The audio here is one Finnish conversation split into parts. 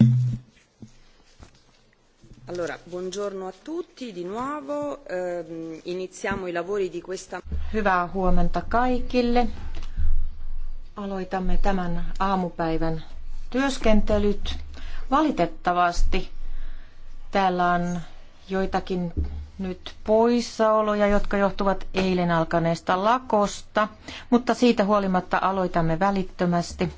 Ehm, Hyvää huomenta kaikille. Aloitamme tämän aamupäivän työskentelyt. Valitettavasti täällä on joitakin nyt poissaoloja, jotka johtuvat eilen alkaneesta lakosta, mutta siitä huolimatta aloitamme välittömästi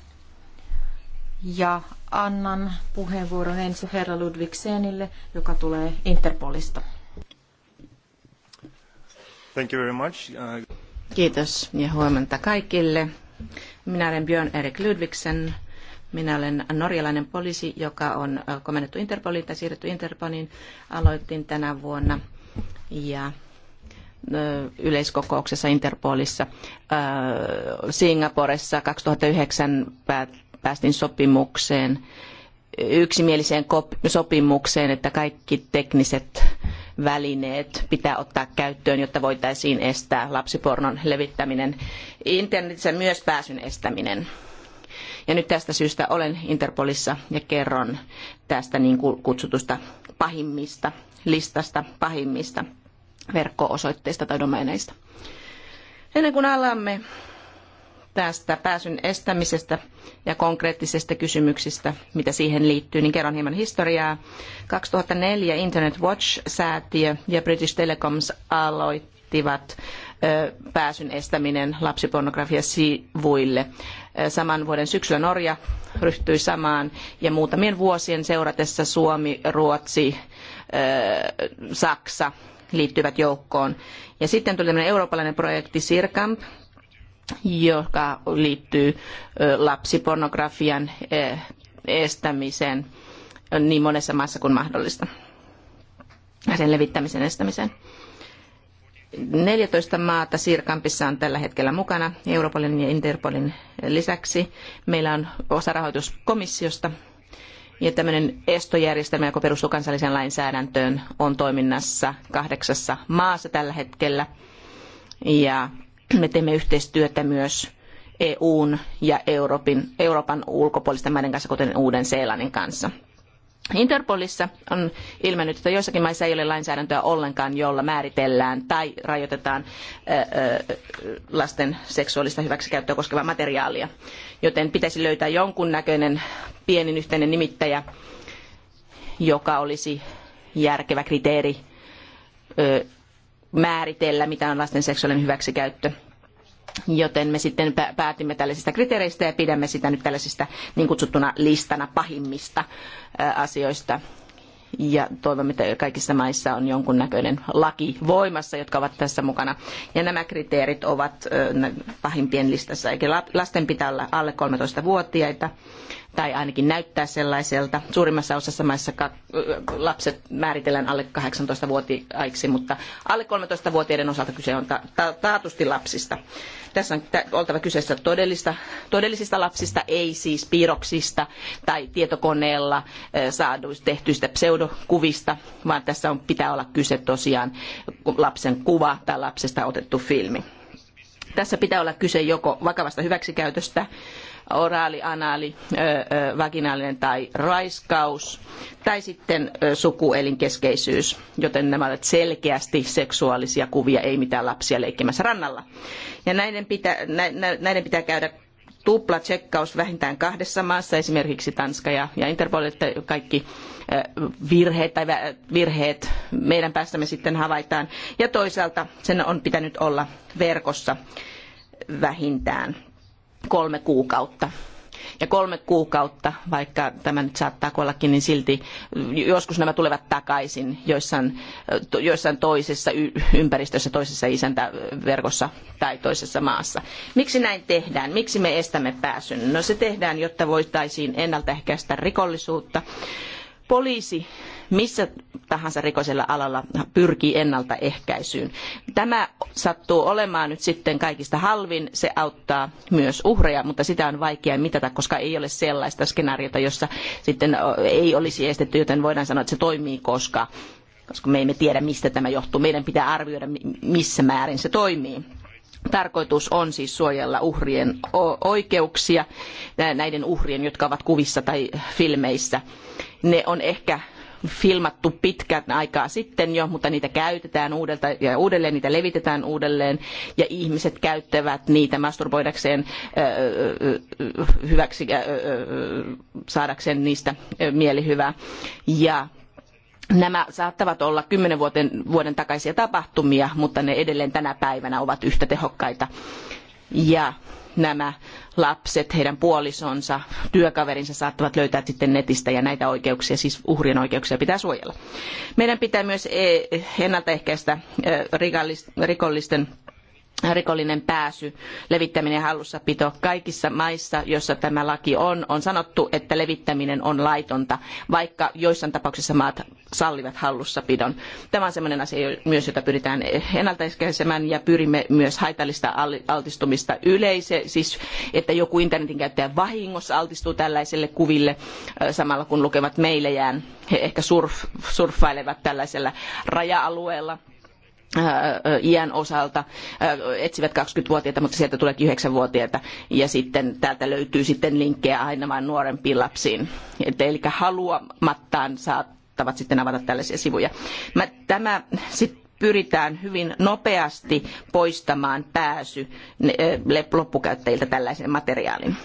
ja annan puheenvuoron ensin herra Ludvigsenille, joka tulee Interpolista. Thank you very much. Uh, Kiitos ja huomenta kaikille. Minä olen Björn Erik Ludvigsen. Minä olen norjalainen poliisi, joka on uh, komennettu Interpoliin tai siirretty Interpoliin. Aloitin tänä vuonna ja uh, yleiskokouksessa Interpolissa Singaporessa 2009 päät- päästiin sopimukseen, yksimieliseen sopimukseen, että kaikki tekniset välineet pitää ottaa käyttöön, jotta voitaisiin estää lapsipornon levittäminen, internetissä myös pääsyn estäminen. Ja nyt tästä syystä olen Interpolissa ja kerron tästä niin kutsutusta pahimmista listasta, pahimmista verkko-osoitteista tai domaineista. Ennen kuin alamme tästä pääsyn estämisestä ja konkreettisista kysymyksistä, mitä siihen liittyy, niin kerron hieman historiaa. 2004 Internet Watch-säätiö ja British Telecoms aloittivat pääsyn estäminen lapsipornografia-sivuille. Saman vuoden syksyllä Norja ryhtyi samaan ja muutamien vuosien seuratessa Suomi, Ruotsi, Saksa liittyvät joukkoon. Ja sitten tuli tämmöinen eurooppalainen projekti SIRCAMP, joka liittyy lapsipornografian estämiseen niin monessa maassa kuin mahdollista ja sen levittämisen estämiseen. 14 maata Sirkampissa on tällä hetkellä mukana Europolin ja Interpolin lisäksi. Meillä on osarahoitus komissiosta ja tämmöinen estojärjestelmä, joka perustuu kansalliseen lainsäädäntöön, on toiminnassa kahdeksassa maassa tällä hetkellä. Ja me teemme yhteistyötä myös EUn ja Euroopan, Euroopan ulkopuolisten maiden kanssa, kuten Uuden-Seelannin kanssa. Interpolissa on ilmennyt, että joissakin maissa ei ole lainsäädäntöä ollenkaan, jolla määritellään tai rajoitetaan lasten seksuaalista hyväksikäyttöä koskevaa materiaalia. Joten pitäisi löytää näköinen pienin yhteinen nimittäjä, joka olisi järkevä kriteeri määritellä, mitä on lasten seksuaalinen hyväksikäyttö. Joten me sitten päätimme tällaisista kriteereistä ja pidämme sitä nyt tällaisista niin kutsuttuna listana pahimmista asioista. Ja toivomme, että kaikissa maissa on jonkunnäköinen laki voimassa, jotka ovat tässä mukana. Ja nämä kriteerit ovat pahimpien listassa. Eli lasten pitää olla alle 13-vuotiaita tai ainakin näyttää sellaiselta. Suurimmassa osassa maissa lapset määritellään alle 18-vuotiaiksi, mutta alle 13-vuotiaiden osalta kyse on ta- ta- taatusti lapsista. Tässä on oltava kyseessä todellista, todellisista lapsista, ei siis piirroksista tai tietokoneella saaduista tehtyistä pseudokuvista, vaan tässä on, pitää olla kyse tosiaan lapsen kuva tai lapsesta otettu filmi. Tässä pitää olla kyse joko vakavasta hyväksikäytöstä, oraali, anaali, vaginaalinen tai raiskaus tai sitten sukuelinkeskeisyys, joten nämä ovat selkeästi seksuaalisia kuvia, ei mitään lapsia leikkimässä rannalla. Ja näiden pitää, näiden pitää käydä tupla tsekkaus vähintään kahdessa maassa, esimerkiksi Tanska ja, ja Interpol, että kaikki virheet tai virheet meidän päästämme sitten havaitaan. Ja toisaalta sen on pitänyt olla verkossa vähintään kolme kuukautta. Ja kolme kuukautta, vaikka tämä nyt saattaa kuollakin, niin silti joskus nämä tulevat takaisin joissain, joissain toisessa ympäristössä, toisessa isäntäverkossa tai toisessa maassa. Miksi näin tehdään? Miksi me estämme pääsyn? No se tehdään, jotta voitaisiin ennaltaehkäistä rikollisuutta. Poliisi missä tahansa rikoisella alalla pyrkii ennaltaehkäisyyn. Tämä sattuu olemaan nyt sitten kaikista halvin, se auttaa myös uhreja, mutta sitä on vaikea mitata, koska ei ole sellaista skenaariota, jossa sitten ei olisi estetty, joten voidaan sanoa, että se toimii, koska, koska me emme tiedä, mistä tämä johtuu. Meidän pitää arvioida, missä määrin se toimii. Tarkoitus on siis suojella uhrien oikeuksia, näiden uhrien, jotka ovat kuvissa tai filmeissä. Ne on ehkä filmattu pitkän aikaa sitten jo, mutta niitä käytetään uudelta, ja uudelleen, niitä levitetään uudelleen ja ihmiset käyttävät niitä masturboidakseen hyväksi, saadakseen niistä mielihyvää. Ja Nämä saattavat olla kymmenen vuoden, vuoden takaisia tapahtumia, mutta ne edelleen tänä päivänä ovat yhtä tehokkaita. Ja nämä lapset, heidän puolisonsa, työkaverinsa saattavat löytää sitten netistä ja näitä oikeuksia, siis uhrien oikeuksia pitää suojella. Meidän pitää myös eh, ennaltaehkäistä eh, rikollisten rikollinen pääsy, levittäminen ja hallussapito. Kaikissa maissa, joissa tämä laki on, on sanottu, että levittäminen on laitonta, vaikka joissain tapauksissa maat sallivat hallussapidon. Tämä on sellainen asia myös, jota pyritään ennaltaehkäisemään ja pyrimme myös haitallista altistumista yleise, siis että joku internetin käyttäjä vahingossa altistuu tällaiselle kuville samalla kun lukevat meilejään. He ehkä surf, surffailevat tällaisella raja-alueella Äh, äh, iän osalta äh, etsivät 20-vuotiaita, mutta sieltä tuleekin 9-vuotiaita ja sitten täältä löytyy sitten linkkejä aina vain nuorempiin lapsiin. Et, eli haluamattaan saattavat sitten avata tällaisia sivuja. Mä, tämä sit pyritään hyvin nopeasti poistamaan pääsy loppukäyttäjiltä tällaisen materiaalin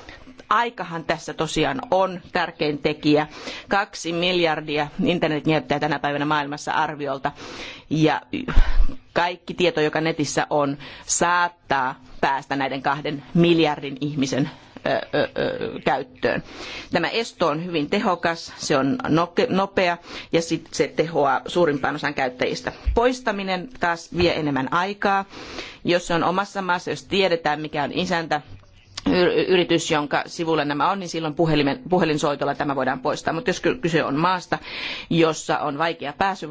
aikahan tässä tosiaan on tärkein tekijä. Kaksi miljardia internetin käyttäjää tänä päivänä maailmassa arviolta. Ja kaikki tieto, joka netissä on, saattaa päästä näiden kahden miljardin ihmisen käyttöön. Tämä esto on hyvin tehokas, se on nopea ja sit se tehoaa suurimpaan osaan käyttäjistä. Poistaminen taas vie enemmän aikaa. Jos se on omassa maassa, jos tiedetään mikä on isäntä, yritys, jonka sivulla nämä on, niin silloin puhelimen, puhelinsoitolla tämä voidaan poistaa. Mutta jos kyse on maasta, jossa on vaikea pääsy,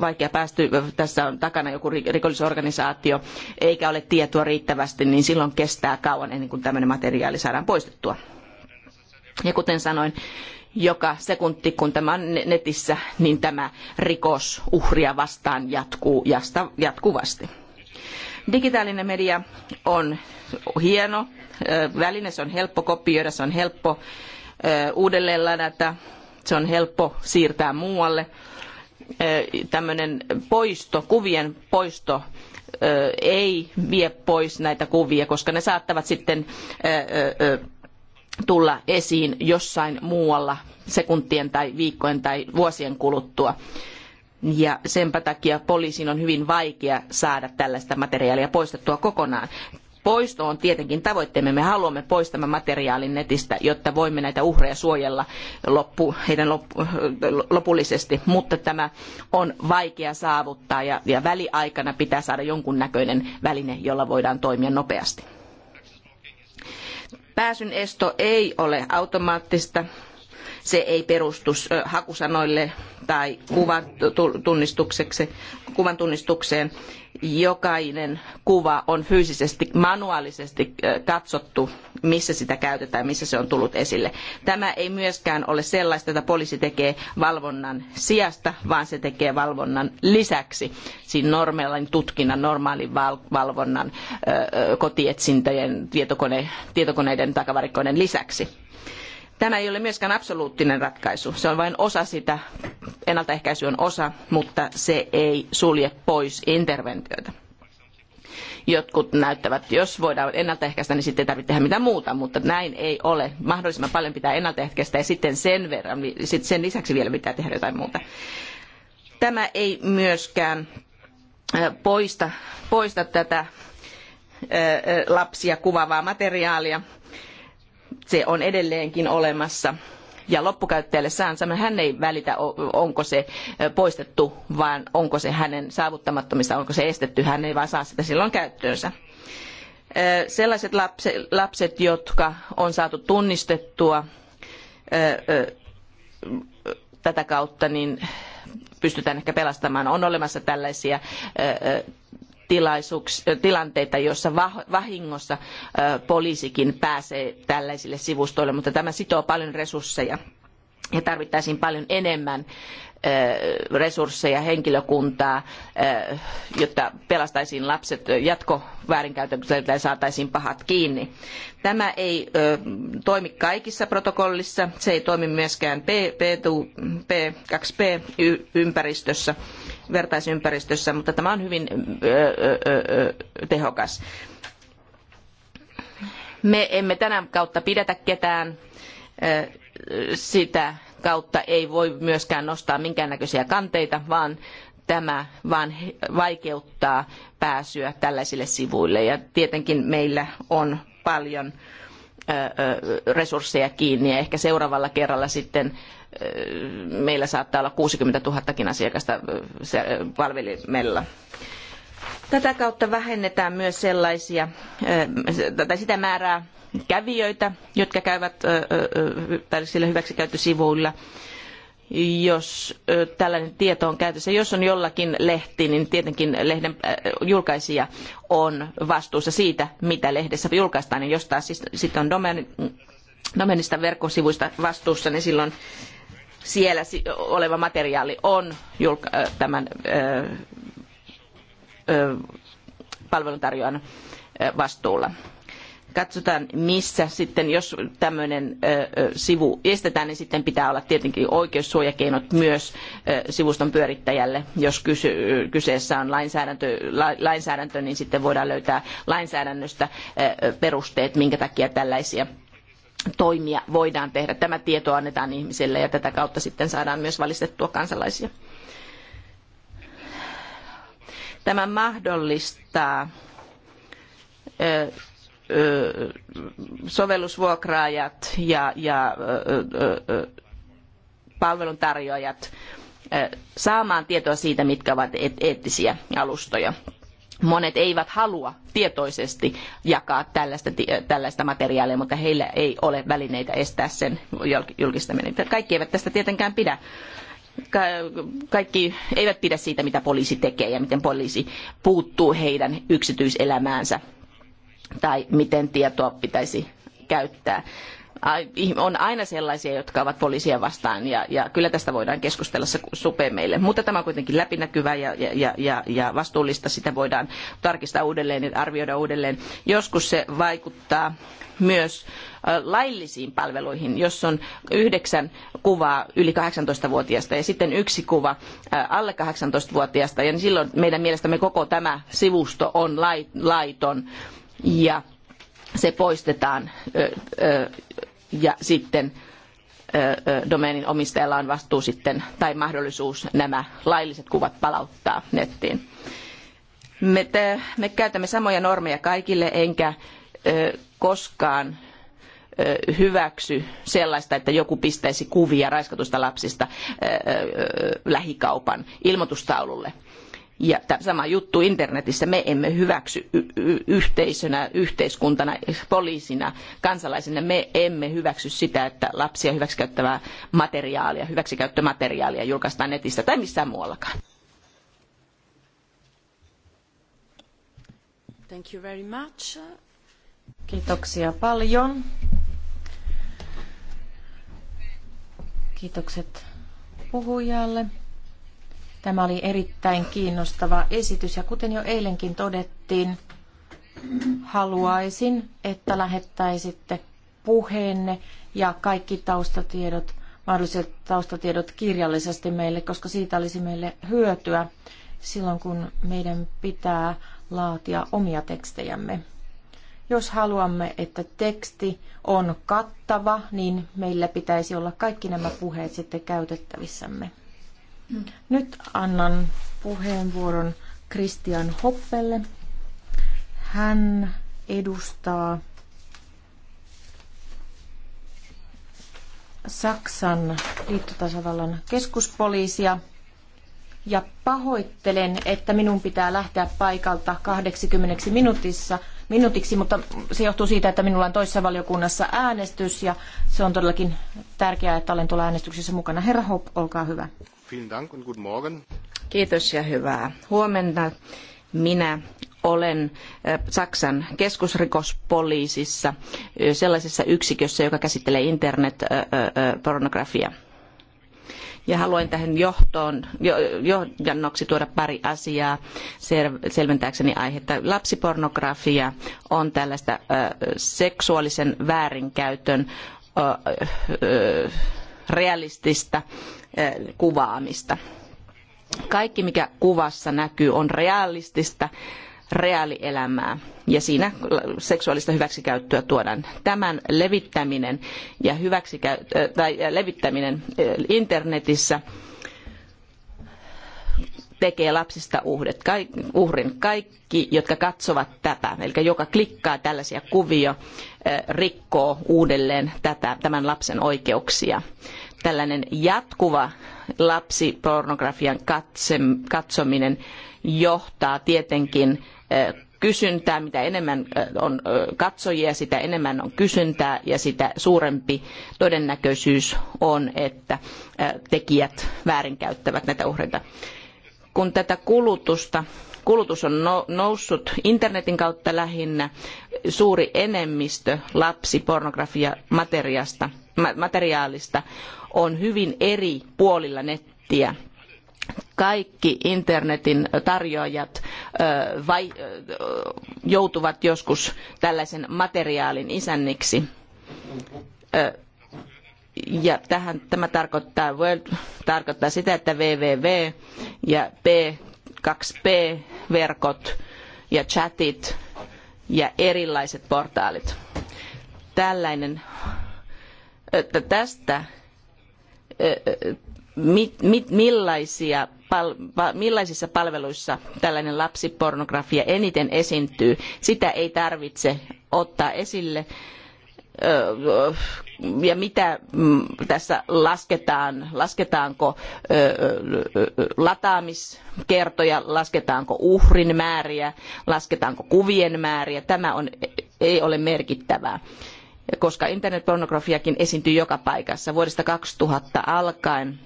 vaikea päästy, tässä on takana joku rikollisorganisaatio, eikä ole tietoa riittävästi, niin silloin kestää kauan ennen kuin tämmöinen materiaali saadaan poistettua. Ja kuten sanoin, joka sekunti, kun tämä on netissä, niin tämä rikos uhria vastaan jatkuu jatkuvasti. Digitaalinen media on hieno väline, se on helppo kopioida, se on helppo uudelleen ladata, se on helppo siirtää muualle. Tämmöinen poisto, kuvien poisto ei vie pois näitä kuvia, koska ne saattavat sitten tulla esiin jossain muualla sekuntien tai viikkojen tai vuosien kuluttua ja senpä takia poliisin on hyvin vaikea saada tällaista materiaalia poistettua kokonaan. Poisto on tietenkin tavoitteemme. Me haluamme poistamaan materiaalin netistä, jotta voimme näitä uhreja suojella loppu, heidän loppu, lopullisesti, mutta tämä on vaikea saavuttaa ja, ja väliaikana pitää saada näköinen väline, jolla voidaan toimia nopeasti. Pääsyn esto ei ole automaattista se ei perustu hakusanoille tai kuvan tunnistukseen. Jokainen kuva on fyysisesti, manuaalisesti katsottu, missä sitä käytetään, missä se on tullut esille. Tämä ei myöskään ole sellaista, että poliisi tekee valvonnan sijasta, vaan se tekee valvonnan lisäksi, siinä normaalin tutkinnan, normaalin valvonnan, kotietsintöjen, tietokoneiden takavarikkoiden lisäksi Tämä ei ole myöskään absoluuttinen ratkaisu. Se on vain osa sitä, ennaltaehkäisy on osa, mutta se ei sulje pois interventioita. Jotkut näyttävät, jos voidaan ennaltaehkäistä, niin sitten ei tarvitse tehdä mitään muuta, mutta näin ei ole. Mahdollisimman paljon pitää ennaltaehkäistä ja sitten sen, verran, sitten sen lisäksi vielä pitää tehdä jotain muuta. Tämä ei myöskään poista, poista tätä lapsia kuvaavaa materiaalia se on edelleenkin olemassa. Ja loppukäyttäjälle säänsä, hän ei välitä, onko se poistettu, vaan onko se hänen saavuttamattomissa, onko se estetty, hän ei vaan saa sitä silloin käyttöönsä sellaiset lapset, jotka on saatu tunnistettua tätä kautta, niin pystytään ehkä pelastamaan. On olemassa tällaisia tilanteita, joissa vahingossa poliisikin pääsee tällaisille sivustoille, mutta tämä sitoo paljon resursseja ja tarvittaisiin paljon enemmän resursseja, henkilökuntaa, jotta pelastaisiin lapset jatkoväärinkäytökseltä ja saataisiin pahat kiinni. Tämä ei toimi kaikissa protokollissa, se ei toimi myöskään P2P-ympäristössä vertaisympäristössä, mutta tämä on hyvin tehokas. Me emme tänä kautta pidätä ketään. Sitä kautta ei voi myöskään nostaa minkäännäköisiä kanteita, vaan tämä vaan vaikeuttaa pääsyä tällaisille sivuille. Ja tietenkin meillä on paljon resursseja kiinni ja ehkä seuraavalla kerralla sitten meillä saattaa olla 60 000 asiakasta palvelimella. Tätä kautta vähennetään myös sellaisia, tai sitä määrää kävijöitä, jotka käyvät tällaisilla hyväksikäyttösivuilla, jos tällainen tieto on käytössä. Jos on jollakin lehti, niin tietenkin lehden julkaisija on vastuussa siitä, mitä lehdessä julkaistaan. ja jos taas sitten on domeenista verkkosivuista vastuussa, niin silloin siellä oleva materiaali on tämän palveluntarjoajan vastuulla. Katsotaan missä sitten, jos tämmöinen sivu estetään, niin sitten pitää olla tietenkin oikeussuojakeinot myös sivuston pyörittäjälle. Jos kyseessä on lainsäädäntö, lainsäädäntö, niin sitten voidaan löytää lainsäädännöstä perusteet, minkä takia tällaisia toimia voidaan tehdä. Tämä tieto annetaan ihmisille ja tätä kautta sitten saadaan myös valistettua kansalaisia. Tämä mahdollistaa sovellusvuokraajat ja, ja palveluntarjoajat saamaan tietoa siitä, mitkä ovat eettisiä alustoja Monet eivät halua tietoisesti jakaa tällaista, tällaista materiaalia, mutta heillä ei ole välineitä estää sen julkistaminen. Kaikki eivät tästä tietenkään pidä. Kaikki eivät pidä siitä, mitä poliisi tekee ja miten poliisi puuttuu heidän yksityiselämäänsä tai miten tietoa pitäisi käyttää on aina sellaisia, jotka ovat poliisia vastaan ja, ja kyllä tästä voidaan keskustella supe meille. Mutta tämä on kuitenkin läpinäkyvää ja, ja, ja, ja vastuullista, sitä voidaan tarkistaa uudelleen ja arvioida uudelleen. Joskus se vaikuttaa myös laillisiin palveluihin, jos on yhdeksän kuvaa yli 18-vuotiaasta ja sitten yksi kuva alle 18-vuotiaasta, ja niin silloin meidän mielestämme koko tämä sivusto on laiton ja se poistetaan ja sitten domeenin omistajalla on vastuu sitten tai mahdollisuus nämä lailliset kuvat palauttaa nettiin. Me, te, me käytämme samoja normeja kaikille, enkä ö, koskaan ö, hyväksy sellaista, että joku pistäisi kuvia raiskatusta lapsista ö, lähikaupan ilmoitustaululle ja sama juttu internetissä. Me emme hyväksy yhteisönä, yhteiskuntana, poliisina, kansalaisina. Me emme hyväksy sitä, että lapsia hyväksikäyttävää materiaalia, hyväksikäyttömateriaalia julkaistaan netistä tai missään muuallakaan. Thank you very much. Kiitoksia paljon. Kiitokset puhujalle. Tämä oli erittäin kiinnostava esitys ja kuten jo eilenkin todettiin, haluaisin, että lähettäisitte puheenne ja kaikki taustatiedot, mahdolliset taustatiedot kirjallisesti meille, koska siitä olisi meille hyötyä silloin, kun meidän pitää laatia omia tekstejämme. Jos haluamme, että teksti on kattava, niin meillä pitäisi olla kaikki nämä puheet sitten käytettävissämme. Nyt annan puheenvuoron Christian Hoppelle. Hän edustaa Saksan liittotasavallan keskuspoliisia ja pahoittelen, että minun pitää lähteä paikalta 80 minuutissa, minuutiksi, mutta se johtuu siitä, että minulla on toisessa valiokunnassa äänestys ja se on todellakin tärkeää, että olen tuolla äänestyksessä mukana. Herra Hopp, olkaa hyvä. Kiitos ja hyvää huomenta. Minä olen äh, Saksan keskusrikospoliisissa äh, sellaisessa yksikössä, joka käsittelee internetpornografiaa. Äh, ja haluan tähän johtoon, jo, johdannoksi tuoda pari asiaa selventääkseni aihetta. Lapsipornografia on tällaista seksuaalisen väärinkäytön realistista eh, kuvaamista. Kaikki, mikä kuvassa näkyy, on realistista reaalielämää ja siinä seksuaalista hyväksikäyttöä tuodaan. Tämän levittäminen ja hyväksikä- eh, tai eh, levittäminen internetissä tekee lapsista uhret, uhrin. Kaikki, jotka katsovat tätä, eli joka klikkaa tällaisia kuvia, rikkoo uudelleen tätä, tämän lapsen oikeuksia. Tällainen jatkuva lapsipornografian katsominen johtaa tietenkin kysyntää, mitä enemmän on katsojia, sitä enemmän on kysyntää ja sitä suurempi todennäköisyys on, että tekijät väärinkäyttävät näitä uhreita kun tätä kulutusta kulutus on no, noussut internetin kautta lähinnä. Suuri enemmistö lapsipornografiamateriaalista materiaalista on hyvin eri puolilla nettiä. Kaikki internetin tarjoajat joutuvat joskus tällaisen materiaalin isänniksi ja tähän, tämä tarkoittaa, World, tarkoittaa sitä, että www ja P2P-verkot ja chatit ja erilaiset portaalit. Tällainen, että tästä mit, mit, millaisia pal, millaisissa palveluissa tällainen lapsipornografia eniten esiintyy, sitä ei tarvitse ottaa esille ja mitä mm, tässä lasketaan, lasketaanko lataamiskertoja, lasketaanko uhrin määriä, lasketaanko kuvien määriä, tämä on, ei ole merkittävää koska internetpornografiakin esiintyy joka paikassa. Vuodesta 2000 alkaen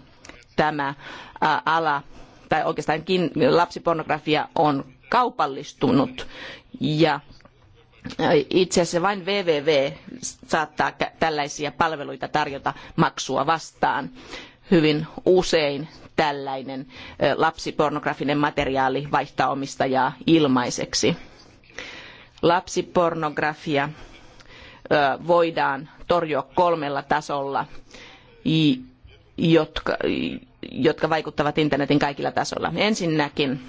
tämä ala, tai oikeastaankin lapsipornografia on kaupallistunut ja itse asiassa vain www saattaa tällaisia palveluita tarjota maksua vastaan. Hyvin usein tällainen lapsipornografinen materiaali vaihtaa omistajaa ilmaiseksi. Lapsipornografia voidaan torjua kolmella tasolla, jotka, jotka vaikuttavat internetin kaikilla tasoilla. Ensinnäkin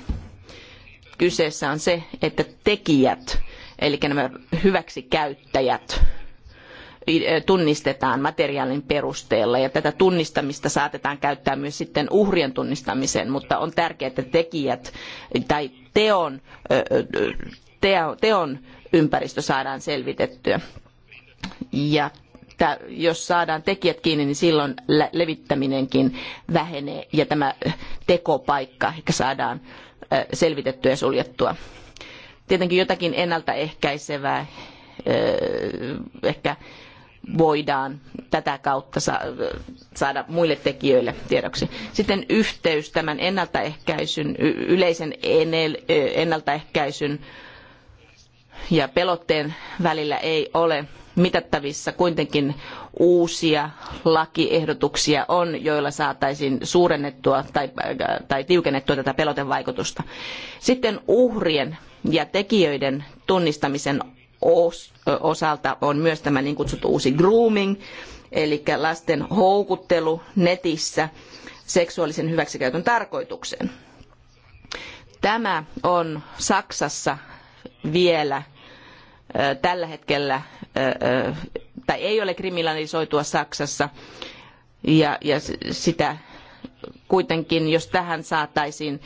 kyseessä on se, että tekijät eli nämä hyväksikäyttäjät e, tunnistetaan materiaalin perusteella ja tätä tunnistamista saatetaan käyttää myös sitten uhrien tunnistamiseen, mutta on tärkeää, että tekijät tai teon, e, e, teon ympäristö saadaan selvitettyä. Ja jos saadaan tekijät kiinni, niin silloin levittäminenkin vähenee ja tämä tekopaikka ehkä saadaan selvitettyä ja suljettua tietenkin jotakin ennaltaehkäisevää eh, ehkä voidaan tätä kautta saada muille tekijöille tiedoksi. Sitten yhteys tämän ennaltaehkäisyn, yleisen eh, ennaltaehkäisyn ja pelotteen välillä ei ole mitattavissa kuitenkin uusia lakiehdotuksia on, joilla saataisiin suurennettua tai, tai tiukennettua tätä pelotevaikutusta. Sitten uhrien ja tekijöiden tunnistamisen osalta on myös tämä niin kutsuttu uusi grooming, eli lasten houkuttelu netissä seksuaalisen hyväksikäytön tarkoitukseen. Tämä on Saksassa vielä tällä hetkellä, tai ei ole kriminalisoitua Saksassa, ja, sitä kuitenkin, jos tähän saataisiin,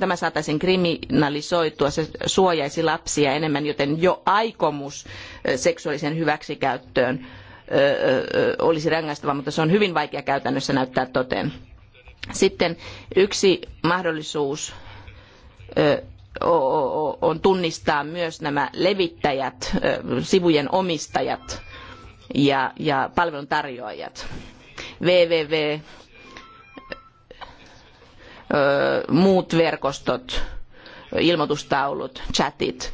tämä saataisiin kriminalisoitua, se suojaisi lapsia enemmän, joten jo aikomus seksuaaliseen hyväksikäyttöön olisi rangaistava, mutta se on hyvin vaikea käytännössä näyttää toteen. Sitten yksi mahdollisuus on tunnistaa myös nämä levittäjät, sivujen omistajat ja, ja palveluntarjoajat. www muut verkostot, ilmoitustaulut, chatit.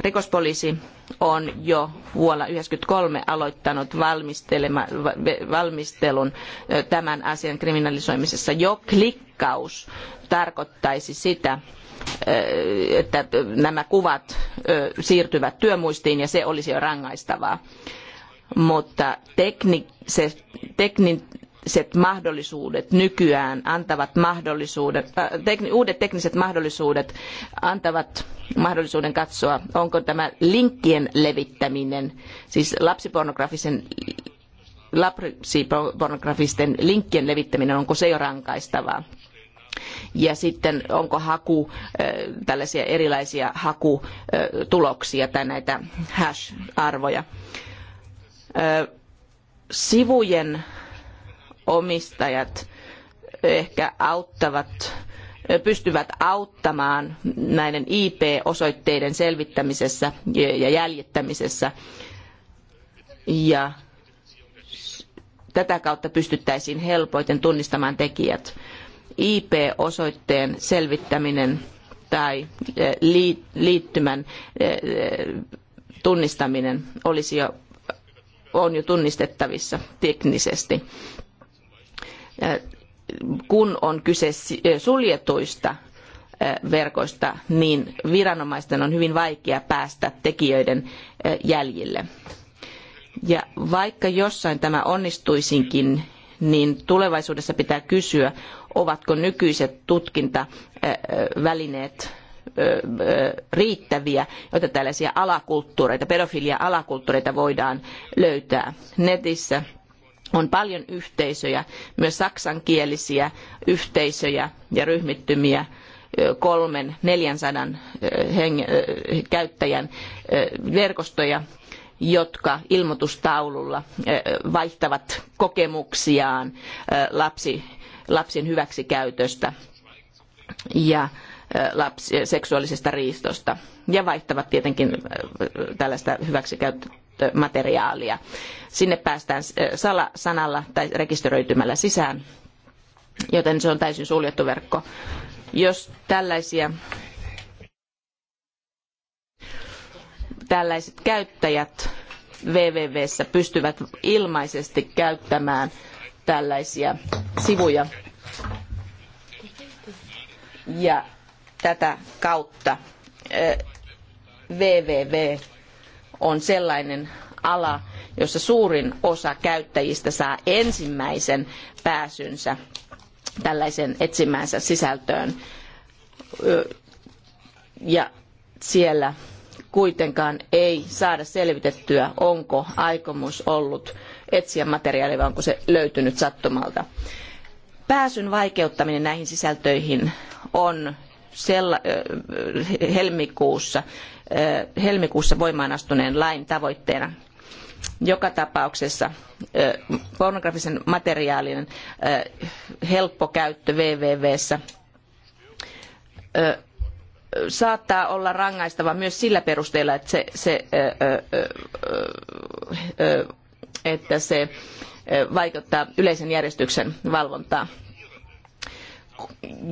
Rikospoliisi on jo vuonna 1993 aloittanut valmistelun tämän asian kriminalisoimisessa. Jo klikkaus tarkoittaisi sitä, että nämä kuvat siirtyvät työmuistiin ja se olisi jo rangaistavaa. Mutta tekni, se, tekni, tekniset mahdollisuudet nykyään antavat mahdollisuudet, äh, uudet tekniset mahdollisuudet antavat mahdollisuuden katsoa, onko tämä linkkien levittäminen, siis lapsipornografisen lapsipornografisten linkkien levittäminen, onko se jo rangaistavaa? ja sitten onko haku äh, tällaisia erilaisia hakutuloksia äh, tai näitä hash-arvoja. Sivujen omistajat ehkä auttavat pystyvät auttamaan näiden IP-osoitteiden selvittämisessä ja jäljittämisessä. Ja tätä kautta pystyttäisiin helpoiten tunnistamaan tekijät. IP-osoitteen selvittäminen tai eh, liittymän eh, tunnistaminen olisi jo, on jo tunnistettavissa teknisesti kun on kyse suljetuista verkoista, niin viranomaisten on hyvin vaikea päästä tekijöiden jäljille. Ja vaikka jossain tämä onnistuisinkin, niin tulevaisuudessa pitää kysyä, ovatko nykyiset tutkintavälineet riittäviä, jotta tällaisia alakulttuureita, pedofilia-alakulttuureita voidaan löytää netissä on paljon yhteisöjä, myös saksankielisiä yhteisöjä ja ryhmittymiä, kolmen, neljän sadan käyttäjän verkostoja, jotka ilmoitustaululla vaihtavat kokemuksiaan lapsi, lapsin hyväksikäytöstä ja lapsi, seksuaalisesta riistosta ja vaihtavat tietenkin tällaista hyväksikäyttöä käyttömateriaalia. Sinne päästään salasanalla tai rekisteröitymällä sisään, joten se on täysin suljettu verkko. Jos tällaisia tällaiset käyttäjät wwwssä pystyvät ilmaisesti käyttämään tällaisia sivuja ja tätä kautta www on sellainen ala, jossa suurin osa käyttäjistä saa ensimmäisen pääsynsä tällaisen etsimäänsä sisältöön. Ja siellä kuitenkaan ei saada selvitettyä, onko aikomus ollut etsiä materiaalia vai onko se löytynyt sattumalta. Pääsyn vaikeuttaminen näihin sisältöihin on helmikuussa helmikuussa voimaan astuneen lain tavoitteena. Joka tapauksessa pornografisen materiaalin helppo käyttö VVVssä saattaa olla rangaistava myös sillä perusteella, että se, se että se vaikuttaa yleisen järjestyksen valvontaan.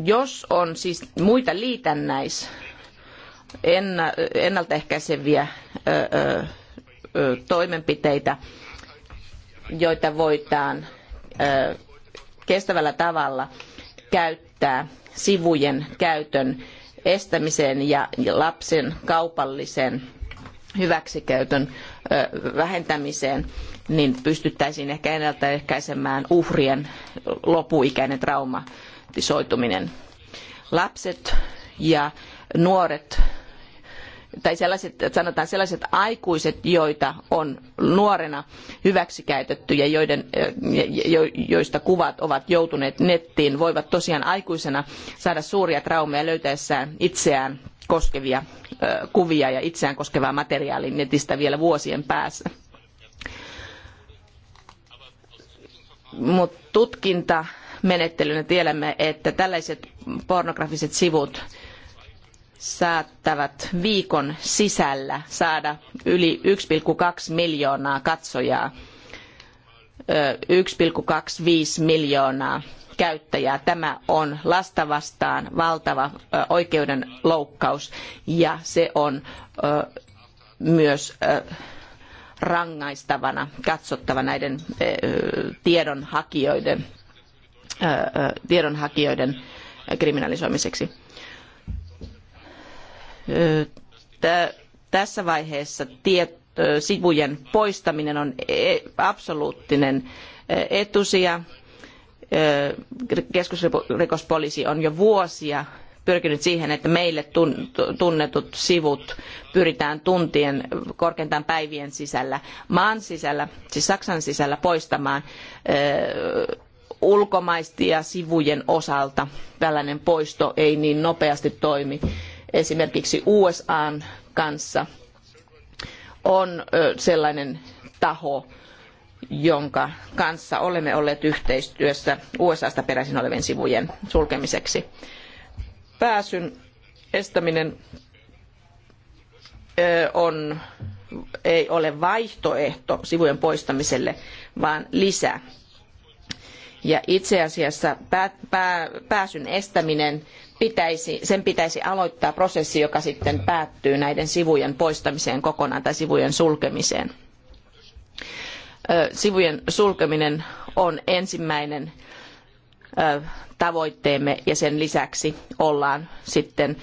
Jos on siis muita liitännäis ennaltaehkäiseviä toimenpiteitä, joita voidaan kestävällä tavalla käyttää sivujen käytön estämiseen ja lapsen kaupallisen hyväksikäytön vähentämiseen, niin pystyttäisiin ehkä ennaltaehkäisemään uhrien lopuikäinen traumatisoituminen. Lapset ja nuoret tai sellaiset, sanotaan sellaiset aikuiset, joita on nuorena hyväksikäytetty ja joiden, eh, joista kuvat ovat joutuneet nettiin, voivat tosiaan aikuisena saada suuria traumeja löytäessään itseään koskevia eh, kuvia ja itseään koskevaa materiaalia netistä vielä vuosien päässä. Mutta tutkinta tiedämme, että tällaiset pornografiset sivut saattavat viikon sisällä saada yli 1,2 miljoonaa katsojaa, 1,25 miljoonaa käyttäjää. Tämä on lasta vastaan valtava oikeudenloukkaus ja se on myös rangaistavana katsottava näiden tiedonhakijoiden, tiedonhakijoiden kriminalisoimiseksi tässä vaiheessa tiet, sivujen poistaminen on e, absoluuttinen etusija. Keskusrikospoliisi on jo vuosia pyrkinyt siihen, että meille tunnetut sivut pyritään tuntien korkeintaan päivien sisällä, maan sisällä, siis Saksan sisällä poistamaan ulkomaistia sivujen osalta. Tällainen poisto ei niin nopeasti toimi esimerkiksi USAn kanssa on sellainen taho, jonka kanssa olemme olleet yhteistyössä USAsta peräisin olevien sivujen sulkemiseksi. Pääsyn estäminen on, ei ole vaihtoehto sivujen poistamiselle, vaan lisä. Ja itse asiassa pää, pää, pääsyn estäminen pitäisi, sen pitäisi aloittaa prosessi, joka sitten päättyy näiden sivujen poistamiseen kokonaan tai sivujen sulkemiseen. Sivujen sulkeminen on ensimmäinen tavoitteemme ja sen lisäksi ollaan sitten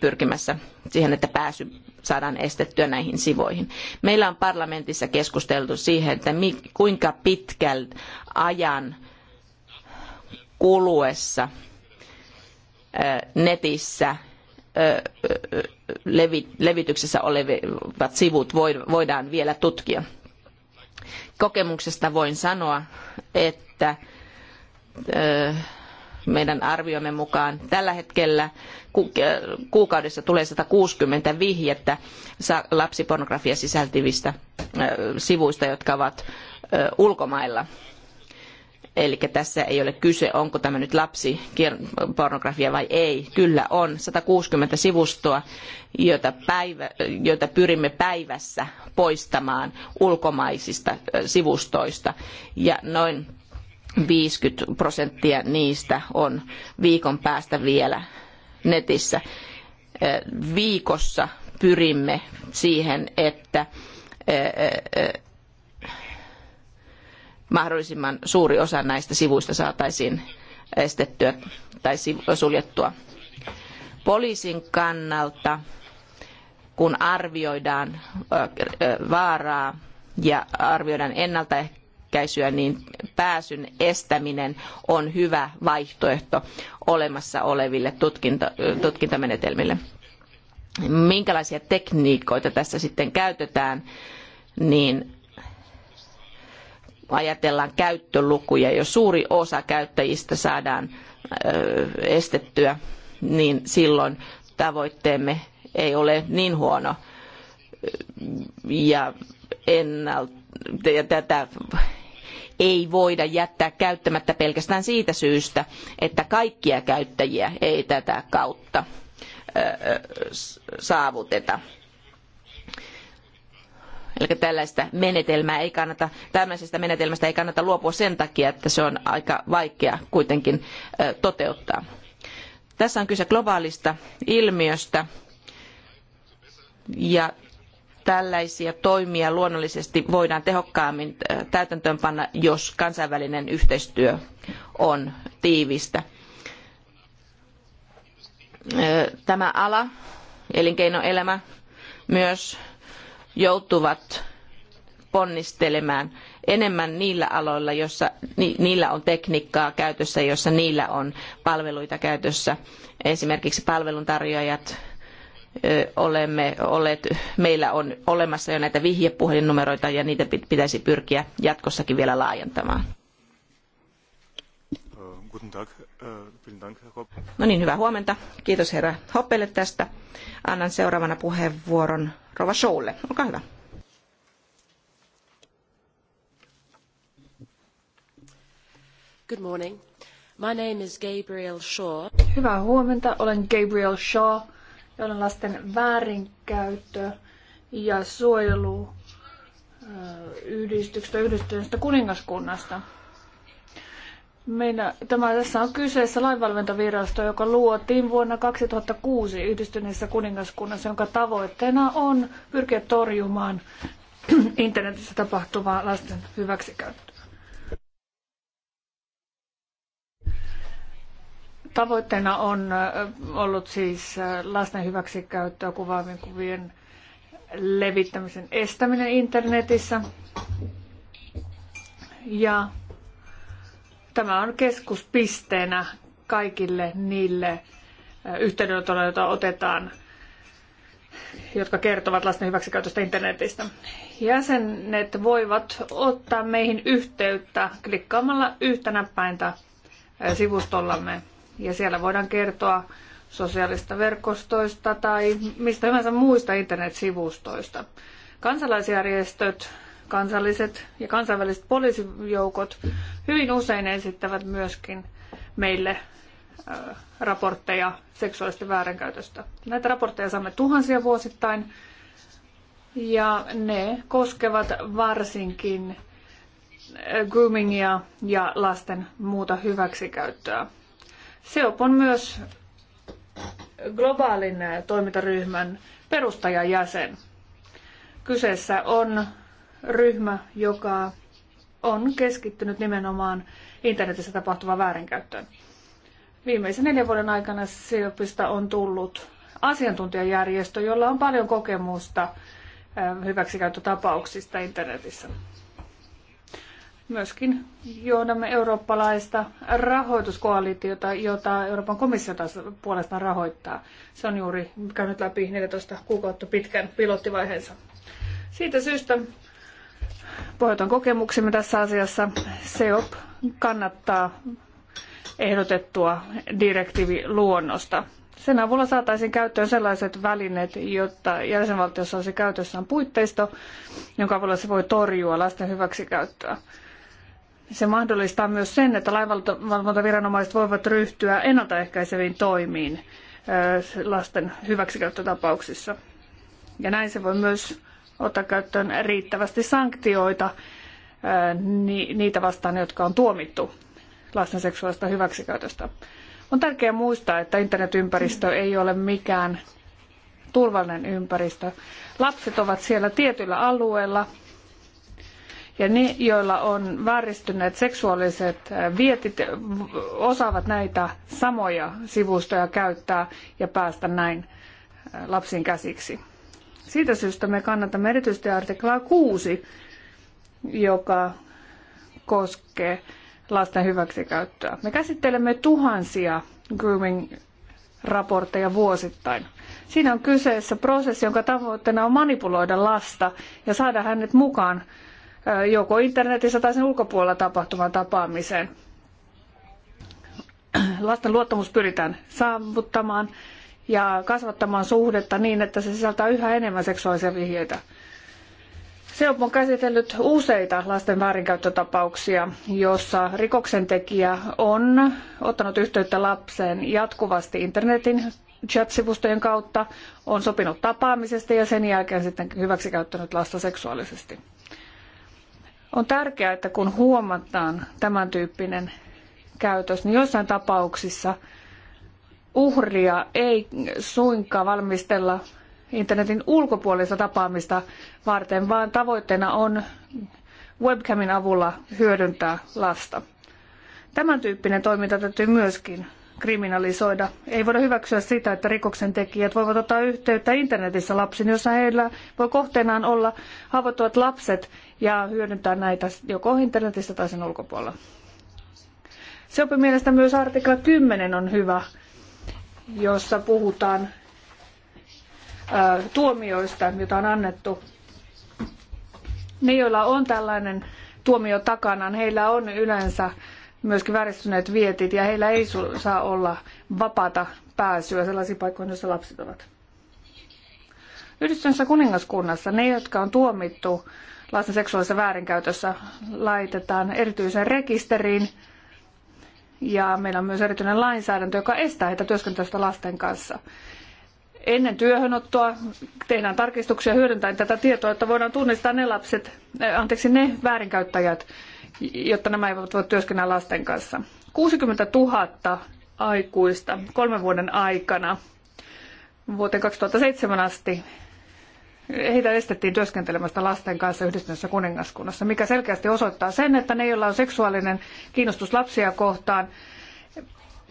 pyrkimässä siihen, että pääsy saadaan estettyä näihin sivuihin. Meillä on parlamentissa keskusteltu siihen, että kuinka pitkän ajan kuluessa netissä levityksessä olevat sivut voidaan vielä tutkia. Kokemuksesta voin sanoa, että meidän arviomme mukaan tällä hetkellä kuukaudessa tulee 160 vihjettä lapsipornografia sisältävistä sivuista, jotka ovat ulkomailla. Eli tässä ei ole kyse, onko tämä nyt lapsi pornografia vai ei. Kyllä on 160 sivustoa, joita, päivä, joita pyrimme päivässä poistamaan ulkomaisista sivustoista. Ja noin 50 prosenttia niistä on viikon päästä vielä netissä. Viikossa pyrimme siihen, että mahdollisimman suuri osa näistä sivuista saataisiin estettyä tai suljettua. Poliisin kannalta, kun arvioidaan vaaraa ja arvioidaan ennaltaehkäisyä, niin pääsyn estäminen on hyvä vaihtoehto olemassa oleville tutkinta, tutkintamenetelmille. Minkälaisia tekniikoita tässä sitten käytetään, niin ajatellaan käyttölukuja, jos suuri osa käyttäjistä saadaan estettyä, niin silloin tavoitteemme ei ole niin huono. Ja, ennalt, ja tätä ei voida jättää käyttämättä pelkästään siitä syystä, että kaikkia käyttäjiä ei tätä kautta saavuteta. Eli tällaista menetelmää ei kannata, tämmöisestä menetelmästä ei kannata luopua sen takia, että se on aika vaikea kuitenkin toteuttaa. Tässä on kyse globaalista ilmiöstä ja tällaisia toimia luonnollisesti voidaan tehokkaammin täytäntöönpanna, jos kansainvälinen yhteistyö on tiivistä. Tämä ala, elinkeinoelämä, myös joutuvat ponnistelemaan enemmän niillä aloilla, joissa niillä on tekniikkaa käytössä, joissa niillä on palveluita käytössä. Esimerkiksi palveluntarjoajat olemme olleet, meillä on olemassa jo näitä vihjepuhelinnumeroita ja niitä pitäisi pyrkiä jatkossakin vielä laajentamaan. No niin, hyvää huomenta. Kiitos herra Hoppelle tästä. Annan seuraavana puheenvuoron Rova Showlle, olkaa hyvä. Good morning. My name is Gabriel Shaw. Hyvää huomenta, olen Gabriel Shaw ja olen lasten väärinkäyttö ja suojelu yhdistyksestä, yhdistyneestä kuningaskunnasta. Meina, tämä tässä on kyseessä lainvalvontavirasto, joka luotiin vuonna 2006 yhdistyneessä kuningaskunnassa, jonka tavoitteena on pyrkiä torjumaan internetissä tapahtuvaa lasten hyväksikäyttöä. Tavoitteena on äh, ollut siis äh, lasten hyväksikäyttöä kuvaavien kuvien levittämisen estäminen internetissä. Ja Tämä on keskuspisteenä kaikille niille yhteydenotoille, joita otetaan jotka kertovat lasten hyväksikäytöstä internetistä. Jäsenet voivat ottaa meihin yhteyttä klikkaamalla yhtä näppäintä sivustollamme. Ja siellä voidaan kertoa sosiaalista verkostoista tai mistä hyvänsä muista internetsivustoista. Kansalaisjärjestöt kansalliset ja kansainväliset poliisijoukot hyvin usein esittävät myöskin meille raportteja seksuaalista väärinkäytöstä. Näitä raportteja saamme tuhansia vuosittain ja ne koskevat varsinkin groomingia ja lasten muuta hyväksikäyttöä. SEOP on myös globaalin toimintaryhmän perustajajäsen. Kyseessä on ryhmä, joka on keskittynyt nimenomaan internetissä tapahtuvaan väärinkäyttöön. Viimeisen neljän vuoden aikana Silpista on tullut asiantuntijajärjestö, jolla on paljon kokemusta hyväksikäyttötapauksista internetissä. Myöskin johdamme eurooppalaista rahoituskoalitiota, jota Euroopan komissio taas puolestaan rahoittaa. Se on juuri käynyt läpi 14 kuukautta pitkän pilottivaiheensa. Siitä syystä pohjaton kokemuksemme tässä asiassa. SEOP kannattaa ehdotettua direktiiviluonnosta. Sen avulla saataisiin käyttöön sellaiset välineet, jotta jäsenvaltiossa olisi käytössään puitteisto, jonka avulla se voi torjua lasten hyväksikäyttöä. Se mahdollistaa myös sen, että laivalvontaviranomaiset voivat ryhtyä ennaltaehkäiseviin toimiin lasten hyväksikäyttötapauksissa. Ja näin se voi myös ottaa käyttöön riittävästi sanktioita niitä vastaan, jotka on tuomittu lasten seksuaalista hyväksikäytöstä. On tärkeää muistaa, että internetympäristö ei ole mikään turvallinen ympäristö. Lapset ovat siellä tietyllä alueella ja ne, joilla on vääristyneet seksuaaliset vietit, osaavat näitä samoja sivustoja käyttää ja päästä näin lapsiin käsiksi. Siitä syystä me kannatamme erityisesti artiklaa 6, joka koskee lasten hyväksikäyttöä. Me käsittelemme tuhansia grooming-raportteja vuosittain. Siinä on kyseessä prosessi, jonka tavoitteena on manipuloida lasta ja saada hänet mukaan joko internetissä tai sen ulkopuolella tapahtuvaan tapaamiseen. Lasten luottamus pyritään saavuttamaan ja kasvattamaan suhdetta niin, että se sisältää yhä enemmän seksuaalisia vihjeitä. Se on käsitellyt useita lasten väärinkäyttötapauksia, joissa rikoksentekijä on ottanut yhteyttä lapseen jatkuvasti internetin chat-sivustojen kautta, on sopinut tapaamisesta ja sen jälkeen sitten hyväksikäyttänyt lasta seksuaalisesti. On tärkeää, että kun huomataan tämän tyyppinen käytös, niin joissain tapauksissa – uhria ei suinkaan valmistella internetin ulkopuolista tapaamista varten, vaan tavoitteena on webcamin avulla hyödyntää lasta. Tämän tyyppinen toiminta täytyy myöskin kriminalisoida. Ei voida hyväksyä sitä, että rikoksen tekijät voivat ottaa yhteyttä internetissä lapsiin, jossa heillä voi kohteenaan olla haavoittuvat lapset ja hyödyntää näitä joko internetissä tai sen ulkopuolella. Se opi mielestä myös artikla 10 on hyvä jossa puhutaan tuomioista, joita on annettu. Ne, joilla on tällainen tuomio takanaan, heillä on yleensä myöskin vääristyneet vietit ja heillä ei saa olla vapaata pääsyä sellaisiin paikkoihin, joissa lapset ovat. Yhdistyneessä kuningaskunnassa ne, jotka on tuomittu lasten seksuaalisessa väärinkäytössä, laitetaan erityiseen rekisteriin, ja meillä on myös erityinen lainsäädäntö, joka estää heitä työskentelystä lasten kanssa. Ennen työhönottoa tehdään tarkistuksia hyödyntäen tätä tietoa, että voidaan tunnistaa ne lapset, eh, anteeksi ne väärinkäyttäjät, jotta nämä eivät voi työskennellä lasten kanssa. 60 000 aikuista kolmen vuoden aikana vuoteen 2007 asti heitä estettiin työskentelemästä lasten kanssa yhdistyneessä kuningaskunnassa, mikä selkeästi osoittaa sen, että ne, joilla on seksuaalinen kiinnostus lapsia kohtaan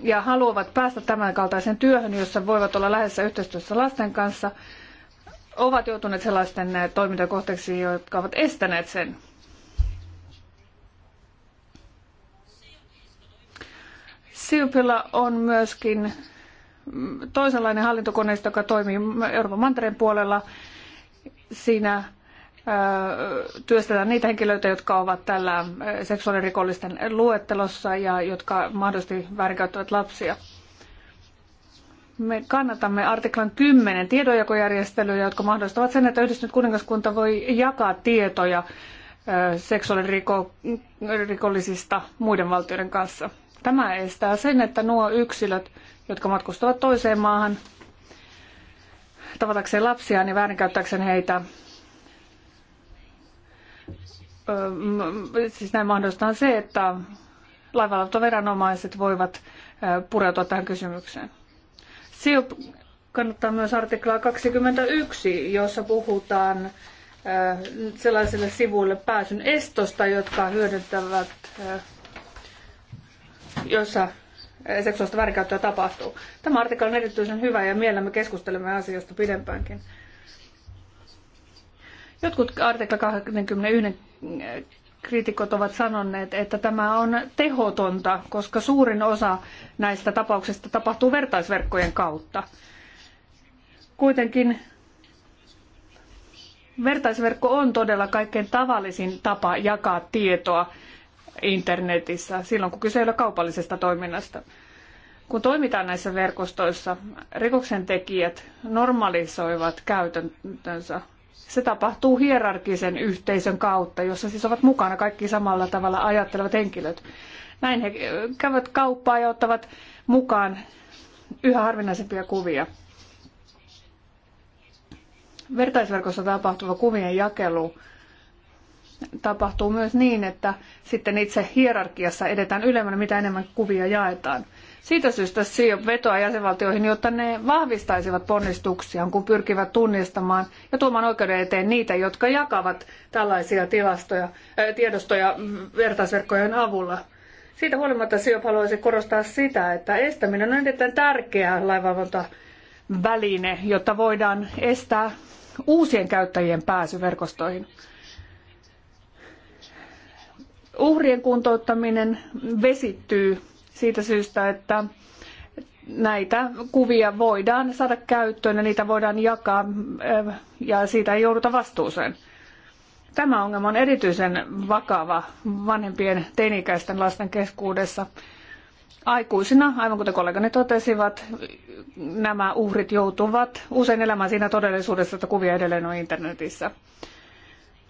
ja haluavat päästä tämän kaltaiseen työhön, jossa voivat olla läheisessä yhteistyössä lasten kanssa, ovat joutuneet sellaisten eh, toimintakohteeksi, jotka ovat estäneet sen. Siupilla on myöskin mm, toisenlainen hallintokoneisto, joka toimii Euroopan mantereen puolella Siinä työstetään niitä henkilöitä, jotka ovat tällä seksuaalirikollisten luettelossa ja jotka mahdollisesti väärinkäyttävät lapsia. Me kannatamme artiklan 10 tiedonjakojärjestelyjä, jotka mahdollistavat sen, että yhdistynyt kuningaskunta voi jakaa tietoja seksuaalirikollisista muiden valtioiden kanssa. Tämä estää sen, että nuo yksilöt, jotka matkustavat toiseen maahan, tavatakseen lapsiaan ja väärinkäyttääkseen heitä. Siis näin mahdollistaa se, että laivalautoviranomaiset voivat pureutua tähän kysymykseen. SIOP kannattaa myös artiklaa 21, jossa puhutaan sellaisille sivuille pääsyn estosta, jotka hyödyntävät, jossa seksuaalista väärinkäyttöä tapahtuu. Tämä artikkeli on erityisen hyvä ja mielellämme keskustelemme asiasta pidempäänkin. Jotkut artikla 21 kriitikot ovat sanoneet, että tämä on tehotonta, koska suurin osa näistä tapauksista tapahtuu vertaisverkkojen kautta. Kuitenkin vertaisverkko on todella kaikkein tavallisin tapa jakaa tietoa internetissä silloin, kun kyse ei ole kaupallisesta toiminnasta. Kun toimitaan näissä verkostoissa, tekijät normalisoivat käytäntönsä. Se tapahtuu hierarkisen yhteisön kautta, jossa siis ovat mukana kaikki samalla tavalla ajattelevat henkilöt. Näin he käyvät kauppaa ja ottavat mukaan yhä harvinaisempia kuvia. Vertaisverkossa tapahtuva kuvien jakelu tapahtuu myös niin, että sitten itse hierarkiassa edetään ylemmän, mitä enemmän kuvia jaetaan. Siitä syystä SIO vetoaa jäsenvaltioihin, jotta ne vahvistaisivat ponnistuksiaan, kun pyrkivät tunnistamaan ja tuomaan oikeuden eteen niitä, jotka jakavat tällaisia tilastoja, äh, tiedostoja vertaisverkkojen avulla. Siitä huolimatta SIO haluaisi korostaa sitä, että estäminen on erittäin tärkeä laivavalta väline, jotta voidaan estää uusien käyttäjien pääsy verkostoihin. Uhrien kuntouttaminen vesittyy siitä syystä, että näitä kuvia voidaan saada käyttöön ja niitä voidaan jakaa eh, ja siitä ei jouduta vastuuseen. Tämä ongelma on erityisen vakava vanhempien teinikäisten lasten keskuudessa. Aikuisina, aivan kuten kollegani totesivat, nämä uhrit joutuvat usein elämään siinä todellisuudessa, että kuvia edelleen on internetissä.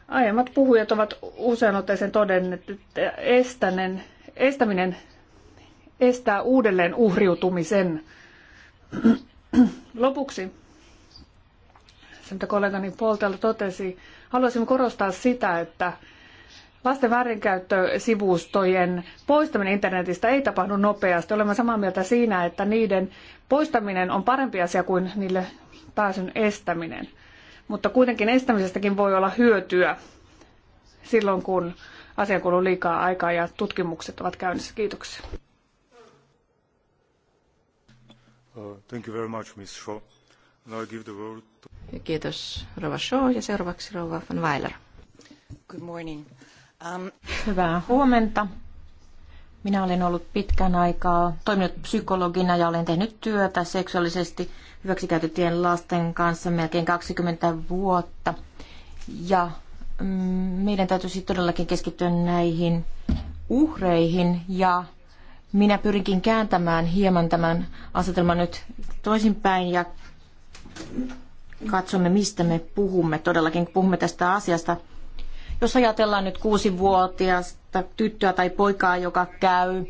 Aiemmat puhujat ovat usein otteeseen todenneet, että estänen, estäminen estää uudelleen uhriutumisen. Lopuksi, se mitä kollegani Poltella totesi, haluaisin korostaa sitä, että Lasten väärinkäyttösivustojen poistaminen internetistä ei tapahdu nopeasti. Olemme samaa mieltä siinä, että niiden poistaminen on parempi asia kuin niille pääsyn estäminen. Mutta kuitenkin estämisestäkin voi olla hyötyä silloin, kun asian kuluu liikaa aikaa ja tutkimukset ovat käynnissä. Kiitoksia. Uh, thank you very much, Ms. Shaw. Now I give the word to... Kiitos, Rova Shaw, ja seuraavaksi Rova van Weiler. Good morning. Um... Hyvää huomenta. Minä olen ollut pitkän aikaa toiminut psykologina ja olen tehnyt työtä seksuaalisesti hyväksikäytettyjen lasten kanssa melkein 20 vuotta. Ja mm, meidän täytyisi todellakin keskittyä näihin uhreihin ja minä pyrinkin kääntämään hieman tämän asetelman nyt toisinpäin ja katsomme, mistä me puhumme. Todellakin puhumme tästä asiasta, jos ajatellaan nyt kuusivuotiasta tyttöä tai poikaa, joka käy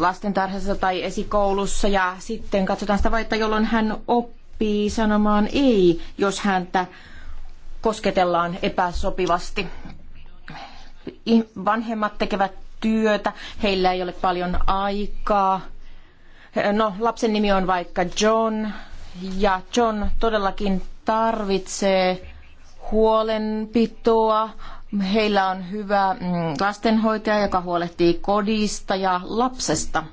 lastentarhassa tai esikoulussa ja sitten katsotaan sitä vaihtaa, jolloin hän oppii sanomaan ei, jos häntä kosketellaan epäsopivasti. Vanhemmat tekevät työtä, heillä ei ole paljon aikaa. No, lapsen nimi on vaikka John, ja John todellakin tarvitsee huolenpitoa. Heillä on hyvä mm, lastenhoitaja, joka huolehtii kodista ja lapsesta.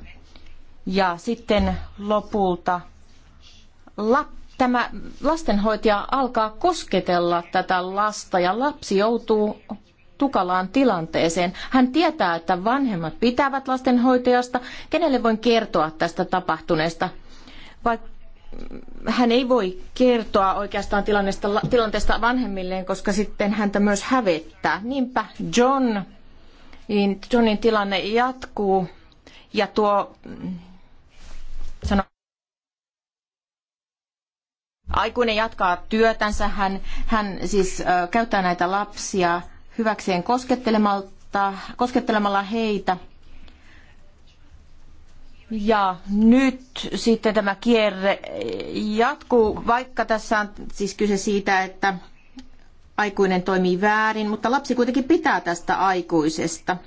Ja sitten lopulta tämä lastenhoitaja alkaa kosketella tätä lasta ja lapsi joutuu tukalaan tilanteeseen. Hän tietää, että vanhemmat pitävät lastenhoitajasta. Kenelle voin kertoa tästä tapahtuneesta? Vaikka hän ei voi kertoa oikeastaan tilanteesta vanhemmilleen, koska sitten häntä myös hävettää. Niinpä John, niin Johnin tilanne jatkuu ja tuo mm, sano, aikuinen jatkaa työtänsä. Hän, hän siis käyttää näitä lapsia hyväkseen koskettelemalla heitä ja nyt sitten tämä kierre jatkuu, vaikka tässä on siis kyse siitä, että aikuinen toimii väärin, mutta lapsi kuitenkin pitää tästä aikuisesta.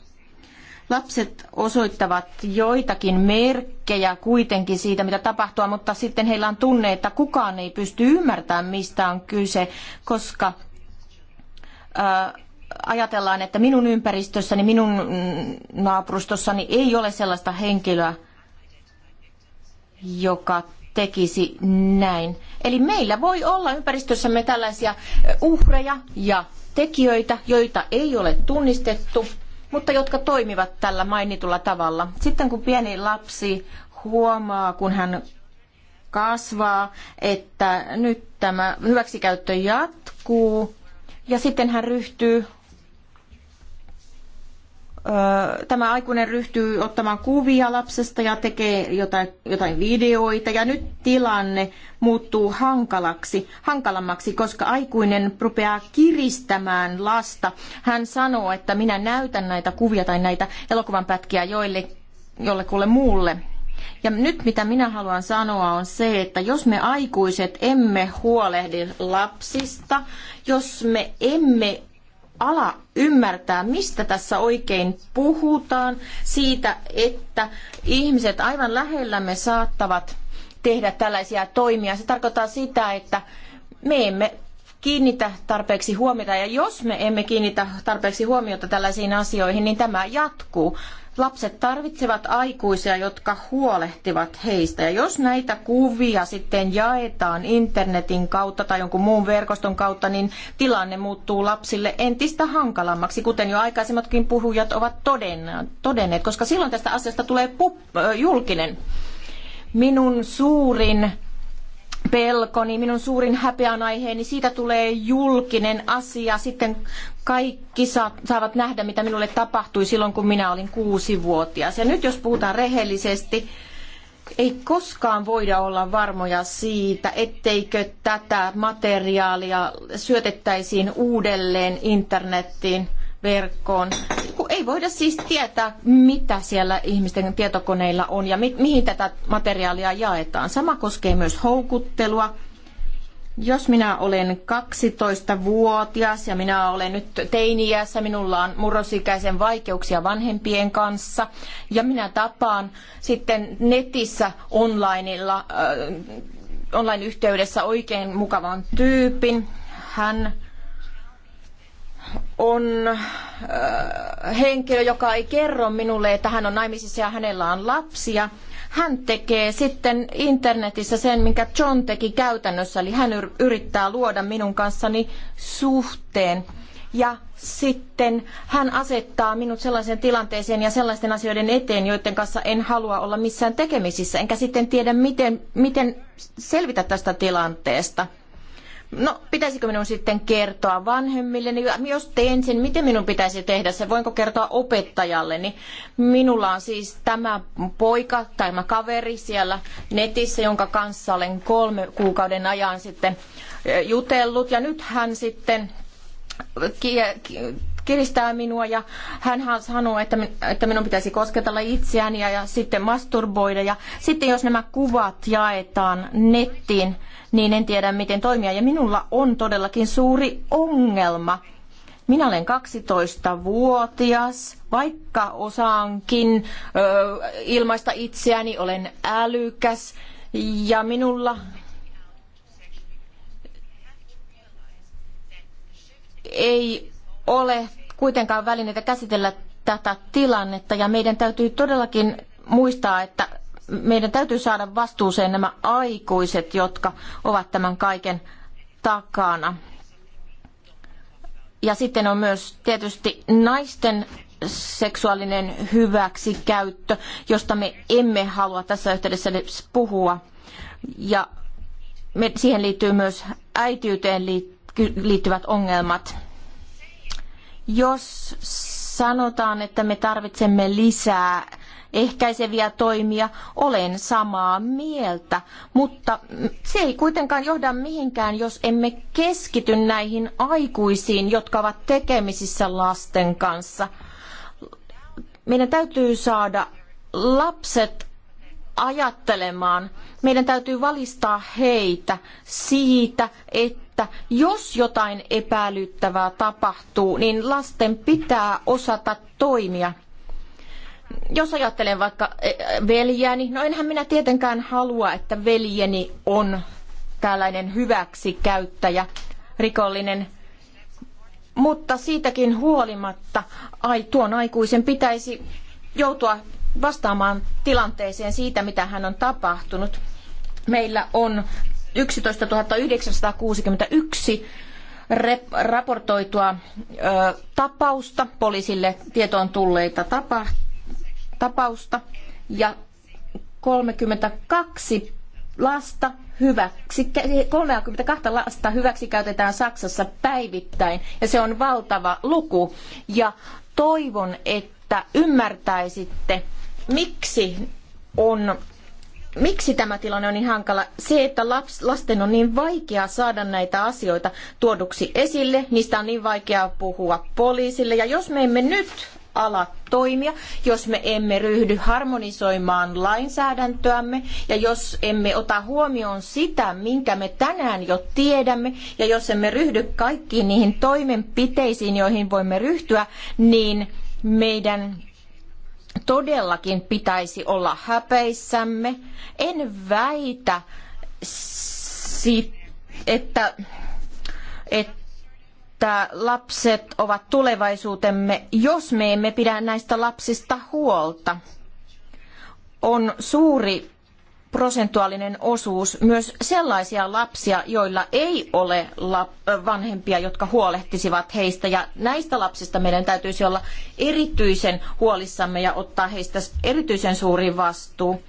Lapset osoittavat joitakin merkkejä kuitenkin siitä, mitä tapahtuu, mutta sitten heillä on tunne, että kukaan ei pysty ymmärtämään, mistä on kyse, koska ajatellaan, että minun ympäristössäni, minun naapurustossani ei ole sellaista henkilöä, joka tekisi näin. Eli meillä voi olla ympäristössämme tällaisia uhreja ja tekijöitä, joita ei ole tunnistettu, mutta jotka toimivat tällä mainitulla tavalla. Sitten kun pieni lapsi huomaa, kun hän kasvaa, että nyt tämä hyväksikäyttö jatkuu, ja sitten hän ryhtyy tämä aikuinen ryhtyy ottamaan kuvia lapsesta ja tekee jotain, jotain videoita ja nyt tilanne muuttuu hankalaksi, hankalammaksi, koska aikuinen rupeaa kiristämään lasta. Hän sanoo, että minä näytän näitä kuvia tai näitä elokuvan pätkiä joille, jollekulle muulle. Ja nyt mitä minä haluan sanoa on se, että jos me aikuiset emme huolehdi lapsista, jos me emme ala ymmärtää, mistä tässä oikein puhutaan, siitä, että ihmiset aivan lähellämme saattavat tehdä tällaisia toimia. Se tarkoittaa sitä, että me emme kiinnitä tarpeeksi huomiota, ja jos me emme kiinnitä tarpeeksi huomiota tällaisiin asioihin, niin tämä jatkuu. Lapset tarvitsevat aikuisia, jotka huolehtivat heistä. Ja jos näitä kuvia sitten jaetaan internetin kautta tai jonkun muun verkoston kautta, niin tilanne muuttuu lapsille entistä hankalammaksi, kuten jo aikaisemmatkin puhujat ovat todenneet, koska silloin tästä asiasta tulee julkinen. Minun suurin pelkoni, niin minun suurin häpeän aiheeni, siitä tulee julkinen asia. Sitten kaikki saavat nähdä, mitä minulle tapahtui silloin, kun minä olin kuusi-vuotias. Ja nyt jos puhutaan rehellisesti, ei koskaan voida olla varmoja siitä, etteikö tätä materiaalia syötettäisiin uudelleen internettiin verkkoon. Ei voida siis tietää, mitä siellä ihmisten tietokoneilla on ja mi- mihin tätä materiaalia jaetaan. Sama koskee myös houkuttelua. Jos minä olen 12-vuotias ja minä olen nyt teiniässä, minulla on murrosikäisen vaikeuksia vanhempien kanssa ja minä tapaan sitten netissä onlineilla, äh, online-yhteydessä oikein mukavan tyypin. Hän on äh, henkilö, joka ei kerro minulle, että hän on naimisissa ja hänellä on lapsia. Hän tekee sitten internetissä sen, minkä John teki käytännössä, eli hän yrittää luoda minun kanssani suhteen. Ja sitten hän asettaa minut sellaiseen tilanteeseen ja sellaisten asioiden eteen, joiden kanssa en halua olla missään tekemisissä, enkä sitten tiedä, miten, miten selvitä tästä tilanteesta – No, pitäisikö minun sitten kertoa vanhemmille? Jos teen sen, miten minun pitäisi tehdä se? Voinko kertoa opettajalle? Niin minulla on siis tämä poika tai tämä kaveri siellä netissä, jonka kanssa olen kolme kuukauden ajan sitten eh, jutellut. Ja nyt hän sitten eh, kiristää minua ja hän sanoo, että, että minun pitäisi kosketella itseäni ja, ja sitten masturboida. Ja sitten jos nämä kuvat jaetaan nettiin, niin en tiedä miten toimia. Ja minulla on todellakin suuri ongelma. Minä olen 12-vuotias, vaikka osaankin ö, ilmaista itseäni, olen älykäs ja minulla ei ole kuitenkaan välineitä käsitellä tätä tilannetta ja meidän täytyy todellakin muistaa, että meidän täytyy saada vastuuseen nämä aikuiset, jotka ovat tämän kaiken takana. Ja sitten on myös tietysti naisten seksuaalinen hyväksikäyttö, josta me emme halua tässä yhteydessä edes puhua. Ja siihen liittyy myös äitiyteen liittyvät ongelmat. Jos sanotaan, että me tarvitsemme lisää ehkäiseviä toimia, olen samaa mieltä, mutta se ei kuitenkaan johda mihinkään, jos emme keskity näihin aikuisiin, jotka ovat tekemisissä lasten kanssa. Meidän täytyy saada lapset ajattelemaan. Meidän täytyy valistaa heitä siitä, että että jos jotain epäilyttävää tapahtuu, niin lasten pitää osata toimia. Jos ajattelen vaikka e, e, veljääni, no enhän minä tietenkään halua, että veljeni on tällainen hyväksikäyttäjä, rikollinen mutta siitäkin huolimatta ai, tuon aikuisen pitäisi joutua vastaamaan tilanteeseen siitä, mitä hän on tapahtunut. Meillä on 11 961 raportoitua tapausta, poliisille tietoon tulleita tapa, tapausta ja 32 lasta hyväksi, 32 lasta hyväksikäytetään Saksassa päivittäin ja se on valtava luku ja toivon, että ymmärtäisitte, miksi on miksi tämä tilanne on niin hankala? Se, että laps, lasten on niin vaikea saada näitä asioita tuoduksi esille, niistä on niin vaikea puhua poliisille. Ja jos me emme nyt ala toimia, jos me emme ryhdy harmonisoimaan lainsäädäntöämme ja jos emme ota huomioon sitä, minkä me tänään jo tiedämme ja jos emme ryhdy kaikkiin niihin toimenpiteisiin, joihin voimme ryhtyä, niin meidän todellakin pitäisi olla häpeissämme. En väitä, että, että lapset ovat tulevaisuutemme, jos me emme pidä näistä lapsista huolta. On suuri prosentuaalinen osuus myös sellaisia lapsia, joilla ei ole vanhempia, jotka huolehtisivat heistä. Ja näistä lapsista meidän täytyisi olla erityisen huolissamme ja ottaa heistä erityisen suuri vastuu.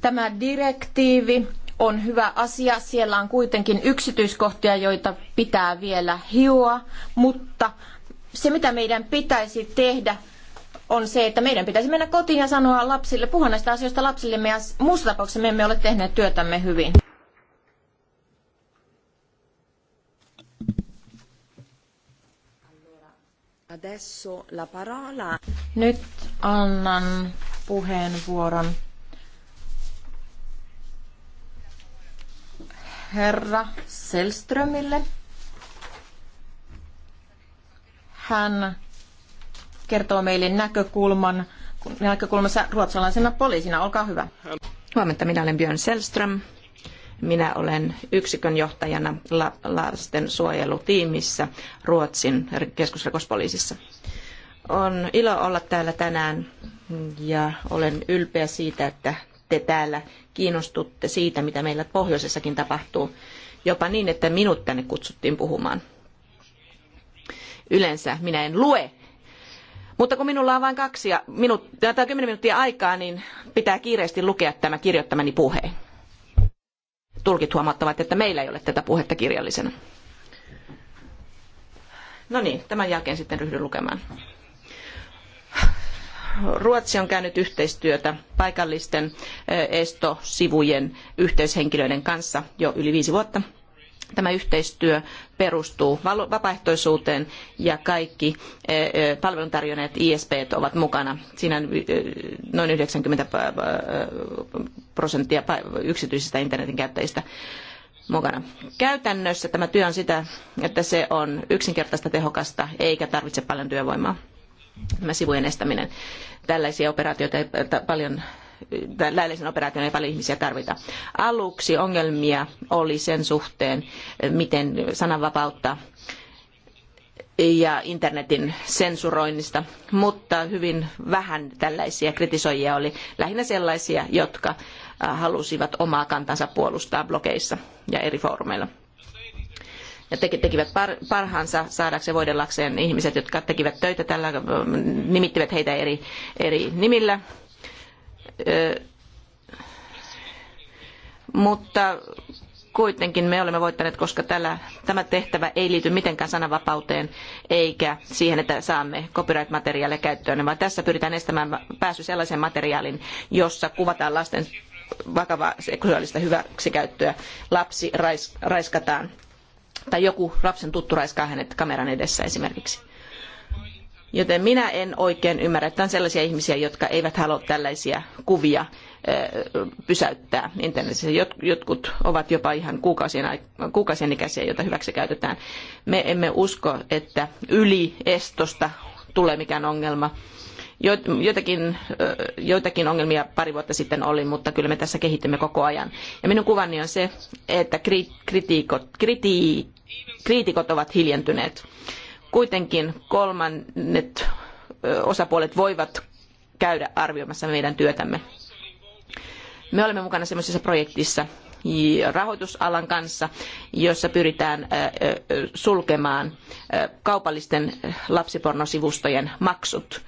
Tämä direktiivi on hyvä asia. Siellä on kuitenkin yksityiskohtia, joita pitää vielä hioa, mutta se mitä meidän pitäisi tehdä on se, että meidän pitäisi mennä kotiin ja sanoa lapsille, puhua näistä asioista lapsillemme ja muussa tapauksessa me emme ole tehneet työtämme hyvin. Nyt annan puheenvuoron herra Selströmille. Hän kertoo meille näkökulman, näkökulmassa ruotsalaisena poliisina. Olkaa hyvä. Huomenta, minä olen Björn Selström. Minä olen yksikön johtajana la- lastensuojelutiimissä Ruotsin keskusrikospoliisissa. On ilo olla täällä tänään ja olen ylpeä siitä, että te täällä kiinnostutte siitä, mitä meillä pohjoisessakin tapahtuu. Jopa niin, että minut tänne kutsuttiin puhumaan. Yleensä minä en lue mutta kun minulla on vain kaksi ja minuut, tämä kymmenen minuuttia aikaa, niin pitää kiireesti lukea tämä kirjoittamani puhe. Tulkit huomauttavat, että meillä ei ole tätä puhetta kirjallisena. No niin, tämän jälkeen sitten ryhdyn lukemaan. Ruotsi on käynyt yhteistyötä paikallisten eh, estosivujen yhteyshenkilöiden kanssa jo yli viisi vuotta Tämä yhteistyö perustuu vapaaehtoisuuteen ja kaikki eh, eh, palveluntarjoajat ISP ovat mukana. Siinä on eh, noin yhdeksänkymmentä prosenttia yksityisistä internetin käyttäjistä mukana. Käytännössä tämä työ on sitä, että se on yksinkertaista tehokasta eikä tarvitse paljon työvoimaa. Tämä sivujen estäminen. Tällaisia operaatioita ei paljon tällaisen operaation ei paljon ihmisiä tarvita. Aluksi ongelmia oli sen suhteen, miten sananvapautta ja internetin sensuroinnista, mutta hyvin vähän tällaisia kritisoijia oli, lähinnä sellaisia, jotka äh, halusivat omaa kantansa puolustaa blogeissa ja eri foorumeilla. Ja tekivät parhaansa saadakseen voidellakseen ihmiset, jotka tekivät töitä tällä, äh, nimittivät heitä eri, eri nimillä mutta kuitenkin me olemme voittaneet, koska tällä, tämä tehtävä ei liity mitenkään sananvapauteen eikä siihen, että saamme copyright-materiaalia käyttöön, vaan tässä pyritään estämään pääsy sellaiseen materiaaliin, jossa kuvataan lasten vakavaa seksuaalista hyväksikäyttöä, lapsi raiskataan tai joku lapsen tuttu raiskaa hänet kameran edessä esimerkiksi. Joten minä en oikein ymmärrä, että on sellaisia ihmisiä, jotka eivät halua tällaisia kuvia pysäyttää internetissä. Jotkut ovat jopa ihan kuukausien, kuukausien ikäisiä, joita hyväksi käytetään. Me emme usko, että yliestosta tulee mikään ongelma. Joitakin, joitakin ongelmia pari vuotta sitten oli, mutta kyllä me tässä kehitymme koko ajan. Ja minun kuvani on se, että kritiikot, kriti, kriitikot ovat hiljentyneet Kuitenkin kolmannet osapuolet voivat käydä arvioimassa meidän työtämme. Me olemme mukana sellaisessa projektissa rahoitusalan kanssa, jossa pyritään sulkemaan kaupallisten lapsipornosivustojen maksut.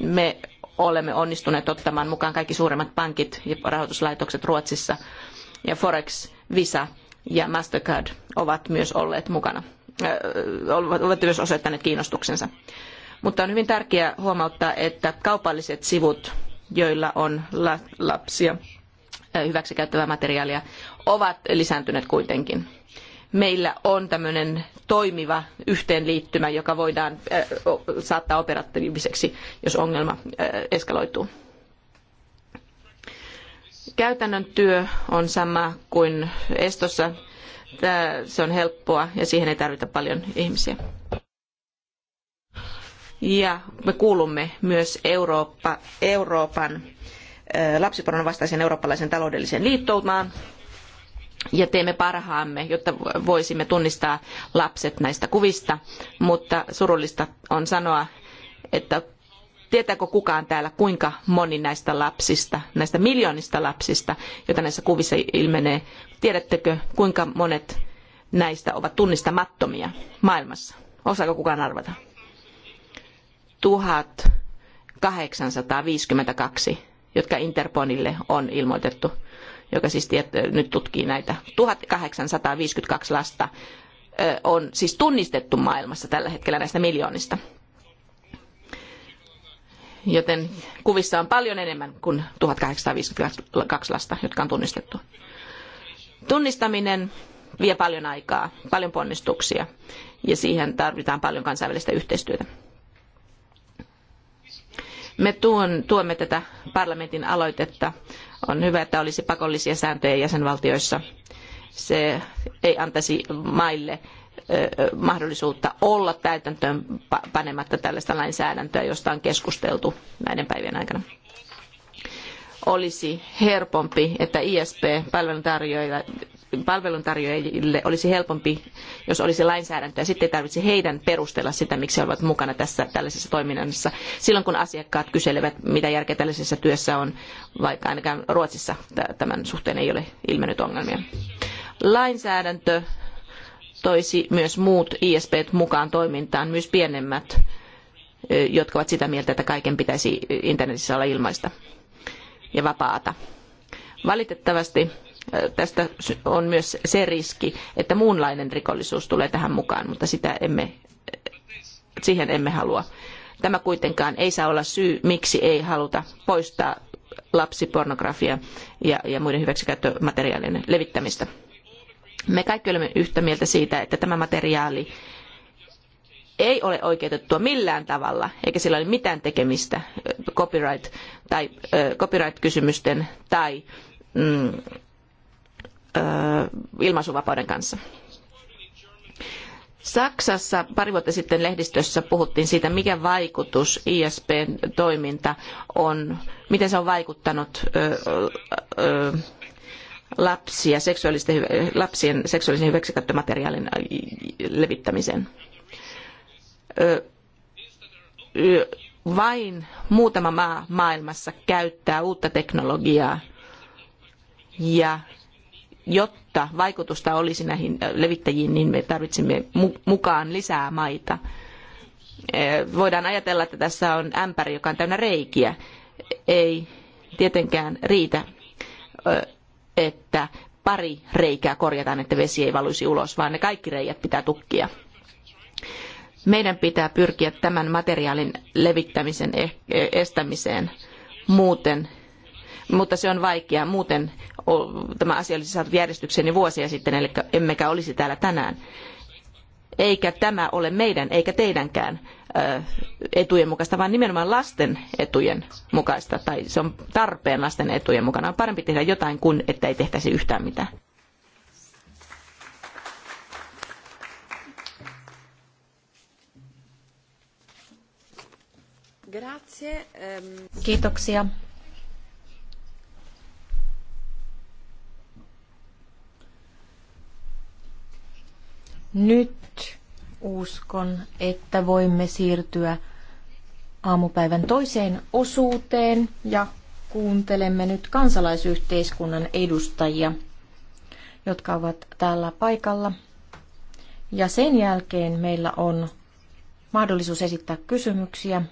Me olemme onnistuneet ottamaan mukaan kaikki suuremmat pankit ja rahoituslaitokset Ruotsissa ja Forex, Visa ja Mastercard ovat myös olleet mukana ovat myös osoittaneet kiinnostuksensa. Mutta on hyvin tärkeää huomauttaa, että kaupalliset sivut, joilla on lapsia hyväksikäyttävää materiaalia, ovat lisääntyneet kuitenkin. Meillä on tämmöinen toimiva yhteenliittymä, joka voidaan saattaa operatiiviseksi, jos ongelma eskaloituu käytännön työ on sama kuin estossa se on helppoa ja siihen ei tarvita paljon ihmisiä. Ja me kuulumme myös Eurooppa, Euroopan lapsiporon vastaisen eurooppalaisen taloudellisen liittoumaan ja teemme parhaamme, jotta voisimme tunnistaa lapset näistä kuvista, mutta surullista on sanoa, että tietääkö kukaan täällä, kuinka moni näistä lapsista, näistä miljoonista lapsista, joita näissä kuvissa ilmenee, Tiedättekö, kuinka monet näistä ovat tunnistamattomia maailmassa? Osaako kukaan arvata? 1852, jotka Interponille on ilmoitettu, joka siis nyt tutkii näitä. 1852 lasta on siis tunnistettu maailmassa tällä hetkellä näistä miljoonista. Joten kuvissa on paljon enemmän kuin 1852 lasta, jotka on tunnistettu. Tunnistaminen vie paljon aikaa, paljon ponnistuksia ja siihen tarvitaan paljon kansainvälistä yhteistyötä. Me tuon, tuomme tätä parlamentin aloitetta. On hyvä, että olisi pakollisia sääntöjä jäsenvaltioissa. Se ei antaisi maille mahdollisuutta olla täytäntöön panematta tällaista lainsäädäntöä, josta on keskusteltu näiden päivien aikana olisi helpompi, että ISP-palveluntarjoajille palveluntarjoajille olisi helpompi, jos olisi lainsäädäntöä. Sitten ei tarvitse heidän perustella sitä, miksi he ovat mukana tässä tällaisessa toiminnassa. Silloin kun asiakkaat kyselevät, mitä järkeä tällaisessa työssä on, vaikka ainakaan Ruotsissa tämän suhteen ei ole ilmennyt ongelmia. Lainsäädäntö toisi myös muut ISP t mukaan toimintaan, myös pienemmät, jotka ovat sitä mieltä, että kaiken pitäisi internetissä olla ilmaista ja vapaata. Valitettavasti tästä on myös se riski, että muunlainen rikollisuus tulee tähän mukaan, mutta sitä emme, siihen emme halua. Tämä kuitenkaan ei saa olla syy, miksi ei haluta poistaa lapsipornografia ja, ja muiden hyväksikäyttömateriaalien levittämistä. Me kaikki olemme yhtä mieltä siitä, että tämä materiaali ei ole oikeutettua millään tavalla, eikä sillä ole mitään tekemistä copyright- tai copyright-kysymysten tai mm, ilmaisuvapauden kanssa. Saksassa pari vuotta sitten lehdistössä puhuttiin siitä, mikä vaikutus isp toiminta on, miten se on vaikuttanut lapsia, seksuaalisten, lapsien seksuaalisen hyväksikäyttömateriaalin levittämiseen vain muutama maa maailmassa käyttää uutta teknologiaa ja jotta vaikutusta olisi näihin levittäjiin, niin me tarvitsemme mukaan lisää maita. Voidaan ajatella, että tässä on ämpäri, joka on täynnä reikiä. Ei tietenkään riitä, että pari reikää korjataan, että vesi ei valuisi ulos, vaan ne kaikki reijät pitää tukkia. Meidän pitää pyrkiä tämän materiaalin levittämisen eh, estämiseen muuten, mutta se on vaikeaa. Muuten tämä asia olisi saatu järjestykseen jo vuosia sitten, eli emmekä olisi täällä tänään. Eikä tämä ole meidän eikä teidänkään etujen mukaista, vaan nimenomaan lasten etujen mukaista, tai se on tarpeen lasten etujen mukana. On parempi tehdä jotain kuin, että ei tehtäisi yhtään mitään. Grazie. Ehm. Kiitoksia. Nyt uskon, että voimme siirtyä aamupäivän toiseen osuuteen ja kuuntelemme nyt kansalaisyhteiskunnan edustajia, jotka ovat täällä paikalla. Ja sen jälkeen meillä on mahdollisuus esittää kysymyksiä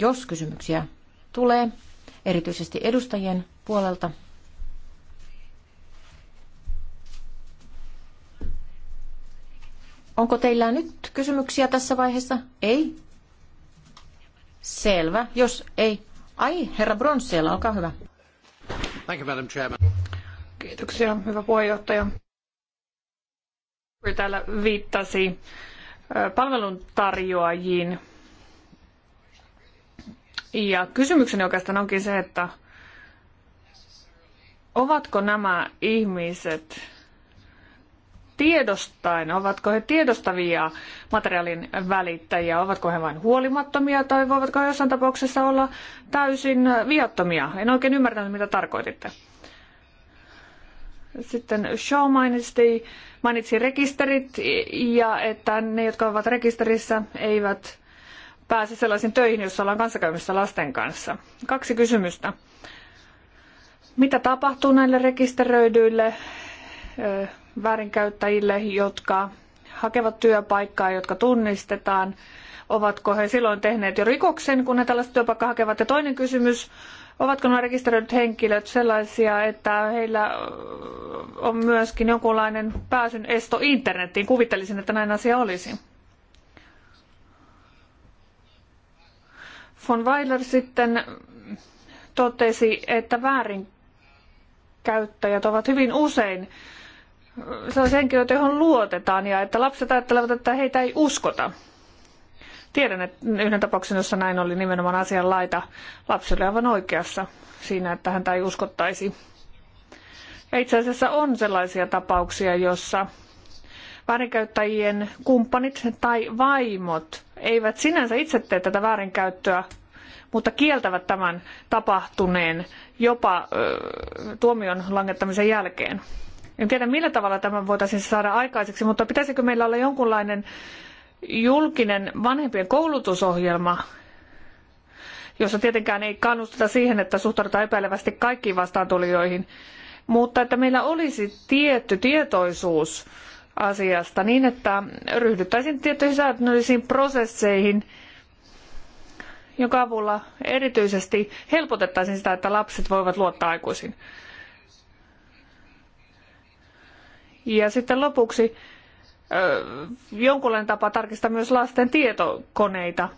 jos kysymyksiä tulee, erityisesti edustajien puolelta, Onko teillä nyt kysymyksiä tässä vaiheessa? Ei? Selvä. Jos ei. Ai, herra Bronsseella, olkaa hyvä. Thank you, Madam Chairman. Kiitoksia, hyvä puheenjohtaja. Täällä viittasi palveluntarjoajiin ja kysymykseni oikeastaan onkin se, että ovatko nämä ihmiset tiedostain, ovatko he tiedostavia materiaalin välittäjiä, ovatko he vain huolimattomia tai voivatko he jossain tapauksessa olla täysin viattomia. En oikein ymmärtänyt, mitä tarkoititte. Sitten Shaw mainitsi, mainitsi rekisterit ja että ne, jotka ovat rekisterissä, eivät pääse sellaisiin töihin, joissa ollaan kanssakäymissä lasten kanssa. Kaksi kysymystä. Mitä tapahtuu näille rekisteröidyille väärinkäyttäjille, jotka hakevat työpaikkaa, jotka tunnistetaan? Ovatko he silloin tehneet jo rikoksen, kun he tällaista työpaikkaa hakevat? Ja toinen kysymys, ovatko nämä rekisteröidyt henkilöt sellaisia, että heillä on myöskin jonkunlainen pääsyn esto internetiin? Kuvittelisin, että näin asia olisi. Von Weiler sitten totesi, että väärinkäyttäjät ovat hyvin usein sellaisia henkilöitä, johon luotetaan ja että lapset ajattelevat, että heitä ei uskota. Tiedän, että yhden tapauksen, jossa näin oli nimenomaan asian laita, lapsi oli aivan oikeassa siinä, että häntä ei uskottaisi. Ja itse asiassa on sellaisia tapauksia, jossa väärinkäyttäjien kumppanit tai vaimot eivät sinänsä itse tee tätä väärinkäyttöä, mutta kieltävät tämän tapahtuneen jopa tuomion langettamisen jälkeen. En tiedä millä tavalla tämä voitaisiin saada aikaiseksi, mutta pitäisikö meillä olla jonkunlainen julkinen vanhempien koulutusohjelma, jossa tietenkään ei kannusteta siihen, että suhtaudutaan epäilevästi kaikkiin vastaantulijoihin, mutta että meillä olisi tietty tietoisuus asiasta niin, että ryhdyttäisiin tiettyihin säännöllisiin prosesseihin, jonka avulla erityisesti helpotettaisiin sitä, että lapset voivat luottaa aikuisiin. Ja sitten lopuksi jonkunlainen tapa tarkistaa myös lasten tietokoneita.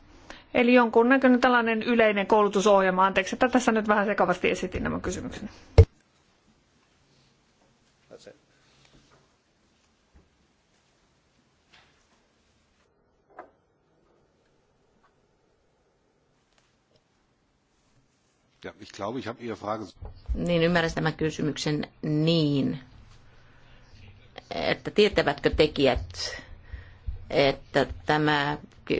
Eli näköinen tällainen yleinen koulutusohjelma. Anteeksi, että tässä nyt vähän sekavasti esitin nämä kysymykset. Ja, ich glaube, ich habe Ihre Frage... Niin ymmärrän tämän kysymyksen niin, että tietävätkö tekijät, että tämä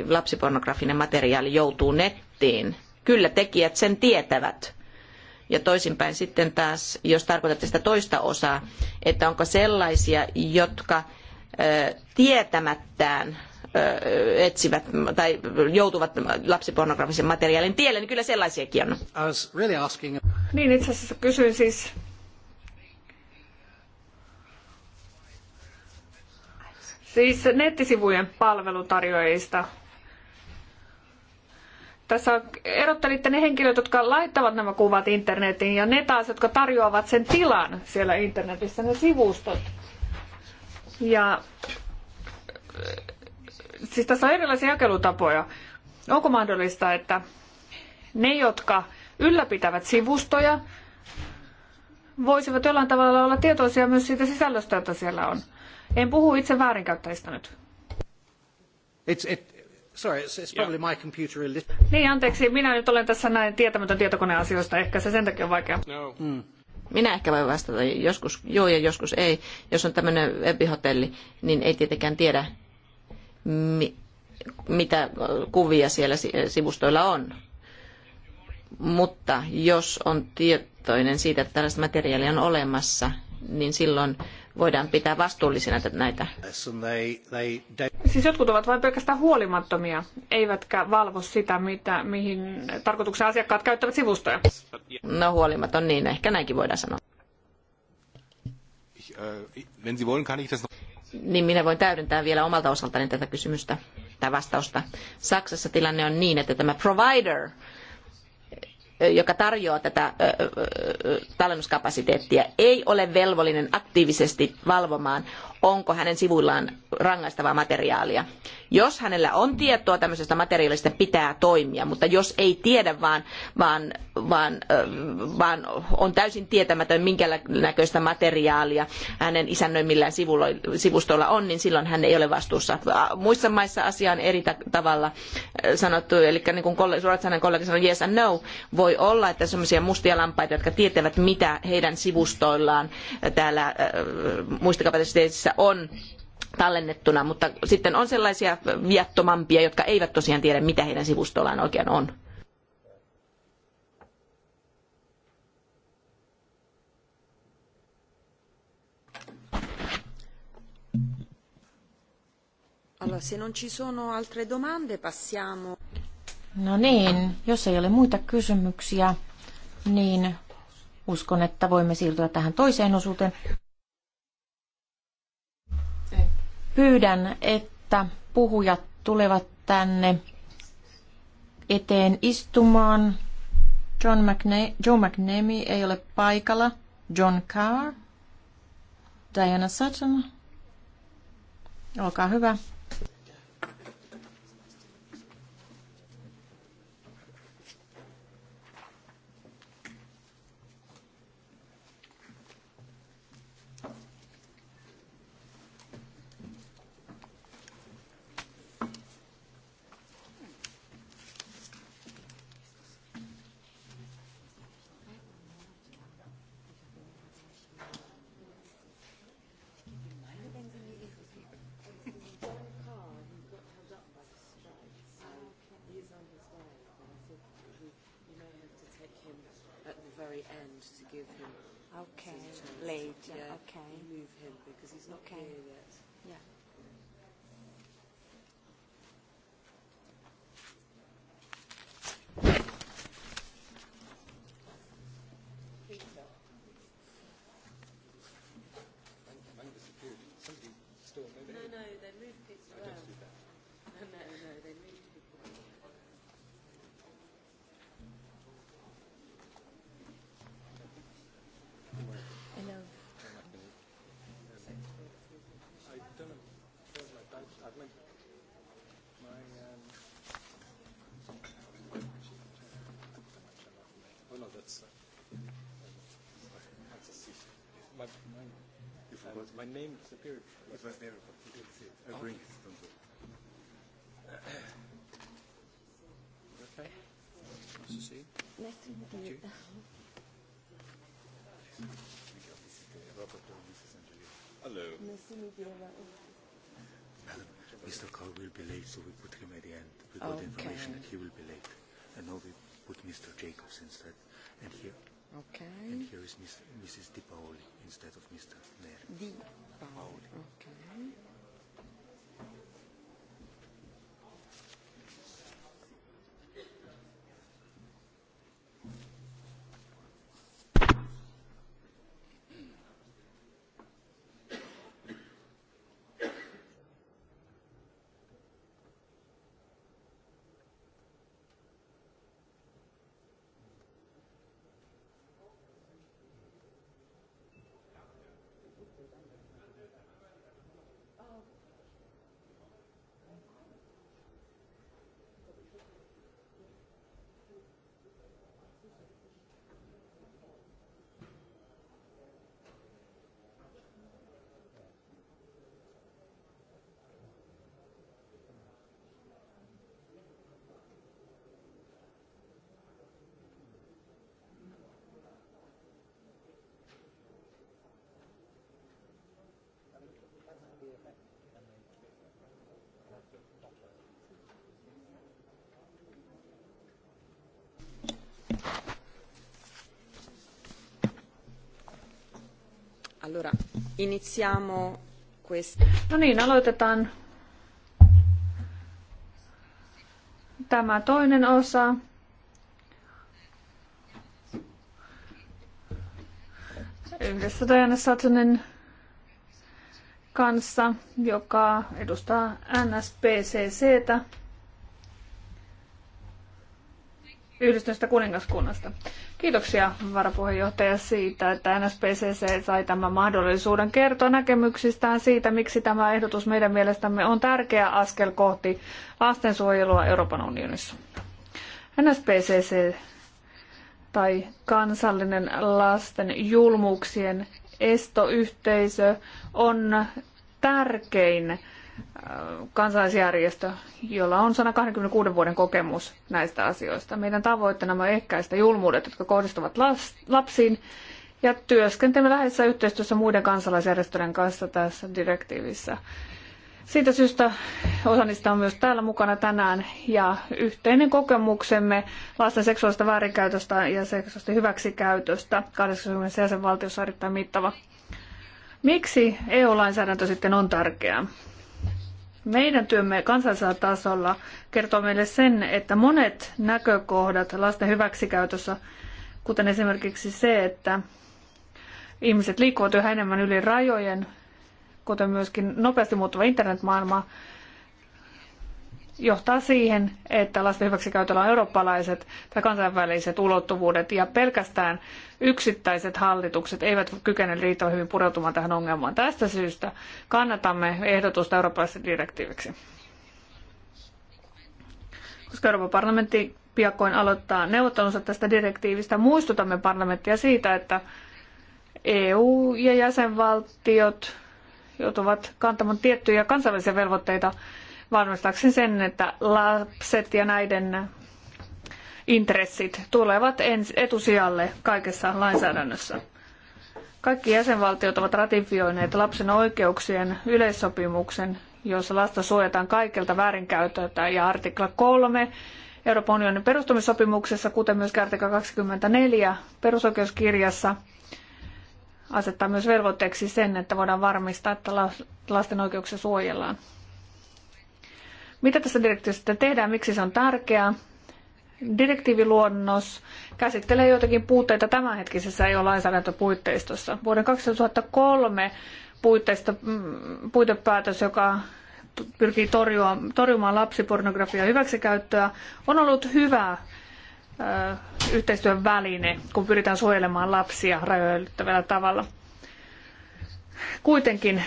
lapsipornografinen materiaali joutuu nettiin. Kyllä tekijät sen tietävät. Ja toisinpäin sitten taas, jos tarkoitatte sitä toista osaa, että onko sellaisia, jotka tietämättään etsivät tai joutuvat lapsipornografisen materiaalin tielle, niin kyllä sellaisiakin on. Really asking... Niin itse asiassa kysyin siis Siis nettisivujen palvelutarjoajista. Tässä erottelitte ne henkilöt, jotka laittavat nämä kuvat internetiin ja ne taas, jotka tarjoavat sen tilan siellä internetissä, ne sivustot. Ja siis tässä on erilaisia jakelutapoja. Onko mahdollista, että ne, jotka ylläpitävät sivustoja, voisivat jollain tavalla olla tietoisia myös siitä sisällöstä, jota siellä on. En puhu itse väärinkäyttäjistä nyt. It's, it, sorry, it's, it's probably my computer Niin, anteeksi, minä nyt olen tässä näin tietämätön tietokoneasioista, ehkä se sen takia on vaikea. No. Mm. Minä ehkä voin vastata joskus joo ja joskus ei. Jos on tämmöinen webihotelli, niin ei tietenkään tiedä, mitä kuvia siellä sivustoilla on. Mutta jos on tietoinen siitä, että tällaista materiaalia on olemassa, niin silloin voidaan pitää vastuullisina näitä. Siis jotkut ovat vain pelkästään huolimattomia, eivätkä valvo sitä, mitä, mihin tarkoituksen asiakkaat käyttävät sivustoja. No huolimaton, niin ehkä näinkin voidaan sanoa. Äh, niin minä voin täydentää vielä omalta osaltani tätä kysymystä tai vastausta. Saksassa tilanne on niin, että tämä provider, joka tarjoaa tätä tallennuskapasiteettia, ei ole velvollinen aktiivisesti valvomaan, onko hänen sivuillaan rangaistavaa materiaalia. Jos hänellä on tietoa tämmöisestä materiaalista, pitää toimia, mutta jos ei tiedä, vaan, vaan, vaan, vaan on täysin tietämätön, minkä näköistä materiaalia hänen isännöimillään sivustoilla on, niin silloin hän ei ole vastuussa. Muissa maissa asia on eri tavalla sanottu, eli niin kuin Ruotsalainen kollega sanoi, yes and no, voi olla, että semmoisia mustia lampaita, jotka tietävät, mitä heidän sivustoillaan täällä muistikapasiteetissa on tallennettuna, mutta sitten on sellaisia viattomampia, jotka eivät tosiaan tiedä, mitä heidän sivustollaan oikein on. No niin, jos ei ole muita kysymyksiä, niin uskon, että voimme siirtyä tähän toiseen osuuteen. Pyydän, että puhujat tulevat tänne eteen istumaan. John McNe- Joe McNamee ei ole paikalla. John Carr. Diana Sutton. Olkaa hyvä. end to give him. Okay, late. Yeah, okay. Move him because he's not okay. here yet. Yeah. My, my, you forgot. Uh, my name disappeared. It was there. You can see it. I'll bring it. Don't worry. okay. Nice to see you. Nice to meet you. Hello. Nice to Mr. Carr will be late, so we put him at the end. We got oh, okay. information that he will be late. And now we put Mr. Jacobs instead. And here, okay. and here is Miss, Mrs. Di Paoli instead of Mr. Neri. Di Paoli. Paoli. Okay. Allora, iniziamo questo. No niin, aloitetaan tämä toinen osa. Yhdessä Diana Satonen kanssa, joka edustaa NSPCCtä. yhdistyneestä kuningaskunnasta. Kiitoksia varapuheenjohtaja siitä, että NSPCC sai tämän mahdollisuuden kertoa näkemyksistään siitä, miksi tämä ehdotus meidän mielestämme on tärkeä askel kohti lastensuojelua Euroopan unionissa. NSPCC tai kansallinen lasten julmuuksien estoyhteisö on tärkein kansalaisjärjestö, jolla on 126 vuoden kokemus näistä asioista. Meidän tavoitteena on ehkäistä julmuudet, jotka kohdistuvat lapsiin, ja työskentelemme läheisessä yhteistyössä muiden kansalaisjärjestöjen kanssa tässä direktiivissä. Siitä syystä osa niistä on myös täällä mukana tänään ja yhteinen kokemuksemme lasten seksuaalista väärinkäytöstä ja seksuaalista hyväksikäytöstä 80 jäsenvaltiossa on erittäin mittava. Miksi EU-lainsäädäntö sitten on tärkeää? Meidän työmme kansallisella tasolla kertoo meille sen, että monet näkökohdat lasten hyväksikäytössä, kuten esimerkiksi se, että ihmiset liikkuvat yhä enemmän yli rajojen, kuten myöskin nopeasti muuttuva internetmaailma, johtaa siihen, että lasten hyväksikäytöllä on eurooppalaiset tai kansainväliset ulottuvuudet ja pelkästään yksittäiset hallitukset eivät kykene riittävän hyvin pureutumaan tähän ongelmaan. Tästä syystä kannatamme ehdotusta eurooppalaisesta direktiiviksi. Koska Euroopan parlamentti piakkoin aloittaa neuvottelunsa tästä direktiivistä, muistutamme parlamenttia siitä, että EU ja jäsenvaltiot joutuvat kantamaan tiettyjä kansainvälisiä velvoitteita varmistaakseni sen, että lapset ja näiden intressit tulevat etusijalle kaikessa lainsäädännössä. Kaikki jäsenvaltiot ovat ratifioineet lapsen oikeuksien yleissopimuksen, jossa lasta suojataan kaikilta väärinkäytöltä ja artikla 3 Euroopan unionin perustamissopimuksessa, kuten myös artikla 24 perusoikeuskirjassa, asettaa myös velvoitteeksi sen, että voidaan varmistaa, että lasten oikeuksia suojellaan. Mitä tässä direktiivistä tehdään, miksi se on tärkeää? Direktiiviluonnos käsittelee joitakin puutteita tämänhetkisessä EU-lainsäädäntöpuitteistossa. Vuoden 2003 puitteista, mm, puitepäätös, joka pyrkii torjua, torjumaan lapsipornografiaa hyväksikäyttöä, on ollut hyvä yhteistyön väline, kun pyritään suojelemaan lapsia rajoittavalla tavalla. Kuitenkin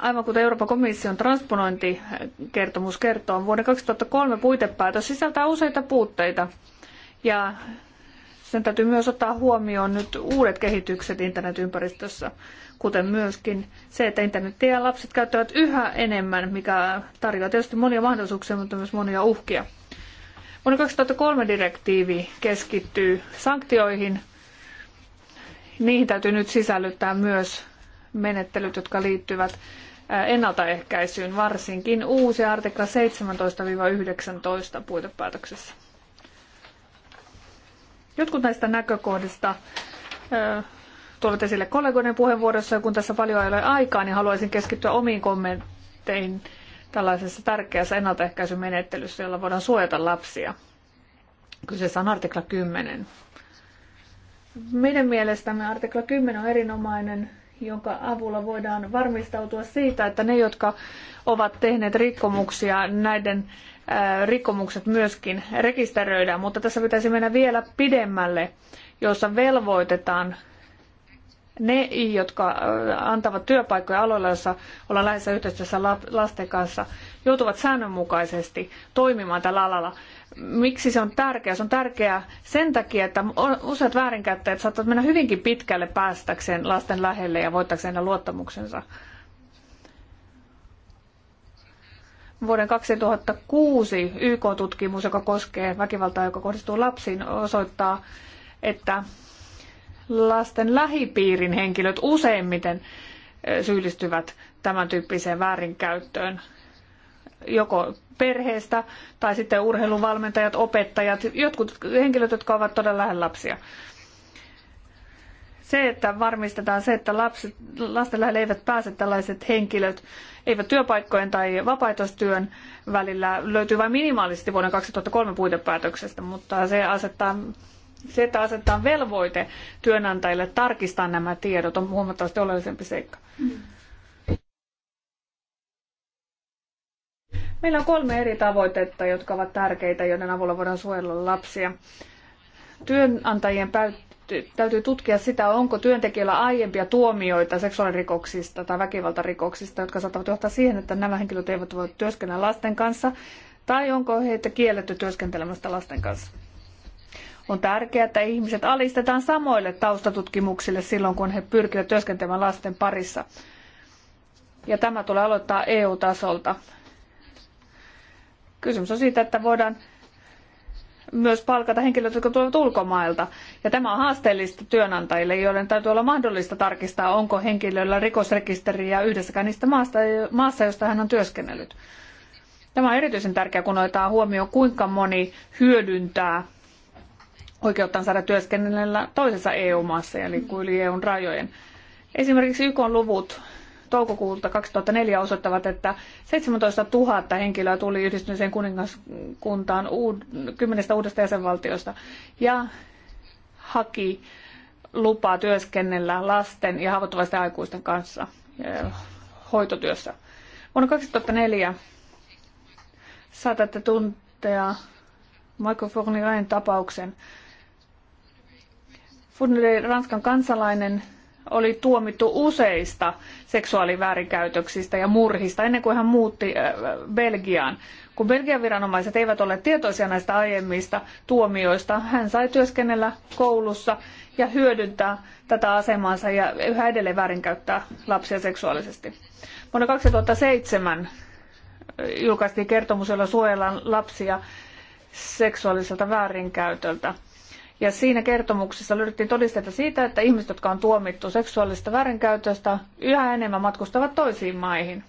aivan kuten Euroopan komission transponointikertomus kertoo, vuoden 2003 puitepäätös sisältää useita puutteita ja sen täytyy myös ottaa huomioon nyt uudet kehitykset internetympäristössä, kuten myöskin se, että internetiä lapset käyttävät yhä enemmän, mikä tarjoaa tietysti monia mahdollisuuksia, mutta myös monia uhkia. Vuonna 2003 direktiivi keskittyy sanktioihin. Niihin täytyy nyt sisällyttää myös menettelyt, jotka liittyvät ennaltaehkäisyyn, varsinkin uusi artikla 17-19 puitepäätöksessä. Jotkut näistä näkökohdista tuovat esille kollegoiden puheenvuorossa, ja kun tässä paljon ei ole aikaa, niin haluaisin keskittyä omiin kommentteihin tällaisessa tärkeässä ennaltaehkäisymenettelyssä, jolla voidaan suojata lapsia. Kyseessä on artikla 10. Meidän mielestämme artikla 10 on erinomainen jonka avulla voidaan varmistautua siitä, että ne, jotka ovat tehneet rikkomuksia, näiden rikkomukset myöskin rekisteröidään. Mutta tässä pitäisi mennä vielä pidemmälle, jossa velvoitetaan ne, jotka antavat työpaikkoja aloilla, joissa ollaan läheisessä yhteistyössä lasten kanssa, joutuvat säännönmukaisesti toimimaan tällä alalla. Miksi se on tärkeää? Se on tärkeää sen takia, että useat väärinkäyttäjät saattavat mennä hyvinkin pitkälle päästäkseen lasten lähelle ja voittakseen heidän luottamuksensa. Vuoden 2006 YK-tutkimus, joka koskee väkivaltaa, joka kohdistuu lapsiin, osoittaa, että lasten lähipiirin henkilöt useimmiten syyllistyvät tämän tyyppiseen väärinkäyttöön joko perheestä tai sitten urheiluvalmentajat, opettajat, jotkut henkilöt, jotka ovat todella lähellä lapsia. Se, että varmistetaan se, että lapset, lasten lähelle eivät pääse tällaiset henkilöt, eivät työpaikkojen tai vapaaehtoistyön välillä, löytyy vain minimaalisesti vuoden 2003 puitepäätöksestä, mutta se asettaa se, että asetetaan velvoite työnantajille tarkistaa nämä tiedot, on huomattavasti oleellisempi seikka. Meillä on kolme eri tavoitetta, jotka ovat tärkeitä, joiden avulla voidaan suojella lapsia. Työnantajien täytyy tutkia sitä, onko työntekijöillä aiempia tuomioita seksuaalirikoksista tai väkivaltarikoksista, jotka saattavat johtaa siihen, että nämä henkilöt eivät voi työskennellä lasten kanssa, tai onko heitä kielletty työskentelemästä lasten kanssa. On tärkeää, että ihmiset alistetaan samoille taustatutkimuksille silloin, kun he pyrkivät työskentelemään lasten parissa. Ja tämä tulee aloittaa EU-tasolta. Kysymys on siitä, että voidaan myös palkata henkilöitä, jotka tulevat ulkomailta. Ja tämä on haasteellista työnantajille, joiden täytyy olla mahdollista tarkistaa, onko henkilöllä rikosrekisteriä yhdessäkään niistä maasta, maassa, josta hän on työskennellyt. Tämä on erityisen tärkeää, kun otetaan huomioon, kuinka moni hyödyntää oikeuttaan saada työskennellä toisessa EU-maassa, eli yli EUn rajojen. Esimerkiksi YK luvut toukokuulta 2004 osoittavat, että 17 000 henkilöä tuli yhdistyneeseen kuningaskuntaan kymmenestä uudesta jäsenvaltiosta ja haki lupaa työskennellä lasten ja haavoittuvaisten aikuisten kanssa eh, hoitotyössä. Vuonna 2004 saatatte tuntea Michael Fournirain tapauksen. Funeri, Ranskan kansalainen, oli tuomittu useista seksuaaliväärinkäytöksistä ja murhista ennen kuin hän muutti äh, Belgiaan. Kun Belgian viranomaiset eivät ole tietoisia näistä aiemmista tuomioista, hän sai työskennellä koulussa ja hyödyntää tätä asemansa ja yhä edelleen väärinkäyttää lapsia seksuaalisesti. Vuonna 2007 äh, julkaistiin kertomus, jolla suojellaan lapsia seksuaaliselta väärinkäytöltä. Ja siinä kertomuksessa löydettiin todisteita siitä, että ihmiset, jotka on tuomittu seksuaalista väärinkäytöstä, yhä enemmän matkustavat toisiin maihin.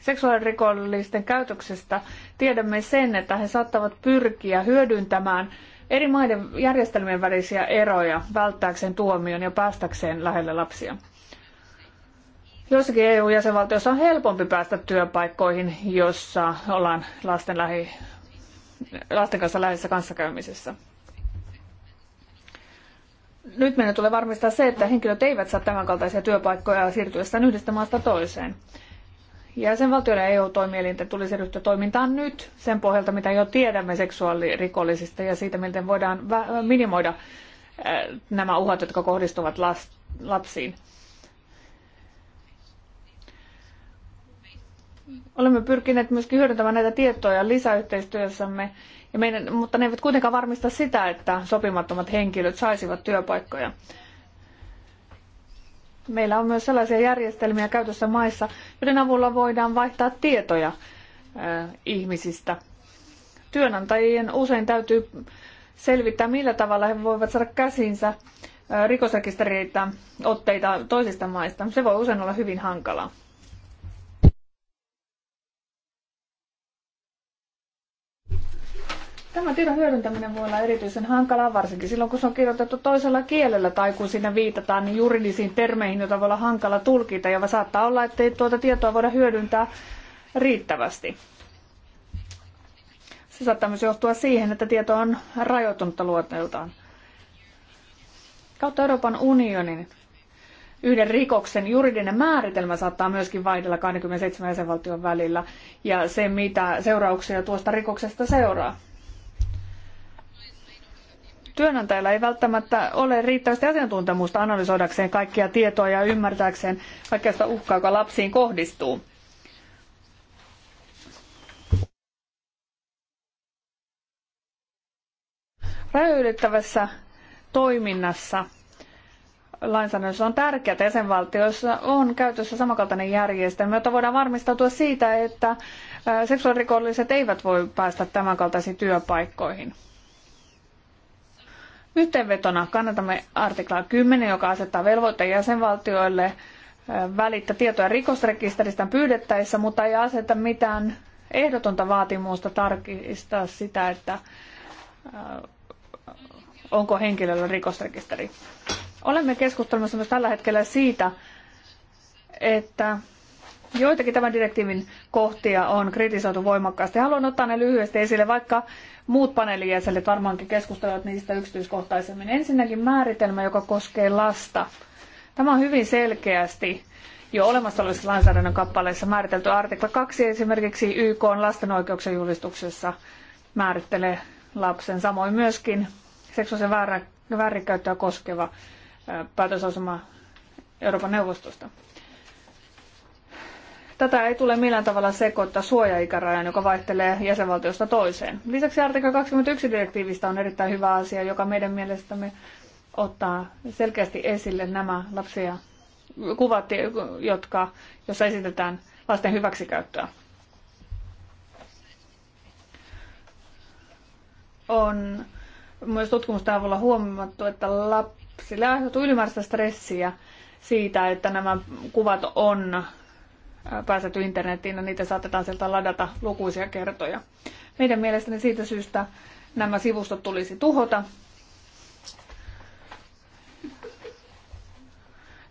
Seksuaalirikollisten käytöksestä tiedämme sen, että he saattavat pyrkiä hyödyntämään eri maiden järjestelmien välisiä eroja välttääkseen tuomion ja päästäkseen lähelle lapsia. Joissakin EU-jäsenvaltioissa on helpompi päästä työpaikkoihin, jossa ollaan lasten lähi lasten kanssa läheisessä kanssakäymisessä. Nyt meidän tulee varmistaa se, että henkilöt eivät saa tämänkaltaisia työpaikkoja siirtyessään yhdestä maasta toiseen. Jäsenvaltioiden EU-toimielinten tulisi ryhtyä toimintaan nyt sen pohjalta, mitä jo tiedämme seksuaalirikollisista ja siitä, miten voidaan minimoida nämä uhat, jotka kohdistuvat lapsiin. Olemme pyrkineet myöskin hyödyntämään näitä tietoja lisäyhteistyössämme, ja meidän, mutta ne eivät kuitenkaan varmista sitä, että sopimattomat henkilöt saisivat työpaikkoja. Meillä on myös sellaisia järjestelmiä käytössä maissa, joiden avulla voidaan vaihtaa tietoja ihmisistä. Työnantajien usein täytyy selvittää, millä tavalla he voivat saada käsinsä rikosrekistereitä otteita toisista maista. Se voi usein olla hyvin hankalaa. Tämä tiedon hyödyntäminen voi olla erityisen hankalaa, varsinkin silloin kun se on kirjoitettu toisella kielellä tai kun siinä viitataan niin juridisiin termeihin, joita voi olla hankala tulkita ja saattaa olla, ettei tuota tietoa voida hyödyntää riittävästi. Se saattaa myös johtua siihen, että tieto on rajoitunutta luonteeltaan. Kautta Euroopan unionin yhden rikoksen juridinen määritelmä saattaa myöskin vaihdella 27 jäsenvaltion välillä ja se, mitä seurauksia tuosta rikoksesta seuraa työnantajilla ei välttämättä ole riittävästi asiantuntemusta analysoidakseen kaikkia tietoa ja ymmärtääkseen kaikkea sitä uhkaa, joka lapsiin kohdistuu. Rajoylittävässä toiminnassa lainsäädännössä on tärkeää, että jäsenvaltioissa on käytössä samankaltainen järjestelmä, jotta voidaan varmistautua siitä, että seksuaalirikolliset eivät voi päästä tämänkaltaisiin työpaikkoihin. Yhteenvetona kannatamme artiklaa 10, joka asettaa velvoitteen jäsenvaltioille välittää tietoja rikosrekisteristä pyydettäessä, mutta ei aseta mitään ehdotonta vaatimusta tarkistaa sitä, että onko henkilöllä rikosrekisteri. Olemme keskustelemassa myös tällä hetkellä siitä, että Joitakin tämän direktiivin kohtia on kritisoitu voimakkaasti. Haluan ottaa ne lyhyesti esille, vaikka muut paneelijäsenet varmaankin keskustelevat niistä yksityiskohtaisemmin. Ensinnäkin määritelmä, joka koskee lasta. Tämä on hyvin selkeästi jo olemassa olevissa lainsäädännön kappaleissa määritelty. Artikla 2 esimerkiksi YK on lasten oikeuksien julistuksessa määrittelee lapsen. Samoin myöskin seksuaalisen väärinkäyttöä koskeva päätösasema Euroopan neuvostosta. Tätä ei tule millään tavalla sekoittaa suojaikärajan, joka vaihtelee jäsenvaltiosta toiseen. Lisäksi artikla 21 direktiivistä on erittäin hyvä asia, joka meidän mielestämme ottaa selkeästi esille nämä lapsia kuvat, jotka, jossa esitetään lasten hyväksikäyttöä. On myös tutkimusten avulla huomattu, että lapsille aiheutuu ylimääräistä stressiä siitä, että nämä kuvat on pääsety internetiin ja no niitä saatetaan sieltä ladata lukuisia kertoja. Meidän mielestäni siitä syystä nämä sivustot tulisi tuhota.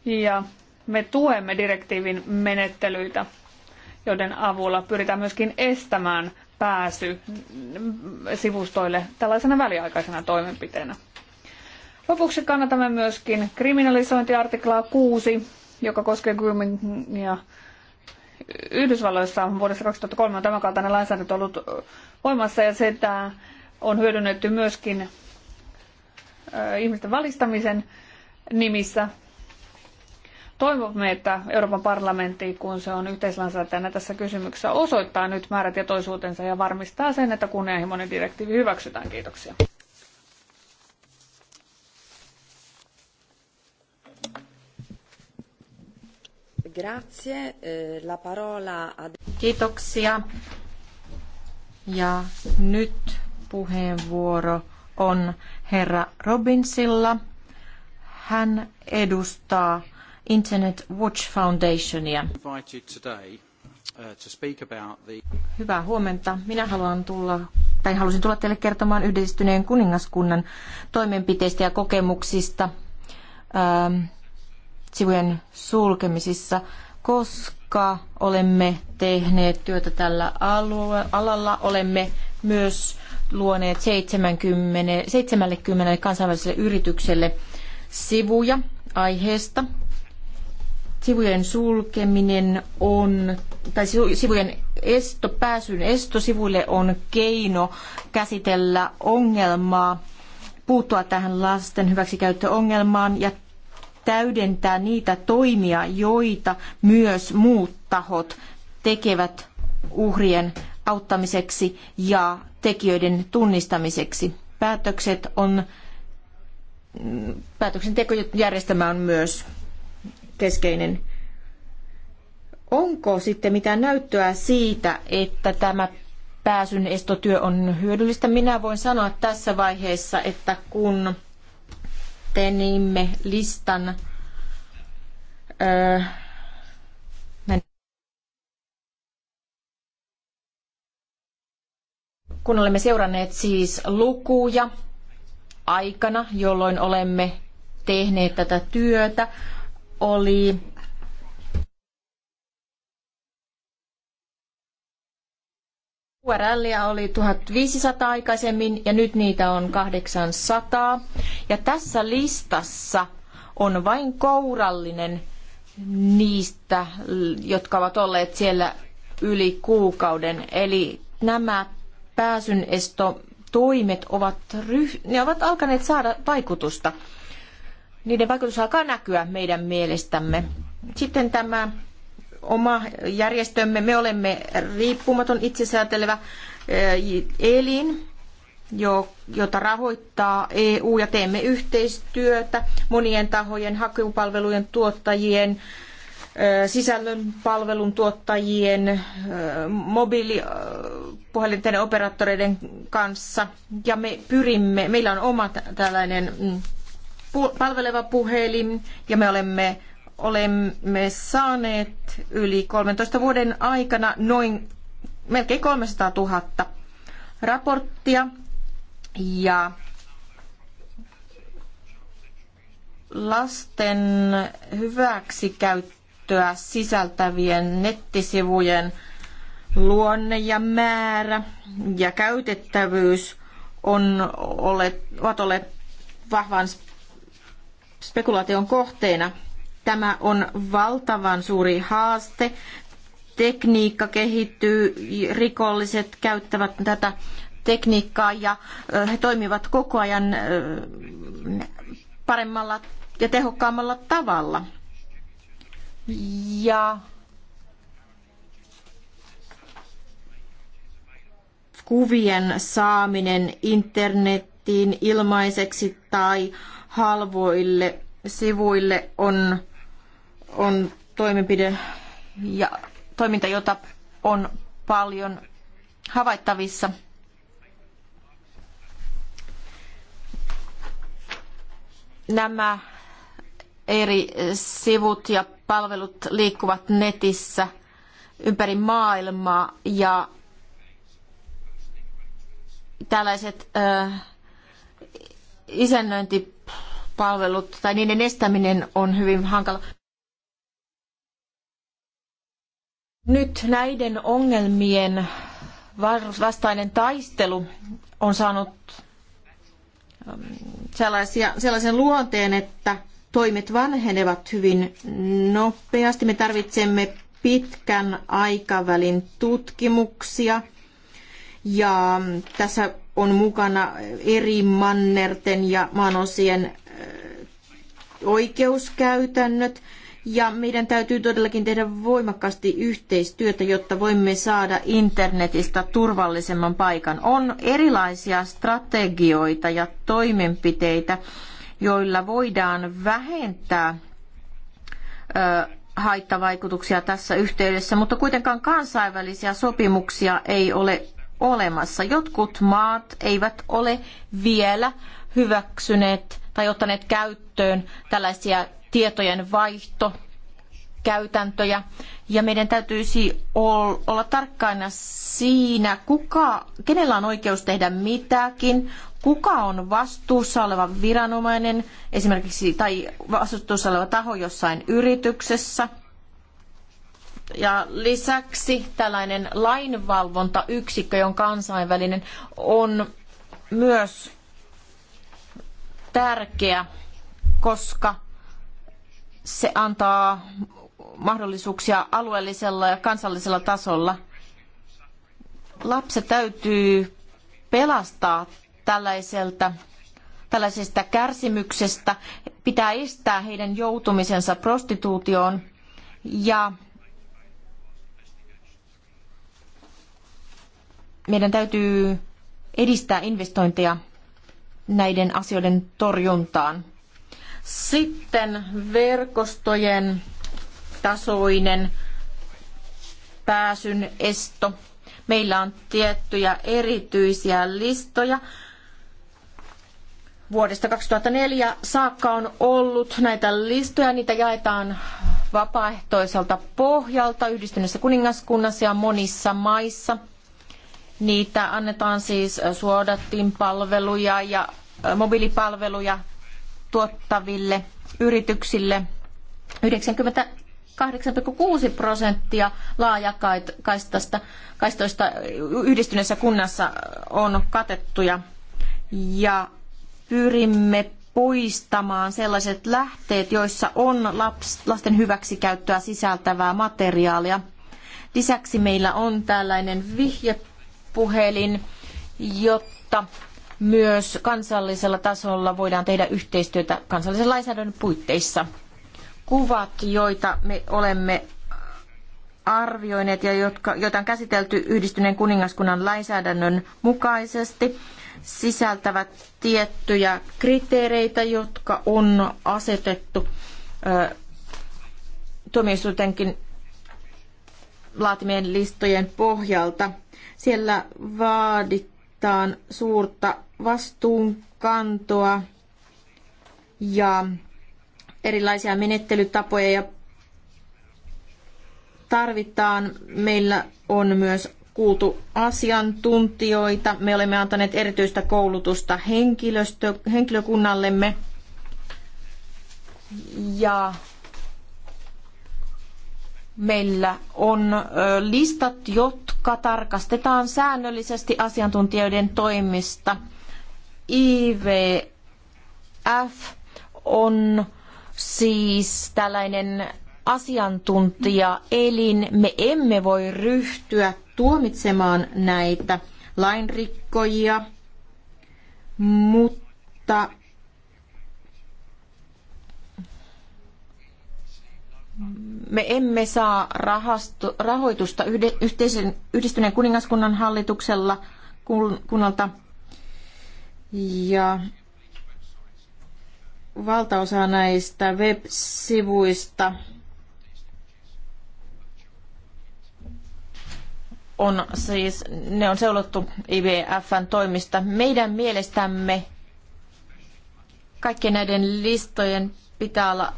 Ja me tuemme direktiivin menettelyitä, joiden avulla pyritään myöskin estämään pääsy sivustoille tällaisena väliaikaisena toimenpiteenä. Lopuksi kannatamme myöskin kriminalisointiartiklaa 6, joka koskee groomingia Yhdysvalloissa on vuodesta 2003 on tämänkaltainen lainsäädäntö ollut voimassa ja sitä on hyödynnetty myöskin ihmisten valistamisen nimissä. Toivomme, että Euroopan parlamentti, kun se on yhteislainsäätäjänä tässä kysymyksessä, osoittaa nyt määrätietoisuutensa ja varmistaa sen, että kunnianhimoinen direktiivi hyväksytään. Kiitoksia. Grazie. Eh, la parola ad... Kiitoksia. Ja nyt puheenvuoro on herra Robinsilla. Hän edustaa Internet Watch Foundationia. Uh, Hyvää huomenta. Minä haluan tulla, tai halusin tulla teille kertomaan yhdistyneen kuningaskunnan toimenpiteistä ja kokemuksista. Ähm, sivujen sulkemisissa, koska olemme tehneet työtä tällä alue- alalla, olemme myös luoneet 70, 70 kansainväliselle yritykselle sivuja aiheesta. Sivujen sulkeminen on, tai sivujen esto, pääsyn esto sivuille on keino käsitellä ongelmaa, puuttua tähän lasten hyväksikäyttöongelmaan ja täydentää niitä toimia, joita myös muut tahot tekevät uhrien auttamiseksi ja tekijöiden tunnistamiseksi. Päätökset on, päätöksentekojärjestelmä on myös keskeinen. Onko sitten mitään näyttöä siitä, että tämä pääsyn estotyö on hyödyllistä? Minä voin sanoa tässä vaiheessa, että kun teimme listan öö, kun olemme seuranneet siis lukuja aikana, jolloin olemme tehneet tätä työtä, oli URLia oli 1500 aikaisemmin ja nyt niitä on 800. Ja tässä listassa on vain kourallinen niistä, jotka ovat olleet siellä yli kuukauden. Eli nämä pääsynestotoimet ovat, ne ovat alkaneet saada vaikutusta. Niiden vaikutus alkaa näkyä meidän mielestämme. Sitten tämä oma järjestömme, me olemme riippumaton itsesäätelevä elin, jota rahoittaa EU ja teemme yhteistyötä monien tahojen, hakupalvelujen tuottajien, sisällön palvelun tuottajien, mobiilipuhelinten operaattoreiden kanssa. Ja me pyrimme, meillä on oma tällainen mm, palveleva puhelin ja me olemme olemme saaneet yli 13 vuoden aikana noin melkein 300 000 raporttia ja lasten hyväksikäyttöä sisältävien nettisivujen luonne ja määrä ja käytettävyys on olet, ovat olleet vahvan spekulaation kohteena – Tämä on valtavan suuri haaste. Tekniikka kehittyy, rikolliset käyttävät tätä tekniikkaa ja he toimivat koko ajan paremmalla ja tehokkaammalla tavalla. Ja kuvien saaminen internettiin ilmaiseksi tai halvoille sivuille on on toimenpide ja toiminta, jota on paljon havaittavissa. Nämä eri sivut ja palvelut liikkuvat netissä ympäri maailmaa ja tällaiset äh, isännöintipalvelut tai niiden estäminen on hyvin hankala. Nyt näiden ongelmien vastainen taistelu on saanut ähm, sellaisia, sellaisen luonteen, että toimet vanhenevat hyvin nopeasti. Me tarvitsemme pitkän aikavälin tutkimuksia ja tässä on mukana eri mannerten ja maanosien äh, oikeuskäytännöt ja meidän täytyy todellakin tehdä voimakkaasti yhteistyötä, jotta voimme saada internetistä turvallisemman paikan. On erilaisia strategioita ja toimenpiteitä, joilla voidaan vähentää ö, haittavaikutuksia tässä yhteydessä, mutta kuitenkaan kansainvälisiä sopimuksia ei ole olemassa. Jotkut maat eivät ole vielä hyväksyneet tai ottaneet käyttöön tällaisia tietojen vaihto, käytäntöjä. Ja meidän täytyisi olla tarkkaina siinä, kuka, kenellä on oikeus tehdä mitäkin, kuka on vastuussa oleva viranomainen, esimerkiksi tai vastuussa oleva taho jossain yrityksessä. Ja lisäksi tällainen lainvalvontayksikkö, jonka kansainvälinen, on myös tärkeä, koska se antaa mahdollisuuksia alueellisella ja kansallisella tasolla. Lapset täytyy pelastaa tällaiselta, tällaisesta kärsimyksestä, pitää estää heidän joutumisensa prostituutioon ja meidän täytyy edistää investointeja näiden asioiden torjuntaan. Sitten verkostojen tasoinen pääsyn esto. Meillä on tiettyjä erityisiä listoja. Vuodesta 2004 saakka on ollut näitä listoja. Niitä jaetaan vapaaehtoiselta pohjalta yhdistyneessä kuningaskunnassa ja monissa maissa. Niitä annetaan siis äh, suodattiin palveluja ja äh, mobiilipalveluja – tuottaville yrityksille 98,6 prosenttia laajakaistoista kaistoista yhdistyneessä kunnassa on katettuja ja pyrimme poistamaan sellaiset lähteet, joissa on lasten hyväksikäyttöä sisältävää materiaalia. Lisäksi meillä on tällainen vihjepuhelin, jotta myös kansallisella tasolla voidaan tehdä yhteistyötä kansallisen lainsäädännön puitteissa. Kuvat, joita me olemme arvioineet ja jotka, joita on käsitelty yhdistyneen kuningaskunnan lainsäädännön mukaisesti, sisältävät tiettyjä kriteereitä, jotka on asetettu ö, tuomioistuintenkin laatimien listojen pohjalta. Siellä vaadit tarvitaan suurta vastuunkantoa ja erilaisia menettelytapoja ja tarvitaan. Meillä on myös kuultu asiantuntijoita. Me olemme antaneet erityistä koulutusta henkilöstö, henkilökunnallemme. Ja meillä on listat, jotka tarkastetaan säännöllisesti asiantuntijoiden toimista. IVF on siis tällainen asiantuntijaelin. Me emme voi ryhtyä tuomitsemaan näitä lainrikkojia, mutta me emme saa rahasto, rahoitusta yhde, yhteisen, yhdistyneen kuningaskunnan hallituksella kun, kunnalta. Ja valtaosa näistä web-sivuista on siis, ne on seulottu IBFn toimista. Meidän mielestämme kaikkien näiden listojen pitää olla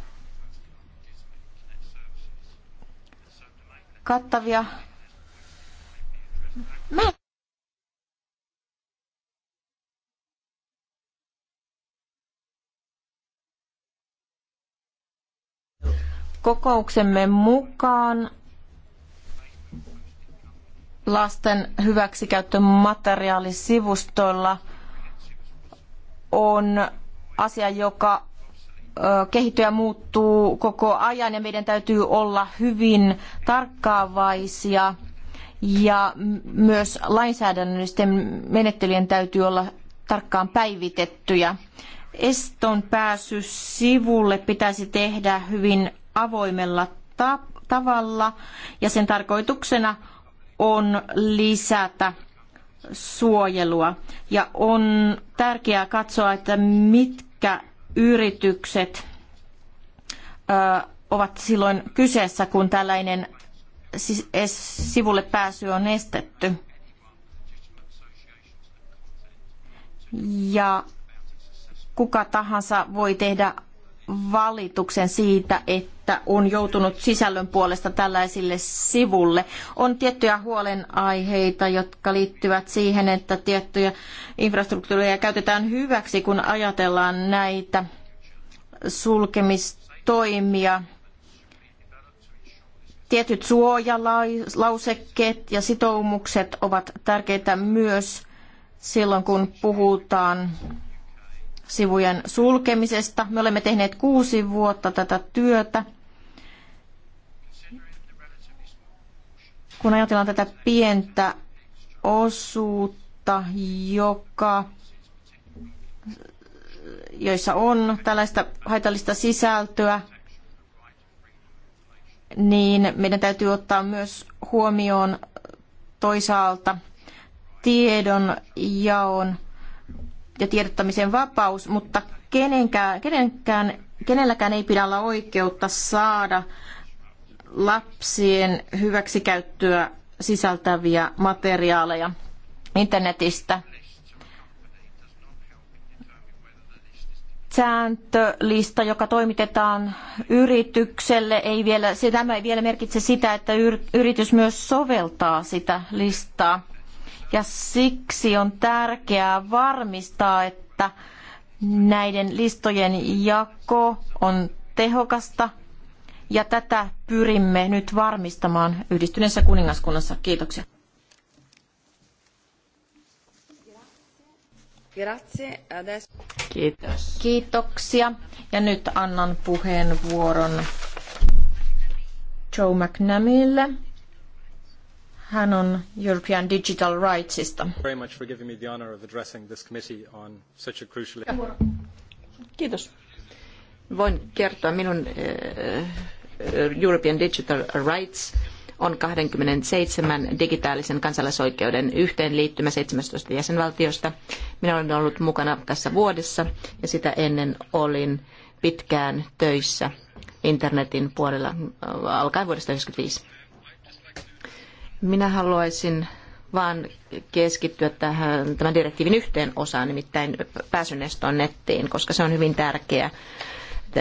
kattavia. Mä kokouksemme mukaan lasten hyväksikäyttömateriaalisivustoilla on asia, joka kehittyy ja muuttuu koko ajan ja meidän täytyy olla hyvin tarkkaavaisia ja myös lainsäädännöllisten menettelyjen täytyy olla tarkkaan päivitettyjä. Eston pääsy sivulle pitäisi tehdä hyvin avoimella tavalla ja sen tarkoituksena on lisätä suojelua. Ja on tärkeää katsoa, että mitkä yritykset ovat silloin kyseessä, kun tällainen sivulle pääsy on estetty. Ja kuka tahansa voi tehdä valituksen siitä, että että on joutunut sisällön puolesta tällaisille sivulle. On tiettyjä huolenaiheita, jotka liittyvät siihen, että tiettyjä infrastruktuureja käytetään hyväksi, kun ajatellaan näitä sulkemistoimia tietyt suojalausekkeet ja sitoumukset ovat tärkeitä myös silloin, kun puhutaan sivujen sulkemisesta. Me olemme tehneet kuusi vuotta tätä työtä kun ajatellaan tätä pientä osuutta, joka joissa on tällaista haitallista sisältöä, niin meidän täytyy ottaa myös huomioon toisaalta tiedon jaon ja tiedottamisen vapaus, mutta kenenkään, kenenkään, kenelläkään ei pidä olla oikeutta saada lapsien hyväksikäyttöä sisältäviä materiaaleja internetistä. sääntölista, joka toimitetaan yritykselle, ei vielä, se, tämä ei vielä merkitse sitä, että yritys myös soveltaa sitä listaa. Ja siksi on tärkeää varmistaa, että näiden listojen jako on tehokasta ja tätä pyrimme nyt varmistamaan yhdistyneessä kuningaskunnassa. Kiitoksia. Kiitos. Kiitoksia. Ja nyt annan puheenvuoron Joe McNamille. Hän on European Digital Rightsista. Kiitos. Voin kertoa minun eh, European Digital Rights on 27 digitaalisen kansalaisoikeuden yhteenliittymä 17 jäsenvaltiosta. Minä olen ollut mukana tässä vuodessa ja sitä ennen olin pitkään töissä internetin puolella äh, alkaen vuodesta 1995. Minä haluaisin vaan keskittyä tähän, tämän direktiivin yhteen osaan, nimittäin pääsyn estoon nettiin, koska se on hyvin tärkeä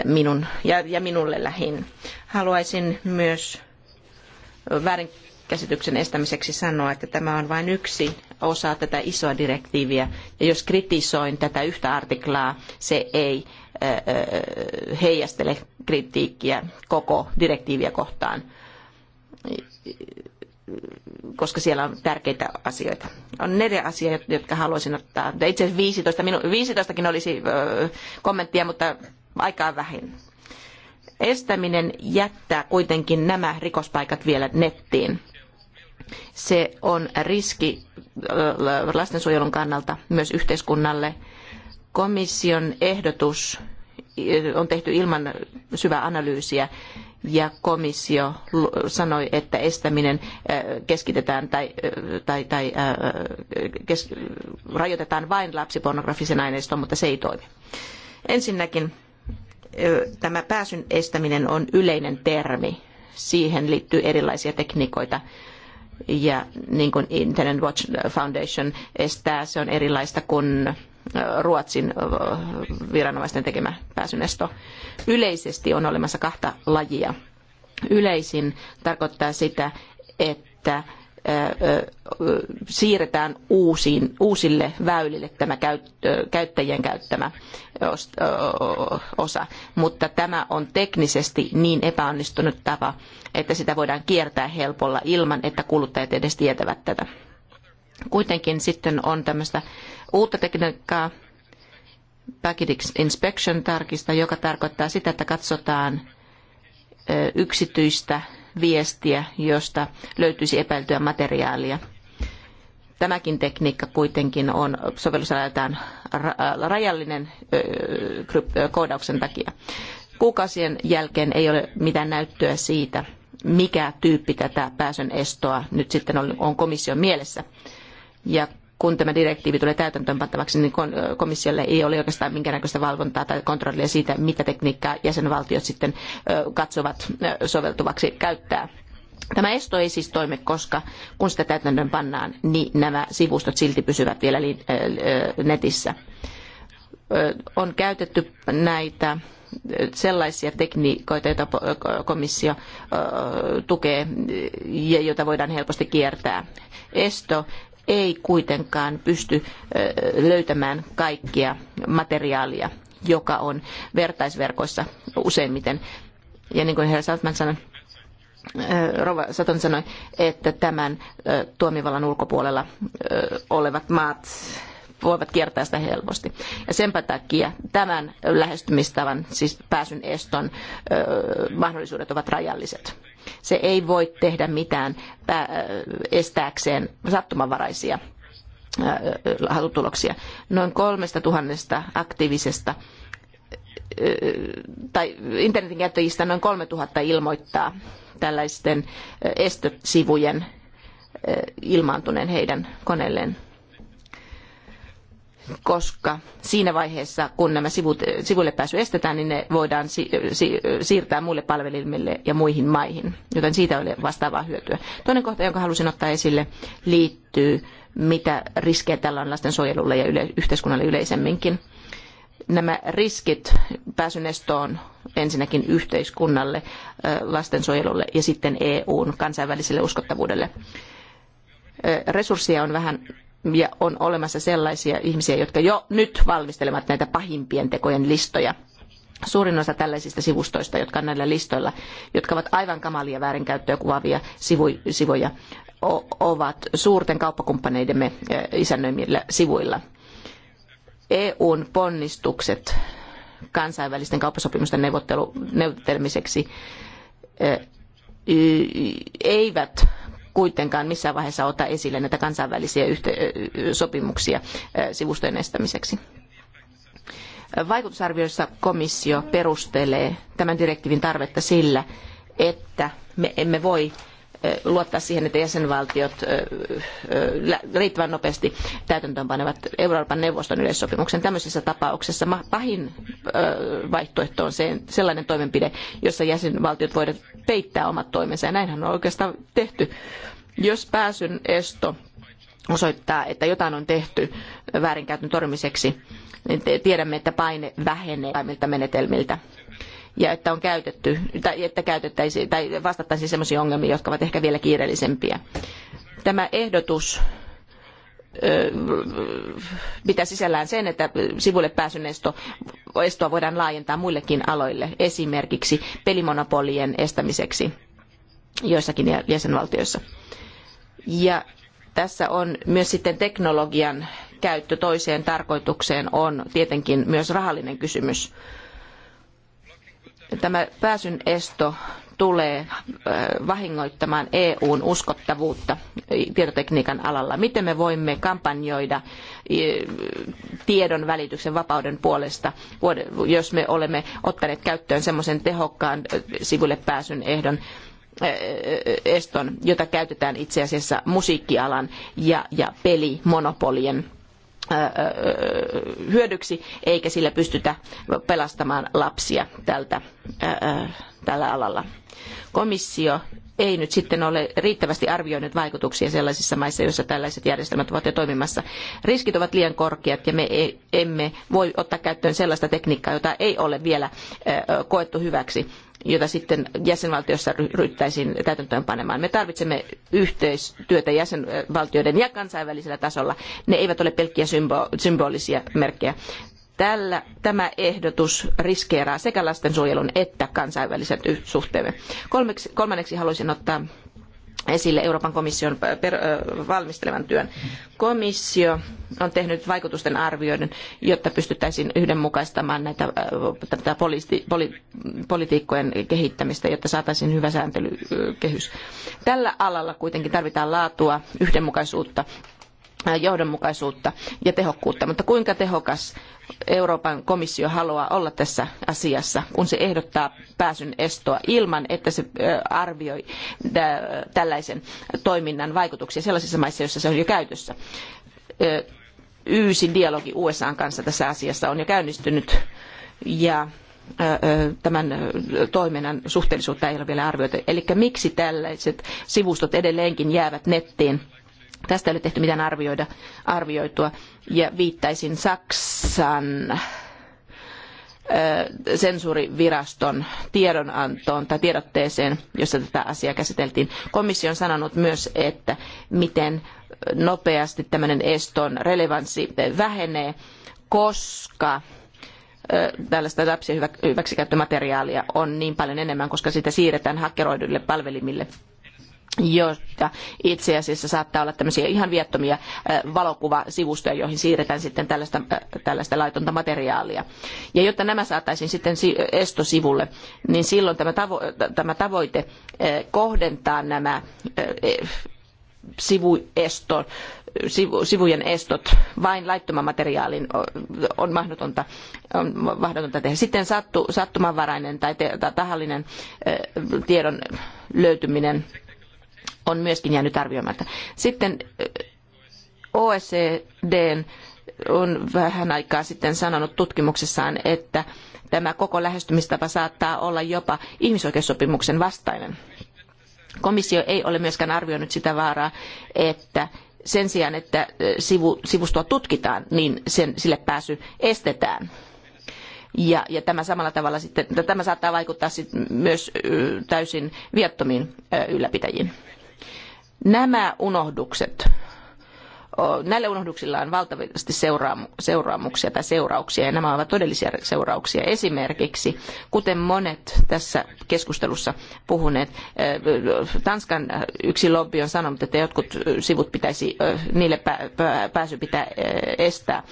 minun, ja, ja minulle lähin. Haluaisin myös väärinkäsityksen estämiseksi sanoa, että tämä on vain yksi osa tätä isoa direktiiviä. Ja jos kritisoin tätä yhtä artiklaa, se ei heijastele kritiikkiä koko direktiiviä kohtaan, koska siellä on tärkeitä asioita. On neljä asiaa, jotka haluaisin ottaa. Itse asiassa 15, minu, 15kin olisi kommenttia, mutta aikaa vähin. Estäminen jättää kuitenkin nämä rikospaikat vielä nettiin. Se on riski äh, lastensuojelun kannalta myös yhteiskunnalle. Komission ehdotus äh, on tehty ilman syvää analyysiä ja komissio sanoi, että estäminen äh, keskitetään tai, tai, tai kes, rajoitetaan vain lapsipornografisen aineistoon, mutta se ei toimi. Ensinnäkin tämä pääsyn estäminen on yleinen termi. Siihen liittyy erilaisia tekniikoita. Ja niin kuin Internet Watch Foundation estää, se on erilaista kuin Ruotsin viranomaisten tekemä pääsynesto. Yleisesti on olemassa kahta lajia. Yleisin tarkoittaa sitä, että siirretään uusiin, uusille väylille tämä käyttäjien käyttämä osa. Mutta tämä on teknisesti niin epäonnistunut tapa, että sitä voidaan kiertää helpolla ilman, että kuluttajat edes tietävät tätä. Kuitenkin sitten on tämmöistä uutta tekniikkaa, package inspection tarkista, joka tarkoittaa sitä, että katsotaan yksityistä viestiä, josta löytyisi epäiltyä materiaalia. Tämäkin tekniikka kuitenkin on sovellusalaltaan rajallinen koodauksen takia. Kuukausien jälkeen ei ole mitään näyttöä siitä, mikä tyyppi tätä pääsyn estoa nyt sitten on komission mielessä. Ja kun tämä direktiivi tulee täytäntöönpantavaksi, niin komissiolle ei ole oikeastaan minkäännäköistä valvontaa tai kontrollia siitä, mitä tekniikkaa jäsenvaltiot sitten katsovat soveltuvaksi käyttää. Tämä esto ei siis toimi, koska kun sitä täytäntöön pannaan, niin nämä sivustot silti pysyvät vielä netissä. On käytetty näitä sellaisia tekniikoita, joita komissio tukee ja joita voidaan helposti kiertää. Esto ei kuitenkaan pysty löytämään kaikkia materiaalia, joka on vertaisverkoissa useimmiten. Ja niin kuin herra Saltman sanoi, Rova Saton sanoi, että tämän toimivallan ulkopuolella olevat maat voivat kiertää sitä helposti. Ja senpä takia tämän lähestymistavan, siis pääsyn eston mahdollisuudet ovat rajalliset. Se ei voi tehdä mitään äh, estääkseen sattumanvaraisia äh, äh, halutuloksia. Noin kolmesta tuhannesta aktiivisesta tai internetin käyttäjistä noin 3000 ilmoittaa tällaisten estösivujen ilmaantuneen heidän koneelleen koska siinä vaiheessa, kun nämä sivut, sivuille pääsy estetään, niin ne voidaan siirtää muille palvelimille ja muihin maihin, joten siitä oli vastaavaa hyötyä. Toinen kohta, jonka halusin ottaa esille, liittyy, mitä riskejä tällä on lastensuojelulle ja yle, yhteiskunnalle yleisemminkin. Nämä riskit pääsyn estoon ensinnäkin yhteiskunnalle, lastensuojelulle ja sitten EUn kansainväliselle uskottavuudelle resursseja on vähän ja on olemassa sellaisia ihmisiä, jotka jo nyt valmistelevat näitä pahimpien tekojen listoja. Suurin osa tällaisista sivustoista, jotka on näillä listoilla, jotka ovat aivan kamalia väärinkäyttöä kuvaavia sivuja, ovat suurten kauppakumppaneidemme isännöimillä sivuilla. EUn ponnistukset kansainvälisten kauppasopimusten neuvottelemiseksi eivät kuitenkaan missään vaiheessa ota esille näitä kansainvälisiä sopimuksia sivustojen estämiseksi. Vaikutusarvioissa komissio perustelee tämän direktiivin tarvetta sillä, että me emme voi luottaa siihen, että jäsenvaltiot riittävän nopeasti täytäntöönpanevat Euroopan neuvoston yleissopimuksen. Tämmöisessä tapauksessa pahin vaihtoehto on sellainen toimenpide, jossa jäsenvaltiot voivat peittää omat toimensa, ja näinhän on oikeastaan tehty. Jos pääsyn esto osoittaa, että jotain on tehty väärinkäytön torjumiseksi, niin tiedämme, että paine vähenee aiemmilta menetelmiltä ja että on käytetty, tai että käytettäisiin, tai vastattaisiin sellaisiin ongelmiin, jotka ovat ehkä vielä kiireellisempiä. Tämä ehdotus pitää sisällään sen, että sivulle pääsyn esto, estoa voidaan laajentaa muillekin aloille, esimerkiksi pelimonopolien estämiseksi joissakin jäsenvaltioissa. Ja tässä on myös sitten teknologian käyttö toiseen tarkoitukseen on tietenkin myös rahallinen kysymys tämä pääsyn esto tulee äh, vahingoittamaan EUn uskottavuutta tietotekniikan alalla. Miten me voimme kampanjoida äh, tiedon välityksen vapauden puolesta, jos me olemme ottaneet käyttöön semmoisen tehokkaan äh, sivulle pääsyn ehdon, eston, jota käytetään itse asiassa musiikkialan ja, ja pelimonopolien hyödyksi, eikä sillä pystytä pelastamaan lapsia tältä tällä alalla. Komissio ei nyt sitten ole riittävästi arvioinut vaikutuksia sellaisissa maissa, joissa tällaiset järjestelmät ovat jo toimimassa. Riskit ovat liian korkeat ja me e, emme voi ottaa käyttöön sellaista tekniikkaa, jota ei ole vielä koettu hyväksi, jota sitten jäsenvaltiossa ryhtäisiin täytäntöön panemaan. Me tarvitsemme yhteistyötä jäsenvaltioiden ja kansainvälisellä tasolla. Ne eivät ole pelkkiä symbolisia merkkejä. Tällä, tämä ehdotus riskeeraa sekä lastensuojelun että kansainväliset suhteemme. Kolmeksi, kolmanneksi haluaisin ottaa esille Euroopan komission valmistelevan työn. Komissio on tehnyt vaikutusten arvioiden, jotta pystyttäisiin yhdenmukaistamaan näitä, tätä poli, politiikkojen kehittämistä, jotta saataisiin hyvä sääntelykehys. Tällä alalla kuitenkin tarvitaan laatua, yhdenmukaisuutta Äh, johdonmukaisuutta ja tehokkuutta. Mutta kuinka tehokas Euroopan komissio haluaa olla tässä asiassa, kun se ehdottaa pääsyn estoa ilman, että se äh, arvioi äh, tällaisen toiminnan vaikutuksia sellaisissa maissa, joissa se on jo käytössä. Yysin dialogi USAn kanssa tässä asiassa on jo käynnistynyt ja tämän toiminnan suhteellisuutta ei ole vielä arvioitu. Eli miksi tällaiset sivustot edelleenkin jäävät nettiin Tästä ei ole tehty mitään arvioida, arvioitua. Ja viittaisin Saksan sensuuriviraston tiedonantoon tai tiedotteeseen, jossa tätä asiaa käsiteltiin. Komissio on sanonut myös, että miten nopeasti tämmöinen eston relevanssi vähenee, koska tällaista lapsen hyväksikäyttömateriaalia on niin paljon enemmän, koska sitä siirretään hakkeroiduille palvelimille joita itse asiassa saattaa olla tämmöisiä ihan viettomia valokuvasivustoja, joihin siirretään sitten tällaista, tällaista laitonta materiaalia. Ja jotta nämä saataisiin sitten estosivulle, niin silloin tämä, tavo- tämä tavoite kohdentaa nämä e, sivuesto, sivujen estot vain laittoman materiaalin on mahdotonta, on mahdotonta tehdä. Sitten sattu, sattumanvarainen tai, te, tai tahallinen tiedon löytyminen on myöskin jäänyt arvioimatta. Sitten OECD on vähän aikaa sitten sanonut tutkimuksessaan, että tämä koko lähestymistapa saattaa olla jopa ihmisoikeussopimuksen vastainen. Komissio ei ole myöskään arvioinut sitä vaaraa, että sen sijaan, että sivustoa tutkitaan, niin sen, sille pääsy estetään. Ja, ja, tämä samalla tavalla sitten, tämä saattaa vaikuttaa myös täysin viattomiin ylläpitäjiin. Nämä unohdukset, näillä unohduksilla on valtavasti seuraamuksia tai seurauksia, ja nämä ovat todellisia seurauksia. Esimerkiksi, kuten monet tässä keskustelussa puhuneet, Tanskan yksi lobby on sanonut, että jotkut sivut pitäisi, niille pääsy pitää estää,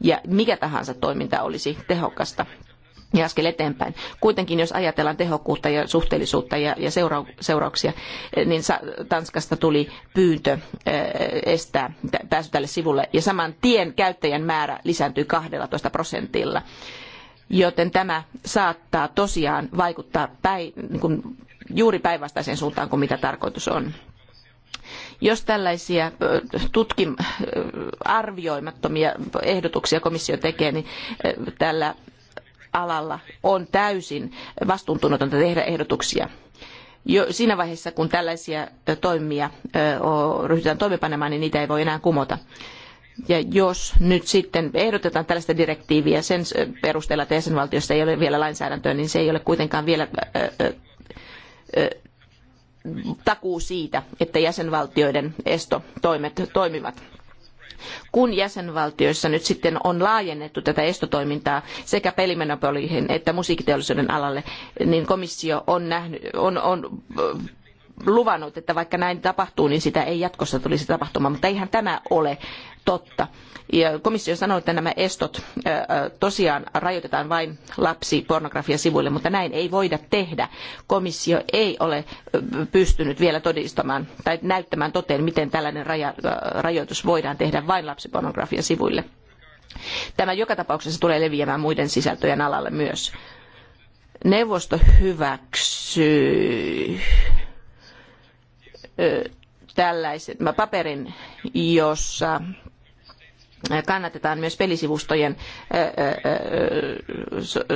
ja mikä tahansa toiminta olisi tehokasta ja askel eteenpäin. Kuitenkin jos ajatellaan tehokkuutta ja suhteellisuutta ja, ja seurauksia, niin Tanskasta tuli pyyntö eh, estää pääsy tälle sivulle ja saman tien käyttäjän määrä lisääntyi 12 prosentilla. Joten tämä saattaa tosiaan vaikuttaa päin, niin juuri päinvastaiseen suuntaan kuin mitä tarkoitus on jos tällaisia eh, tutkim, eh, arvioimattomia ehdotuksia komissio tekee, niin tällä alalla on täysin vastuuntunnotonta tehdä ehdotuksia. Jo siinä vaiheessa, kun tällaisia toimia ryhdytään toimeenpanemaan, niin niitä ei voi enää kumota. Ja jos nyt sitten ehdotetaan tällaista direktiiviä sen perusteella, että jäsenvaltiosta ei ole vielä lainsäädäntöä, niin se ei ole kuitenkaan vielä takuu siitä, että jäsenvaltioiden estotoimet toimivat kun jäsenvaltioissa nyt sitten on laajennettu tätä estotoimintaa sekä pelimonopoliin että musiikkiteollisuuden alalle, niin komissio on, nähnyt, on, on luvannut, että vaikka näin tapahtuu, niin sitä ei jatkossa tulisi tapahtumaan, mutta eihän tämä ole totta. Ja komissio sanoi, että nämä estot tosiaan rajoitetaan vain lapsipornografiasivuille, mutta näin ei voida tehdä. Komissio ei ole pystynyt vielä todistamaan tai näyttämään toteen, miten tällainen raja, rajoitus voidaan tehdä vain lapsipornografiasivuille. Tämä joka tapauksessa tulee leviämään muiden sisältöjen alalle myös neuvosto hyväksyy tällaiset, paperin, jossa kannatetaan myös pelisivustojen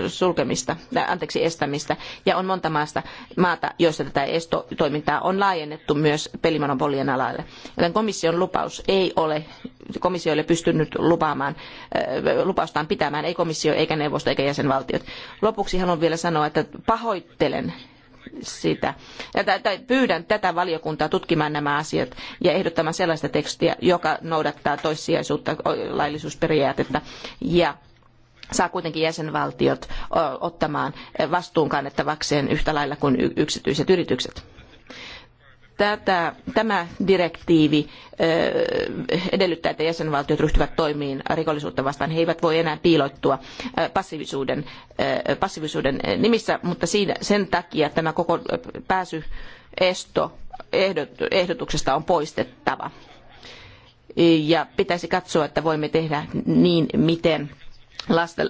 sulkemista, anteeksi estämistä. Ja on monta maasta, maata, joissa tätä estotoimintaa on laajennettu myös pelimonopolien alalle. Joten komission lupaus ei ole, komissio ei ole pystynyt lupaamaan, lupaustaan pitämään, ei komissio, eikä neuvosto, eikä jäsenvaltiot. Lopuksi haluan vielä sanoa, että pahoittelen sitä, tai pyydän tätä valiokuntaa tutkimaan nämä asiat ja ehdottamaan sellaista tekstiä, joka noudattaa toissijaisuutta, laillisuusperiaatetta ja saa kuitenkin jäsenvaltiot ottamaan vastuun kannettavakseen yhtä lailla kuin yksityiset yritykset. Tätä, tämä direktiivi edellyttää, että jäsenvaltiot ryhtyvät toimiin rikollisuutta vastaan. He eivät voi enää piiloittua passiivisuuden, passiivisuuden nimissä, mutta siinä, sen takia tämä koko pääsyesto ehdotuksesta on poistettava. Ja pitäisi katsoa, että voimme tehdä niin, miten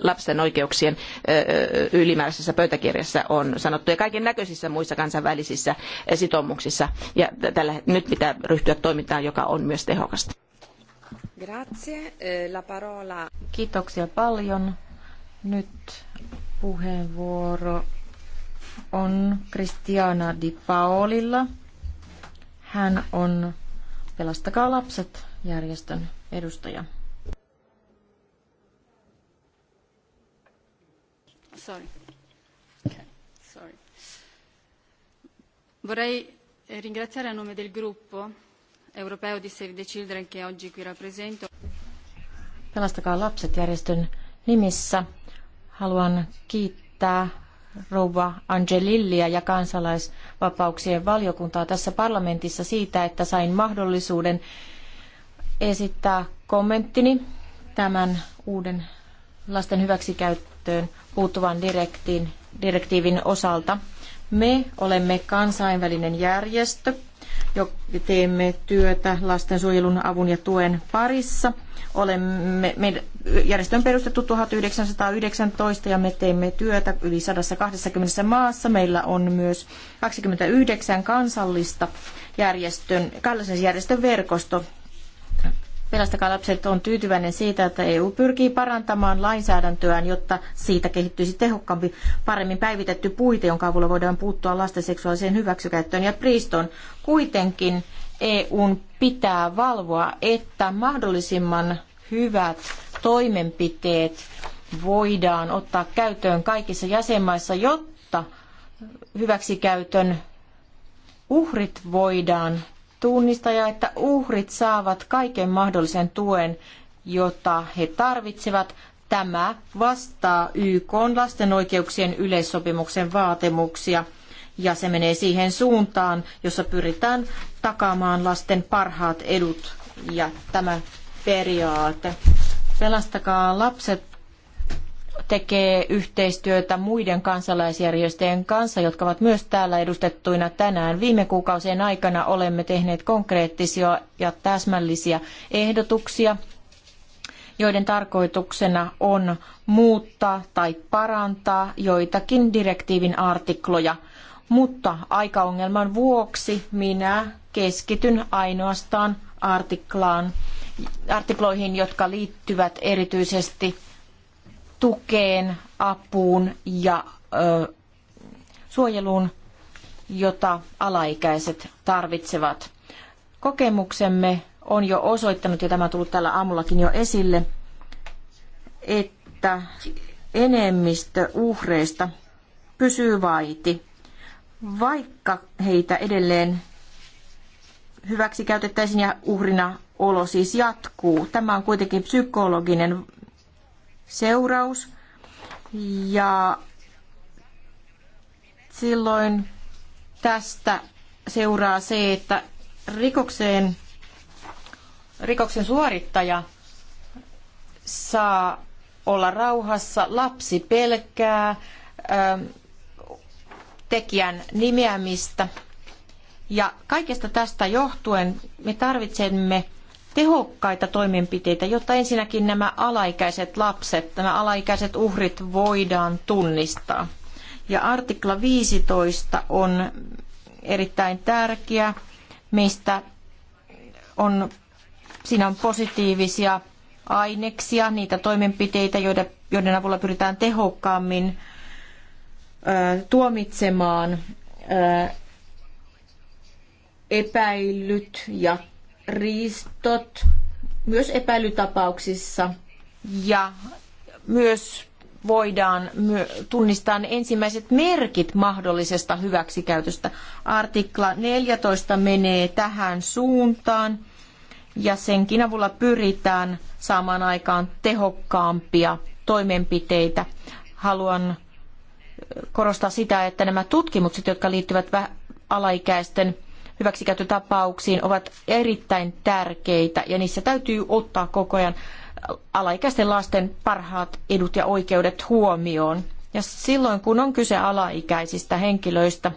lapsen oikeuksien ylimääräisessä pöytäkirjassa on sanottu ja kaiken näköisissä muissa kansainvälisissä sitoumuksissa. Ja tällä, nyt pitää ryhtyä toimintaan, joka on myös tehokasta. Grazie. La parola. Kiitoksia paljon. Nyt puheenvuoro on Kristiana Di Paolilla. Hän on Pelastakaa lapset järjestön edustaja. sorry. Okay, sorry. Vorrei eh, ringraziare a nome del gruppo europeo di Save the Children che oggi qui rappresento. Pelastakaa lapset järjestön nimissä. Haluan kiittää rouva Angelillia ja kansalaisvapauksien valiokuntaa tässä parlamentissa siitä, että sain mahdollisuuden esittää kommenttini tämän uuden lasten hyväksikäyttöön puuttuvan direktiin, direktiivin osalta. Me olemme kansainvälinen järjestö, jo teemme työtä lastensuojelun avun ja tuen parissa. Olemme, me, järjestö on perustettu 1919 ja me teemme työtä yli 120 maassa. Meillä on myös 29 kansallista järjestön, kansallisen järjestön verkosto Pelastakaa lapset on tyytyväinen siitä, että EU pyrkii parantamaan lainsäädäntöään, jotta siitä kehittyisi tehokkaampi, paremmin päivitetty puite, jonka avulla voidaan puuttua lasten seksuaaliseen hyväksikäyttöön ja priistoon. Kuitenkin EUn pitää valvoa, että mahdollisimman hyvät toimenpiteet voidaan ottaa käyttöön kaikissa jäsenmaissa, jotta hyväksikäytön uhrit voidaan tunnista ja että uhrit saavat kaiken mahdollisen tuen, jota he tarvitsevat. Tämä vastaa YK lasten oikeuksien yleissopimuksen vaatimuksia ja se menee siihen suuntaan, jossa pyritään takaamaan lasten parhaat edut ja tämä periaate. Pelastakaa lapset tekee yhteistyötä muiden kansalaisjärjestöjen kanssa, jotka ovat myös täällä edustettuina tänään. Viime kuukausien aikana olemme tehneet konkreettisia ja täsmällisiä ehdotuksia, joiden tarkoituksena on muuttaa tai parantaa joitakin direktiivin artikloja. Mutta aikaongelman vuoksi minä keskityn ainoastaan artiklaan, artikloihin, jotka liittyvät erityisesti tukeen, apuun ja ö, suojeluun, jota alaikäiset tarvitsevat. Kokemuksemme on jo osoittanut, ja tämä on tullut tällä aamullakin jo esille, että enemmistö uhreista pysyy vaiti, vaikka heitä edelleen hyväksi käytettäisiin ja uhrina olo siis jatkuu. Tämä on kuitenkin psykologinen seuraus. Ja silloin tästä seuraa se, että rikokseen, rikoksen suorittaja saa olla rauhassa, lapsi pelkää ähm, tekijän nimeämistä. Ja kaikesta tästä johtuen me tarvitsemme tehokkaita toimenpiteitä, jotta ensinnäkin nämä alaikäiset lapset, nämä alaikäiset uhrit voidaan tunnistaa. Ja artikla 15 on erittäin tärkeä, mistä on, siinä on positiivisia aineksia, niitä toimenpiteitä, joiden, joiden avulla pyritään tehokkaammin ö, tuomitsemaan ö, epäillyt ja riistot myös epäilytapauksissa ja myös voidaan tunnistaa ensimmäiset merkit mahdollisesta hyväksikäytöstä. Artikla 14 menee tähän suuntaan ja senkin avulla pyritään saamaan aikaan tehokkaampia toimenpiteitä. Haluan korostaa sitä, että nämä tutkimukset, jotka liittyvät alaikäisten hyväksikäyttötapauksiin ovat erittäin tärkeitä ja niissä täytyy ottaa koko ajan alaikäisten lasten parhaat edut ja oikeudet huomioon. Ja silloin kun on kyse alaikäisistä henkilöistä,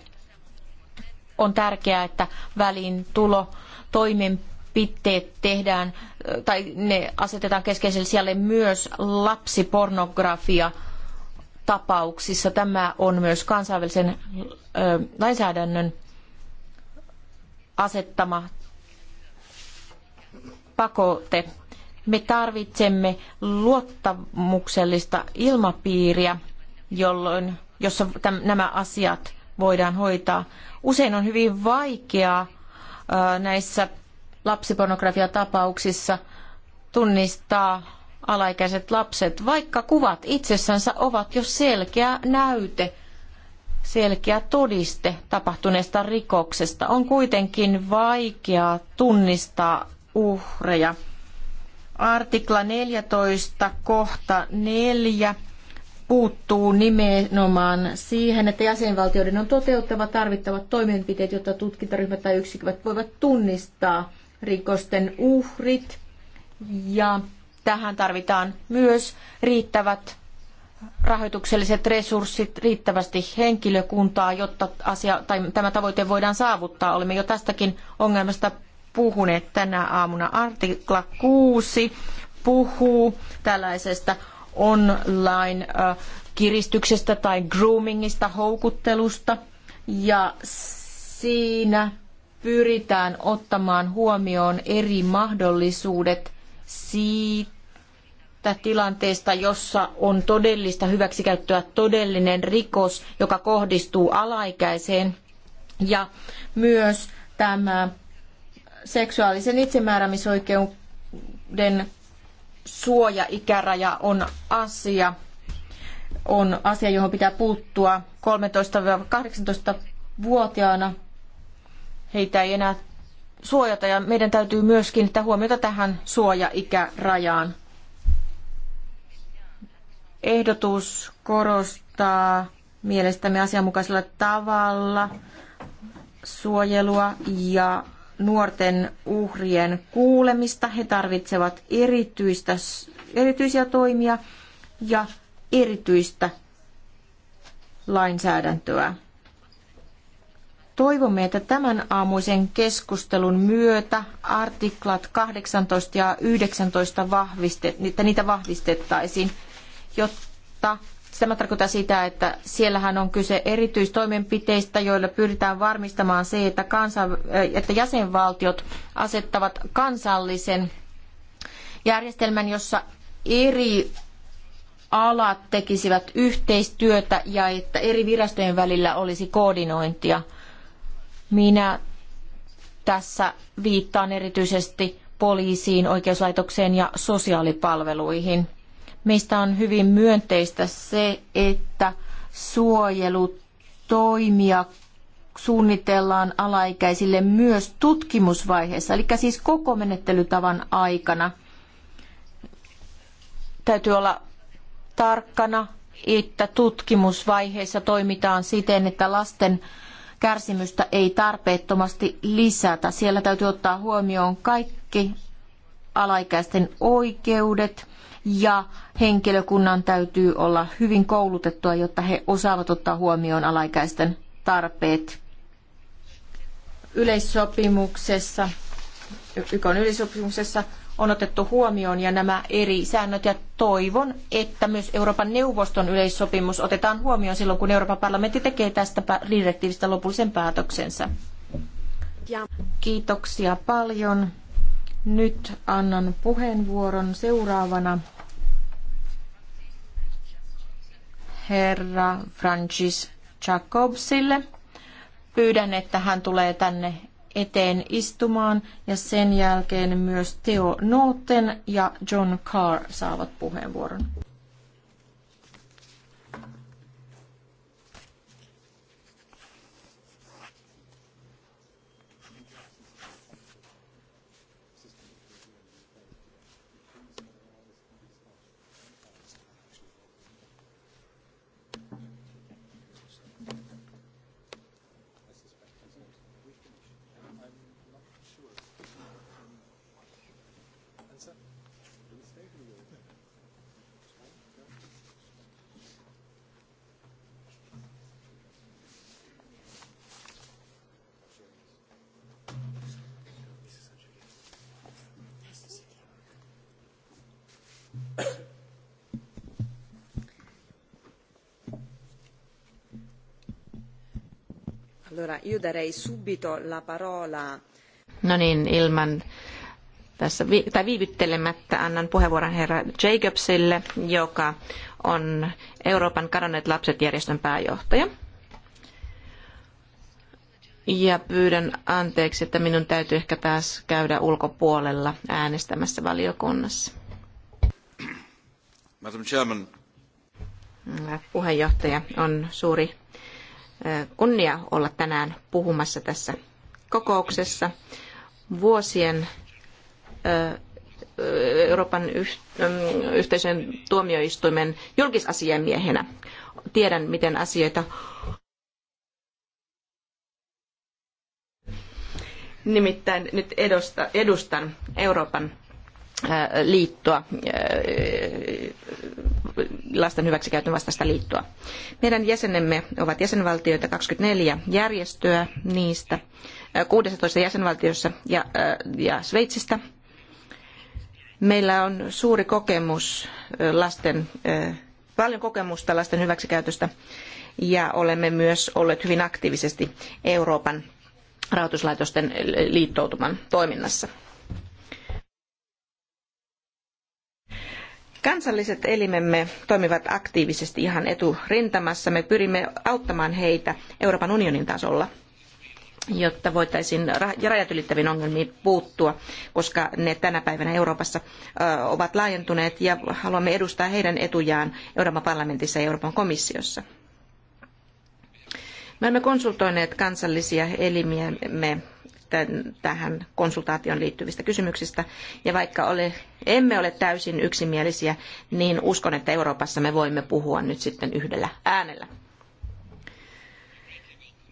on tärkeää, että väliin tulo toimenpiteet tehdään tai ne asetetaan keskeiselle sijalle myös lapsipornografia tapauksissa. Tämä on myös kansainvälisen lainsäädännön asettama pakote. Me tarvitsemme luottamuksellista ilmapiiriä, jolloin, jossa nämä asiat voidaan hoitaa. Usein on hyvin vaikeaa näissä lapsipornografiatapauksissa tunnistaa alaikäiset lapset, vaikka kuvat itsessänsä ovat jo selkeä näyte selkeä todiste tapahtuneesta rikoksesta. On kuitenkin vaikea tunnistaa uhreja. Artikla 14 kohta 4 puuttuu nimenomaan siihen, että jäsenvaltioiden on toteuttava tarvittavat toimenpiteet, jotta tutkintaryhmät tai yksiköt voivat tunnistaa rikosten uhrit. Ja tähän tarvitaan myös riittävät rahoitukselliset resurssit, riittävästi henkilökuntaa, jotta asia, tai tämä tavoite voidaan saavuttaa. Olemme jo tästäkin ongelmasta puhuneet tänä aamuna. Artikla 6 puhuu tällaisesta online kiristyksestä tai groomingista, houkuttelusta. Ja siinä pyritään ottamaan huomioon eri mahdollisuudet siitä, tästä tilanteesta, jossa on todellista hyväksikäyttöä todellinen rikos, joka kohdistuu alaikäiseen. Ja myös tämä seksuaalisen itsemääräämisoikeuden suojaikäraja on asia, on asia, johon pitää puuttua 13-18-vuotiaana. Heitä ei enää suojata ja meidän täytyy myös kiinnittää huomiota tähän suojaikärajaan ehdotus korostaa mielestämme asianmukaisella tavalla suojelua ja nuorten uhrien kuulemista. He tarvitsevat erityistä, erityisiä toimia ja erityistä lainsäädäntöä. Toivomme, että tämän aamuisen keskustelun myötä artiklat 18 ja 19 vahvistet, että niitä vahvistettaisiin jotta Tämä tarkoittaa sitä, että siellähän on kyse erityistoimenpiteistä, joilla pyritään varmistamaan se, että, kansan, äh, että jäsenvaltiot asettavat kansallisen järjestelmän, jossa eri alat tekisivät yhteistyötä ja että eri virastojen välillä olisi koordinointia. Minä tässä viittaan erityisesti poliisiin, oikeuslaitokseen ja sosiaalipalveluihin. Meistä on hyvin myönteistä se, että suojelutoimia suunnitellaan alaikäisille myös tutkimusvaiheessa, eli siis koko menettelytavan aikana. Täytyy olla tarkkana, että tutkimusvaiheessa toimitaan siten, että lasten kärsimystä ei tarpeettomasti lisätä. Siellä täytyy ottaa huomioon kaikki alaikäisten oikeudet ja henkilökunnan täytyy olla hyvin koulutettua, jotta he osaavat ottaa huomioon alaikäisten tarpeet. Yleissopimuksessa, YK yleissopimuksessa on otettu huomioon ja nämä eri säännöt ja toivon, että myös Euroopan neuvoston yleissopimus otetaan huomioon silloin, kun Euroopan parlamentti tekee tästä direktiivistä lopullisen päätöksensä. Kiitoksia paljon. Nyt annan puheenvuoron seuraavana herra Francis Jacobsille. Pyydän, että hän tulee tänne eteen istumaan ja sen jälkeen myös Theo Nooten ja John Carr saavat puheenvuoron. Allora, io darei subito la parola. No niin, ilman tässä tai viivyttelemättä annan puheenvuoron herra Jacobsille, joka on Euroopan kadonneet lapset järjestön pääjohtaja. Ja pyydän anteeksi, että minun täytyy ehkä taas käydä ulkopuolella äänestämässä valiokunnassa. Madam Chairman. Puheenjohtaja, on suuri kunnia olla tänään puhumassa tässä kokouksessa. Vuosien Euroopan yhteisön tuomioistuimen julkisasiamiehenä tiedän, miten asioita Nimittäin nyt edustan Euroopan liittoa, lasten hyväksikäytön vastaista liittoa. Meidän jäsenemme ovat jäsenvaltioita 24 järjestöä niistä 16 jäsenvaltiossa ja, ja Sveitsistä. Meillä on suuri kokemus lasten, paljon kokemusta lasten hyväksikäytöstä ja olemme myös olleet hyvin aktiivisesti Euroopan rahoituslaitosten liittoutuman toiminnassa. Kansalliset elimemme toimivat aktiivisesti ihan eturintamassa. Me pyrimme auttamaan heitä Euroopan unionin tasolla jotta voitaisiin rajat ylittäviin ongelmiin puuttua, koska ne tänä päivänä Euroopassa ovat laajentuneet ja haluamme edustaa heidän etujaan Euroopan parlamentissa ja Euroopan komissiossa. Me olemme konsultoineet kansallisia elimiämme tähän konsultaatioon liittyvistä kysymyksistä. Ja vaikka ole, emme ole täysin yksimielisiä, niin uskon, että Euroopassa me voimme puhua nyt sitten yhdellä äänellä.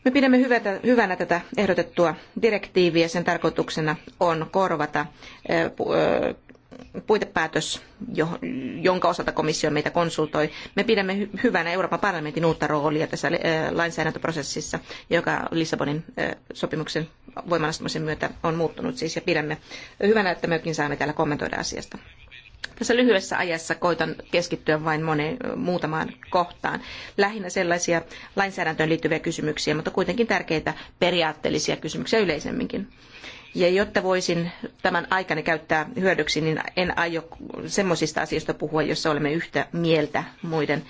Me pidämme hyvänä tätä ehdotettua direktiiviä. Sen tarkoituksena on korvata eh, eh, puitepäätös, jonka osalta komissio meitä konsultoi. Me pidämme hyvänä Euroopan parlamentin uutta roolia tässä äh, lainsäädäntöprosessissa, joka Lissabonin äh, sopimuksen voimanastumisen myötä on muuttunut siis, ja pidämme hyvänä, että mekin saamme täällä kommentoida asiasta. Tässä lyhyessä ajassa koitan keskittyä vain moneen, muutamaan kohtaan. Lähinnä sellaisia lainsäädäntöön liittyviä kysymyksiä, mutta kuitenkin tärkeitä periaatteellisia kysymyksiä yleisemminkin. Ja jotta voisin tämän aikani käyttää hyödyksi, niin en aio semmoisista asioista puhua, joissa olemme yhtä mieltä muiden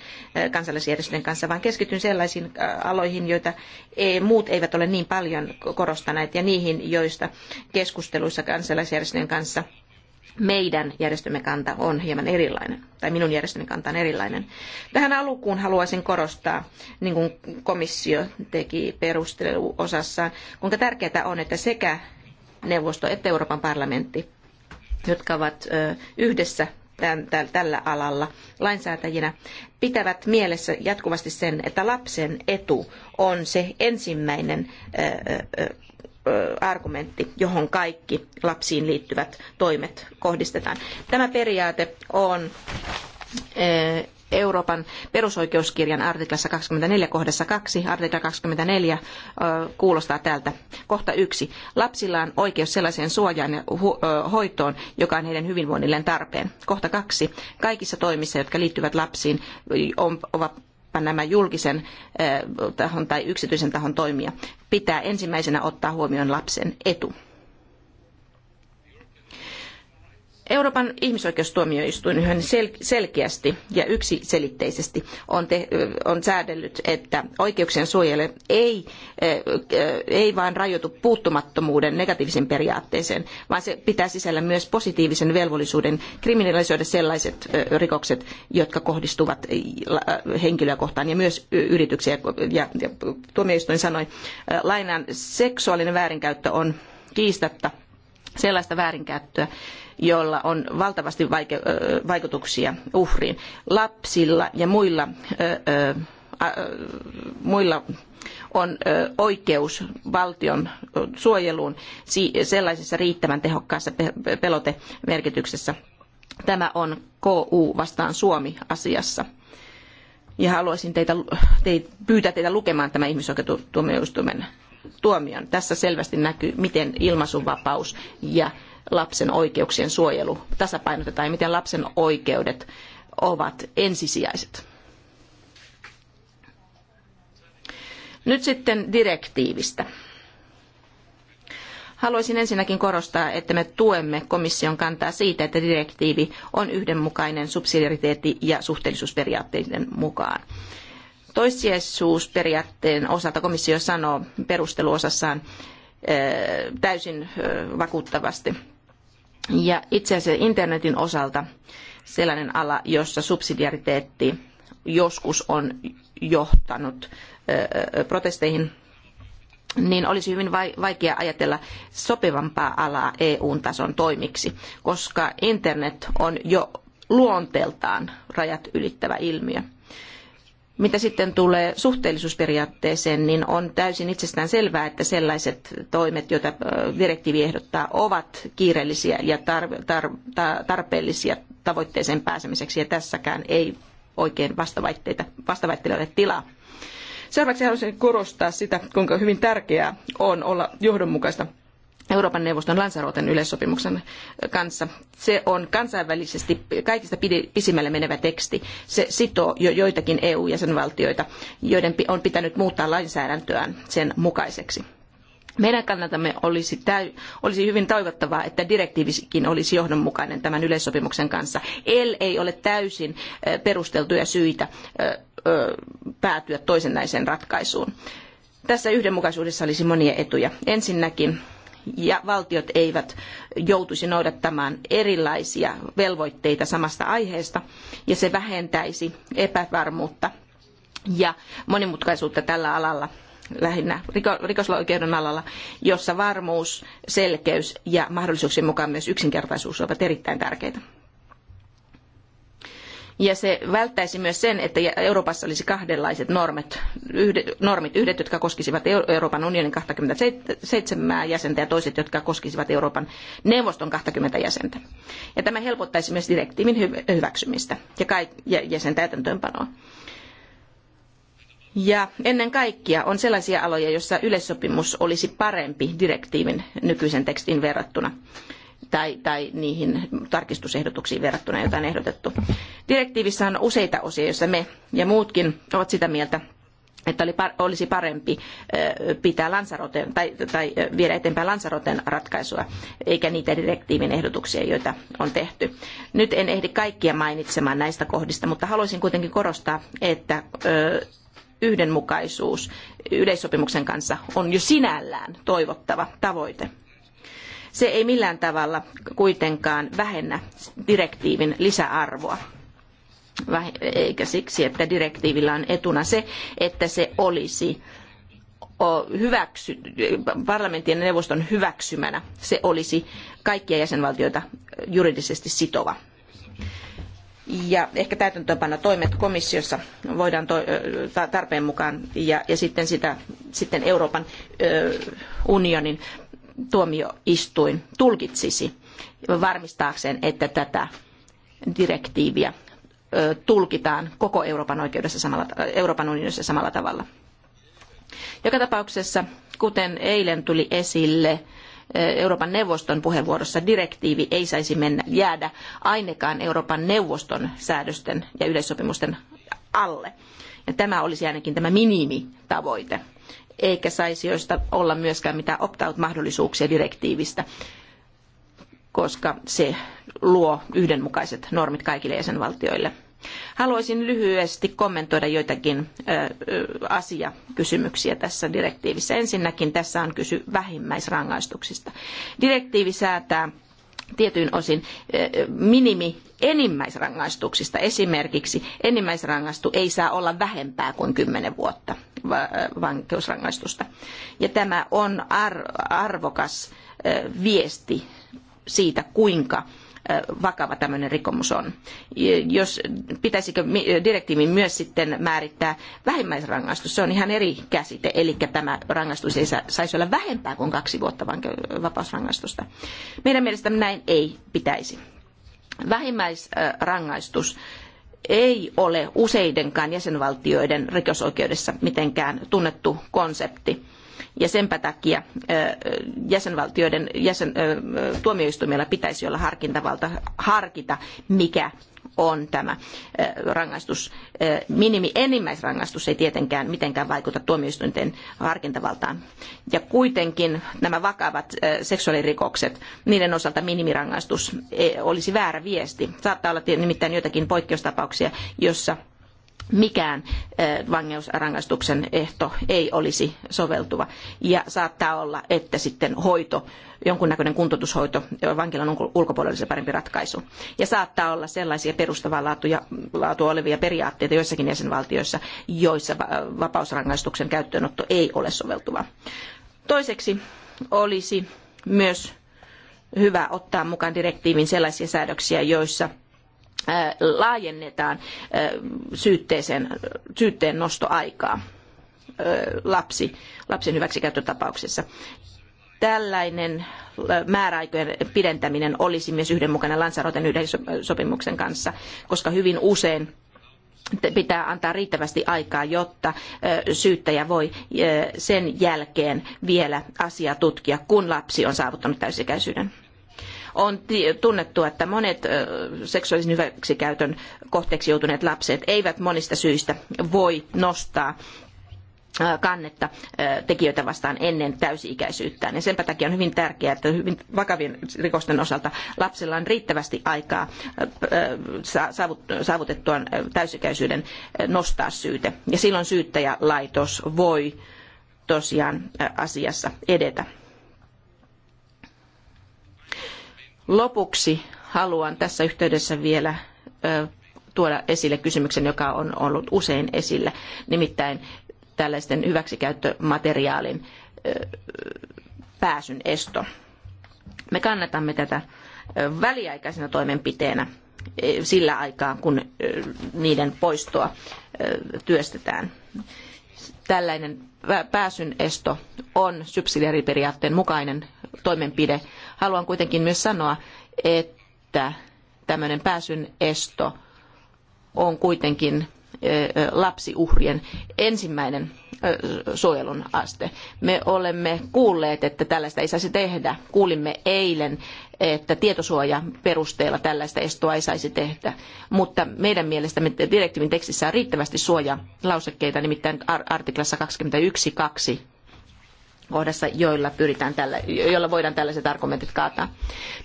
kansalaisjärjestöjen kanssa, vaan keskityn sellaisiin aloihin, joita e, muut eivät ole niin paljon korostaneet ja niihin, joista keskusteluissa kansalaisjärjestöjen kanssa meidän järjestömme kanta on hieman erilainen, tai minun järjestöni kanta on erilainen. Tähän alkuun haluaisin korostaa, niin kuin komissio teki perusteluosassaan, kuinka tärkeää on, että sekä neuvosto että Euroopan parlamentti, jotka ovat yhdessä tällä alalla lainsäätäjinä, pitävät mielessä jatkuvasti sen, että lapsen etu on se ensimmäinen argumentti, johon kaikki lapsiin liittyvät toimet kohdistetaan. Tämä periaate on Euroopan perusoikeuskirjan artiklassa 24 kohdassa 2, artikla 24 kuulostaa tältä. Kohta 1. Lapsilla on oikeus sellaiseen suojaan ja hoitoon, joka on heidän hyvinvoinnilleen tarpeen. Kohta 2. Kaikissa toimissa, jotka liittyvät lapsiin, ovat nämä julkisen tahon tai yksityisen tahon toimia, pitää ensimmäisenä ottaa huomioon lapsen etu. Euroopan ihmisoikeustuomioistuin ihan selkeästi ja yksiselitteisesti on, te, on säädellyt, että oikeuksien suojelu ei, ei vain rajoitu puuttumattomuuden negatiivisen periaatteeseen, vaan se pitää sisällä myös positiivisen velvollisuuden kriminalisoida sellaiset rikokset, jotka kohdistuvat henkilöä kohtaan ja myös yrityksiä. Ja, ja tuomioistuin sanoi, lainaan seksuaalinen väärinkäyttö on kiistatta sellaista väärinkäyttöä, jolla on valtavasti vaikutuksia uhriin. Lapsilla ja muilla, muilla on oikeus valtion suojeluun sellaisessa riittävän tehokkaassa pelotemerkityksessä. Tämä on KU vastaan Suomi asiassa. Ja haluaisin teitä, pyytää teitä lukemaan tämän ihmisoikeustuomioistuimen tuomion. Tässä selvästi näkyy, miten ilmaisunvapaus ja lapsen oikeuksien suojelu tasapainotetaan ja miten lapsen oikeudet ovat ensisijaiset. Nyt sitten direktiivistä. Haluaisin ensinnäkin korostaa, että me tuemme komission kantaa siitä, että direktiivi on yhdenmukainen subsidiariteetti- ja suhteellisuusperiaatteiden mukaan. Toissijaisuusperiaatteen osalta komissio sanoo perusteluosassaan täysin vakuuttavasti ja itse asiassa internetin osalta sellainen ala, jossa subsidiariteetti joskus on johtanut protesteihin, niin olisi hyvin vaikea ajatella sopivampaa alaa EU-tason toimiksi, koska internet on jo luonteeltaan rajat ylittävä ilmiö. Mitä sitten tulee suhteellisuusperiaatteeseen, niin on täysin itsestään selvää, että sellaiset toimet, joita direktiivi ehdottaa, ovat kiireellisiä ja tarpeellisia tavoitteeseen pääsemiseksi, ja tässäkään ei oikein vastaväitteille ole tilaa. Seuraavaksi haluaisin korostaa sitä, kuinka hyvin tärkeää on olla johdonmukaista Euroopan neuvoston Lansaroten yleissopimuksen kanssa. Se on kansainvälisesti kaikista pisimmälle menevä teksti. Se sitoo jo joitakin EU-jäsenvaltioita, joiden on pitänyt muuttaa lainsäädäntöään sen mukaiseksi. Meidän kannaltamme olisi, olisi, hyvin toivottavaa, että direktiivikin olisi johdonmukainen tämän yleissopimuksen kanssa, ellei ole täysin perusteltuja syitä päätyä toisenlaiseen ratkaisuun. Tässä yhdenmukaisuudessa olisi monia etuja. Ensinnäkin ja valtiot eivät joutuisi noudattamaan erilaisia velvoitteita samasta aiheesta ja se vähentäisi epävarmuutta ja monimutkaisuutta tällä alalla lähinnä rikosoikeuden alalla, jossa varmuus, selkeys ja mahdollisuuksien mukaan myös yksinkertaisuus ovat erittäin tärkeitä. Ja se välttäisi myös sen, että Euroopassa olisi kahdenlaiset normit, yhdet, normit, yhdet jotka koskisivat Euroopan unionin 27 jäsentä ja toiset, jotka koskisivat Euroopan neuvoston 20 jäsentä. Ja tämä helpottaisi myös direktiivin hyväksymistä ja, kaik- ja sen täytäntöönpanoa. Ja ennen kaikkea on sellaisia aloja, joissa yleissopimus olisi parempi direktiivin nykyisen tekstin verrattuna tai, tai niihin tarkistusehdotuksiin verrattuna, joita on ehdotettu. Direktiivissä on useita osia, joissa me ja muutkin ovat sitä mieltä, että olisi parempi pitää Lansaroten, tai, tai viedä eteenpäin Lansaroten ratkaisua, eikä niitä direktiivin ehdotuksia, joita on tehty. Nyt en ehdi kaikkia mainitsemaan näistä kohdista, mutta haluaisin kuitenkin korostaa, että yhdenmukaisuus yleissopimuksen kanssa on jo sinällään toivottava tavoite. Se ei millään tavalla kuitenkaan vähennä direktiivin lisäarvoa eikä siksi, että direktiivillä on etuna se, että se olisi hyväksy, parlamentin ja neuvoston hyväksymänä. Se olisi kaikkia jäsenvaltioita juridisesti sitova. Ja ehkä täytäntöönpano toimet komissiossa voidaan to, tarpeen mukaan ja, ja sitten, sitä, sitten Euroopan ö, unionin tuomioistuin tulkitsisi varmistaakseen, että tätä direktiiviä tulkitaan koko Euroopan, oikeudessa samalla, Euroopan unionissa samalla tavalla. Joka tapauksessa, kuten eilen tuli esille, Euroopan neuvoston puheenvuorossa direktiivi ei saisi mennä jäädä ainakaan Euroopan neuvoston säädösten ja yleissopimusten alle. Ja tämä olisi ainakin tämä minimitavoite eikä saisi joista olla myöskään mitään opt-out-mahdollisuuksia direktiivistä, koska se luo yhdenmukaiset normit kaikille jäsenvaltioille. Haluaisin lyhyesti kommentoida joitakin asiakysymyksiä tässä direktiivissä. Ensinnäkin tässä on kysy vähimmäisrangaistuksista. Direktiivi säätää tietyin osin minimi enimmäisrangaistuksista. Esimerkiksi enimmäisrangaistu ei saa olla vähempää kuin kymmenen vuotta äh, vankeusrangaistusta. Ja tämä on arvokas äh, viesti siitä, kuinka äh, vakava tämmöinen rikomus on. Jos pitäisikö direktiivin myös sitten määrittää vähimmäisrangaistus, se on ihan eri käsite, eli tämä rangaistus ei saisi olla vähempää kuin kaksi vuotta vapausrangaistusta. Meidän mielestämme näin ei pitäisi vähimmäisrangaistus ei ole useidenkaan jäsenvaltioiden rikosoikeudessa mitenkään tunnettu konsepti. Ja senpä takia jäsenvaltioiden jäsen, tuomioistuimilla pitäisi olla harkintavalta harkita, mikä on tämä äh, rangaistus, äh, minimi enimmäisrangaistus ei tietenkään mitenkään vaikuta tuomioistuinten harkintavaltaan. Ja kuitenkin nämä vakavat äh, seksuaalirikokset, niiden osalta minimirangaistus e, olisi väärä viesti. Saattaa olla nimittäin joitakin poikkeustapauksia, jossa mikään vankeusrangaistuksen ehto ei olisi soveltuva. Ja saattaa olla, että sitten hoito, jonkunnäköinen kuntoutushoito vankilan ulkopuolella olisi parempi ratkaisu. Ja saattaa olla sellaisia perustavaa laatuja, laatua olevia periaatteita joissakin jäsenvaltioissa, joissa vapausrangaistuksen käyttöönotto ei ole soveltuva. Toiseksi olisi myös hyvä ottaa mukaan direktiivin sellaisia säädöksiä, joissa – laajennetaan syytteeseen, syytteen nostoaikaa lapsi, lapsen hyväksikäyttötapauksessa. Tällainen määräaikojen pidentäminen olisi myös yhdenmukainen Lansaroten yhdessopimuksen kanssa, koska hyvin usein pitää antaa riittävästi aikaa, jotta syyttäjä voi sen jälkeen vielä asiaa tutkia, kun lapsi on saavuttanut täysikäisyyden. On tunnettu, että monet seksuaalisen hyväksikäytön kohteeksi joutuneet lapset eivät monista syistä voi nostaa kannetta tekijöitä vastaan ennen täysi-ikäisyyttään. Ja sen takia on hyvin tärkeää, että hyvin vakavien rikosten osalta lapsella on riittävästi aikaa saavutettuaan täysikäisyyden nostaa syyte. Ja silloin syyttäjälaitos voi tosiaan asiassa edetä. Lopuksi haluan tässä yhteydessä vielä tuoda esille kysymyksen, joka on ollut usein esillä, nimittäin tällaisten hyväksikäyttömateriaalin pääsyn esto. Me kannatamme tätä väliaikaisena toimenpiteenä e, sillä aikaa, kun niiden poistoa työstetään. Tällainen pääsyn esto on subsidiariperiaatteen mukainen toimenpide, Haluan kuitenkin myös sanoa, että tämmöinen pääsyn esto on kuitenkin lapsiuhrien ensimmäinen suojelun aste. Me olemme kuulleet, että tällaista ei saisi tehdä. Kuulimme eilen, että tietosuojaperusteella tällaista estoa ei saisi tehdä. Mutta meidän mielestämme direktiivin tekstissä on riittävästi suojalausekkeita, nimittäin artiklassa 21.2 kohdassa, joilla, pyritään tällä, joilla voidaan tällaiset argumentit kaataa.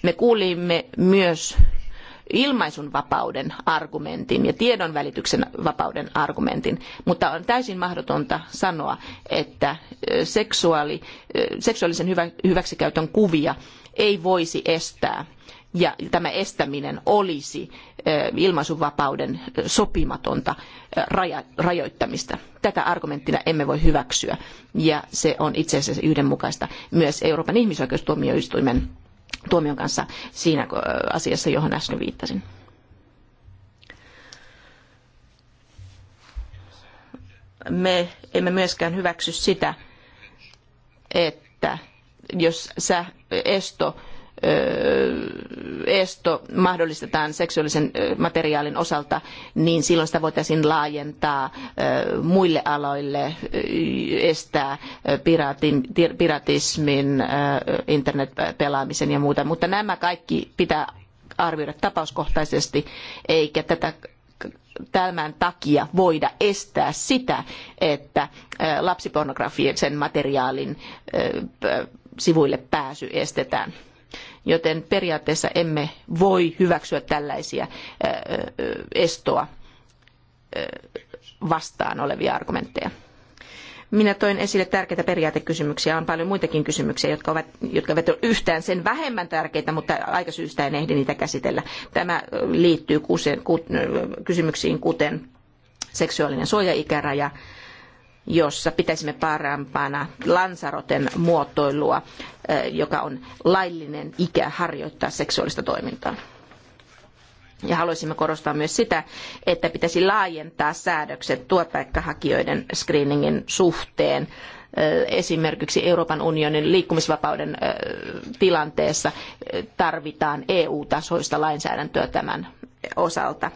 Me kuulimme myös ilmaisun vapauden argumentin ja tiedonvälityksen vapauden argumentin, mutta on täysin mahdotonta sanoa, että seksuaali, seksuaalisen hyväksikäytön kuvia ei voisi estää ja tämä estäminen olisi ilmaisuvapauden sopimatonta rajoittamista. Tätä argumenttina emme voi hyväksyä ja se on itse asiassa yhdenmukaista myös Euroopan ihmisoikeustuomioistuimen tuomion kanssa siinä asiassa, johon äsken viittasin. Me emme myöskään hyväksy sitä, että jos esto esto mahdollistetaan seksuaalisen materiaalin osalta, niin silloin sitä voitaisiin laajentaa muille aloille, estää piraatin, piratismin, internetpelaamisen ja muuta. Mutta nämä kaikki pitää arvioida tapauskohtaisesti, eikä tätä tämän takia voida estää sitä, että lapsipornografisen materiaalin sivuille pääsy estetään joten periaatteessa emme voi hyväksyä tällaisia estoa vastaan olevia argumentteja. Minä toin esille tärkeitä periaatekysymyksiä. On paljon muitakin kysymyksiä, jotka, ovat, jotka ovat yhtään sen vähemmän tärkeitä, mutta aikasyystä en ehdi niitä käsitellä. Tämä liittyy kysymyksiin kuten seksuaalinen suojaikäraja, ikäraja, jossa pitäisimme parempana Lansaroten muotoilua, joka on laillinen ikä harjoittaa seksuaalista toimintaa. Ja haluaisimme korostaa myös sitä, että pitäisi laajentaa säädökset tuopaikkahakijoiden screeningin suhteen esimerkiksi Euroopan unionin liikkumisvapauden tilanteessa tarvitaan EU-tasoista lainsäädäntöä tämän osalta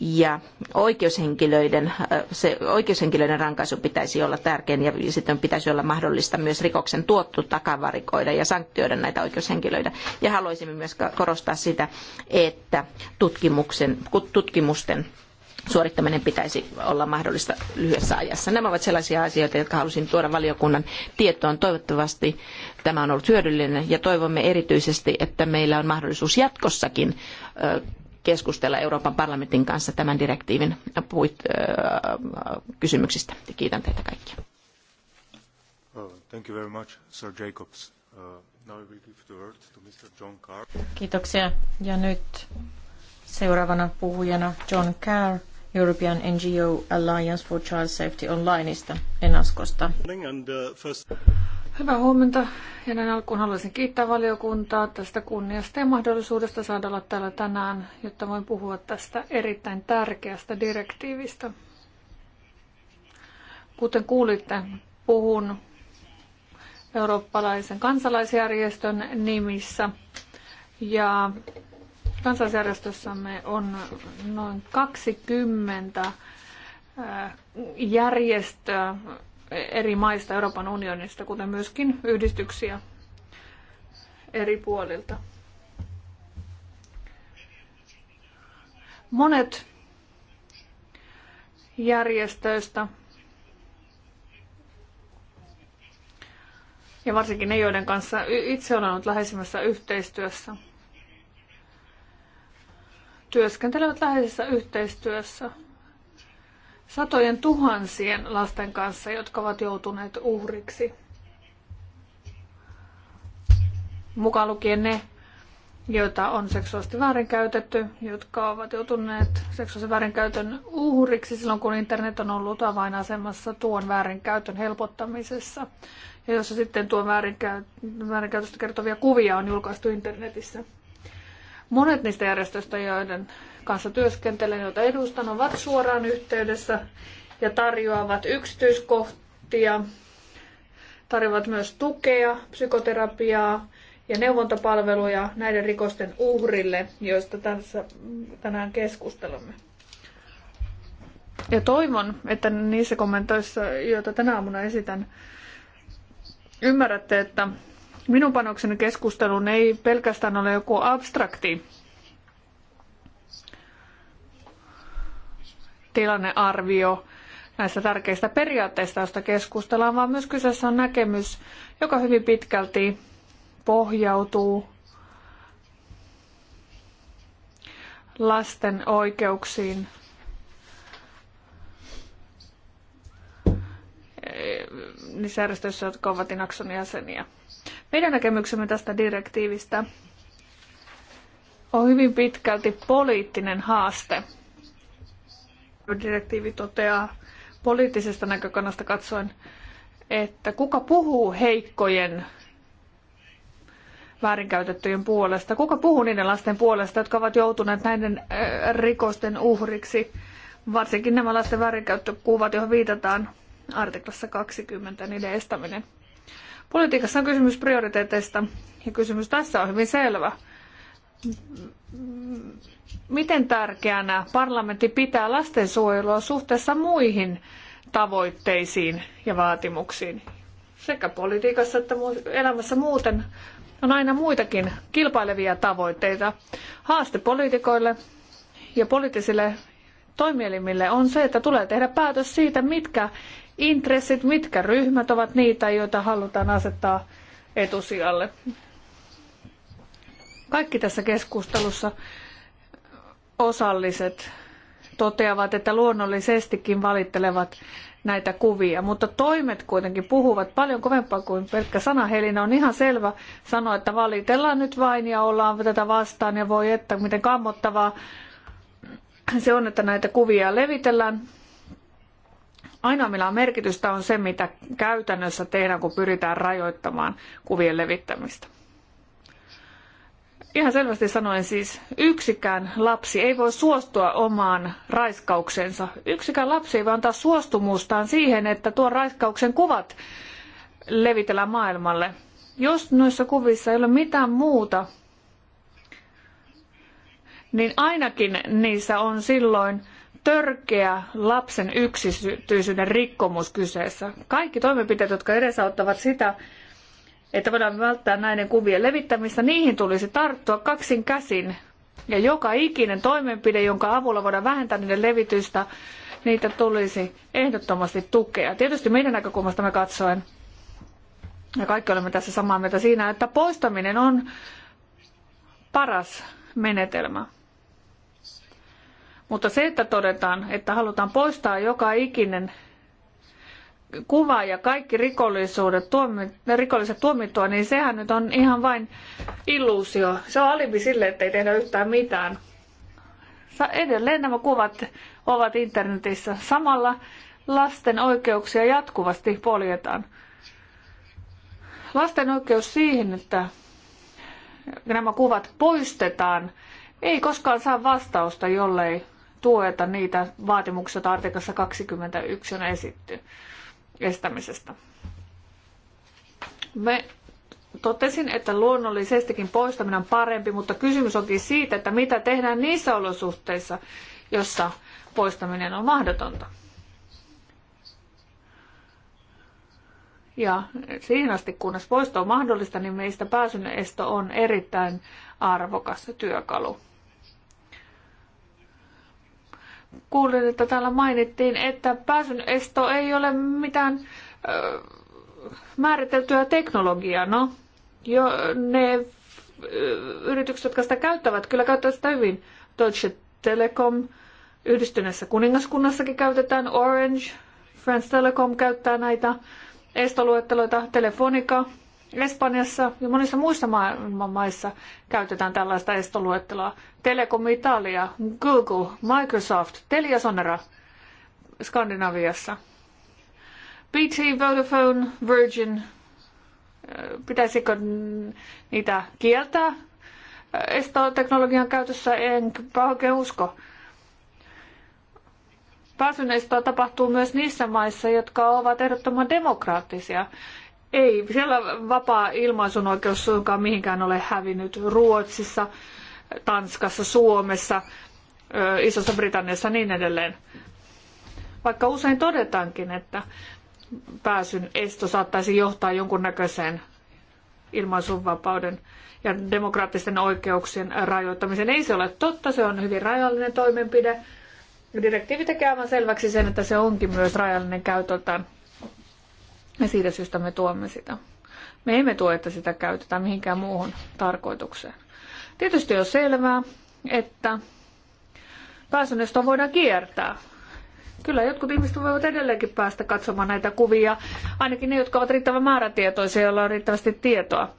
ja oikeushenkilöiden, äh, se oikeushenkilöiden rankaisu pitäisi olla tärkein ja sitten pitäisi olla mahdollista myös rikoksen tuottu takavarikoida ja sanktioida näitä oikeushenkilöitä. Ja haluaisimme myös korostaa sitä, että tutkimuksen, tutkimusten suorittaminen pitäisi olla mahdollista lyhyessä ajassa. Nämä ovat sellaisia asioita, jotka halusin tuoda valiokunnan tietoon. Toivottavasti tämä on ollut hyödyllinen ja toivomme erityisesti, että meillä on mahdollisuus jatkossakin keskustella Euroopan parlamentin kanssa tämän direktiivin puit, kysymyksistä. Kiitän teitä kaikkia. Oh, uh, Kiitoksia. Ja nyt seuraavana puhujana John Carr. European NGO Alliance for Child Safety Onlineista, Enaskosta. Hyvää huomenta ja näin alkuun haluaisin kiittää valiokuntaa tästä kunniasta ja mahdollisuudesta saada olla täällä tänään, jotta voin puhua tästä erittäin tärkeästä direktiivistä. Kuten kuulitte, puhun eurooppalaisen kansalaisjärjestön nimissä ja kansalaisjärjestössämme on noin 20 järjestöä eri maista Euroopan unionista, kuten myöskin yhdistyksiä eri puolilta. Monet järjestöistä ja varsinkin ne, joiden kanssa itse olen ollut läheisimmässä yhteistyössä, työskentelevät läheisessä yhteistyössä – satojen tuhansien lasten kanssa, jotka ovat joutuneet uhriksi. Mukaan lukien ne, joita on seksuaalisesti väärinkäytetty, jotka ovat joutuneet seksuaalisen väärinkäytön uhriksi silloin, kun internet on ollut avainasemassa tuon väärinkäytön helpottamisessa. Ja jossa sitten tuon väärinkäytöstä kertovia kuvia on julkaistu internetissä. Monet niistä järjestöistä, joiden kanssa työskentelen, joita edustan, ovat suoraan yhteydessä ja tarjoavat yksityiskohtia, tarjoavat myös tukea, psykoterapiaa ja neuvontapalveluja näiden rikosten uhrille, joista tässä tänään keskustelemme. Ja toivon, että niissä kommentoissa, joita tänä aamuna esitän, ymmärrätte, että minun panokseni keskusteluun ei pelkästään ole joku abstrakti tilannearvio näistä tärkeistä periaatteista, joista keskustellaan, vaan myös kyseessä on näkemys, joka hyvin pitkälti pohjautuu lasten oikeuksiin niissä järjestöissä, jotka ovat Inakson jäseniä. Meidän näkemyksemme tästä direktiivistä on hyvin pitkälti poliittinen haaste – direktiivi toteaa poliittisesta näkökannasta katsoen, että kuka puhuu heikkojen väärinkäytettyjen puolesta, kuka puhuu niiden lasten puolesta, jotka ovat joutuneet näiden äh, rikosten uhriksi, varsinkin nämä lasten väärinkäyttökuvat, joihin viitataan artiklassa 20, niiden estäminen. Politiikassa on kysymys prioriteeteista ja kysymys tässä on hyvin selvä miten tärkeänä parlamentti pitää lastensuojelua suhteessa muihin tavoitteisiin ja vaatimuksiin. Sekä politiikassa että elämässä muuten on aina muitakin kilpailevia tavoitteita. Haaste poliitikoille ja poliittisille toimielimille on se, että tulee tehdä päätös siitä, mitkä intressit, mitkä ryhmät ovat niitä, joita halutaan asettaa etusijalle. Kaikki tässä keskustelussa osalliset toteavat, että luonnollisestikin valittelevat näitä kuvia, mutta toimet kuitenkin puhuvat paljon kovempaa kuin pelkkä sanahelinä. On ihan selvä sanoa, että valitellaan nyt vain ja ollaan tätä vastaan ja voi että miten kammottavaa se on, että näitä kuvia levitellään. Ainoa, millä on merkitystä, on se, mitä käytännössä tehdään, kun pyritään rajoittamaan kuvien levittämistä. Ihan selvästi sanoen siis, yksikään lapsi ei voi suostua omaan raiskauksensa. Yksikään lapsi ei voi antaa suostumustaan siihen, että tuon raiskauksen kuvat levitellään maailmalle. Jos noissa kuvissa ei ole mitään muuta, niin ainakin niissä on silloin törkeä lapsen yksityisyyden rikkomus kyseessä. Kaikki toimenpiteet, jotka edesauttavat sitä, että voidaan välttää näiden kuvien levittämistä, niihin tulisi tarttua kaksin käsin. Ja joka ikinen toimenpide, jonka avulla voidaan vähentää niiden levitystä, niitä tulisi ehdottomasti tukea. Tietysti meidän näkökulmastamme katsoen, ja kaikki olemme tässä samaa mieltä siinä, että poistaminen on paras menetelmä. Mutta se, että todetaan, että halutaan poistaa joka ikinen kuva ja kaikki rikollisuudet, tuomi, rikolliset tuomittua, niin sehän nyt on ihan vain illuusio. Se on alibi sille, ettei tehdä yhtään mitään. Edelleen nämä kuvat ovat internetissä. Samalla lasten oikeuksia jatkuvasti poljetaan. Lasten oikeus siihen, että nämä kuvat poistetaan, ei koskaan saa vastausta, jollei tueta niitä vaatimuksia, joita artikassa 21 on esitty estämisestä. Me totesin, että luonnollisestikin poistaminen on parempi, mutta kysymys onkin siitä, että mitä tehdään niissä olosuhteissa, jossa poistaminen on mahdotonta. Ja siihen asti, kunnes poisto on mahdollista, niin meistä pääsyn esto on erittäin arvokas työkalu kuulin, että täällä mainittiin, että pääsyn esto ei ole mitään ö, määriteltyä teknologiaa. No, jo ne yritykset, jotka sitä käyttävät, kyllä käyttävät sitä hyvin. Deutsche Telekom, yhdistyneessä kuningaskunnassakin käytetään, Orange, France Telecom käyttää näitä estoluetteloita, Telefonica, Espanjassa ja monissa muissa maailman maissa käytetään tällaista estoluetteloa. Telekom Italia, Google, Microsoft, Teliasonera Skandinaviassa. BT, Vodafone, Virgin, äh, pitäisikö niitä kieltää äh, estoteknologian käytössä, en oikein usko. Pääsyneistoa tapahtuu myös niissä maissa, jotka ovat ehdottoman demokraattisia ei, siellä vapaa ilmaisun oikeus suinkaan mihinkään ole hävinnyt Ruotsissa, Tanskassa, Suomessa, Isossa Britanniassa ja niin edelleen. Vaikka usein todetaankin, että pääsyn esto saattaisi johtaa jonkunnäköiseen ilmaisunvapauden ja demokraattisten oikeuksien rajoittamiseen. Ei se ole totta, se on hyvin rajallinen toimenpide. Direktiivi tekee aivan selväksi sen, että se onkin myös rajallinen käytöltään. Ja siitä syystä me tuomme sitä. Me emme tue, että sitä käytetään mihinkään muuhun tarkoitukseen. Tietysti on selvää, että pääsynestoa voidaan kiertää. Kyllä jotkut ihmiset voivat edelleenkin päästä katsomaan näitä kuvia, ainakin ne, jotka ovat riittävän määrätietoisia, joilla on riittävästi tietoa.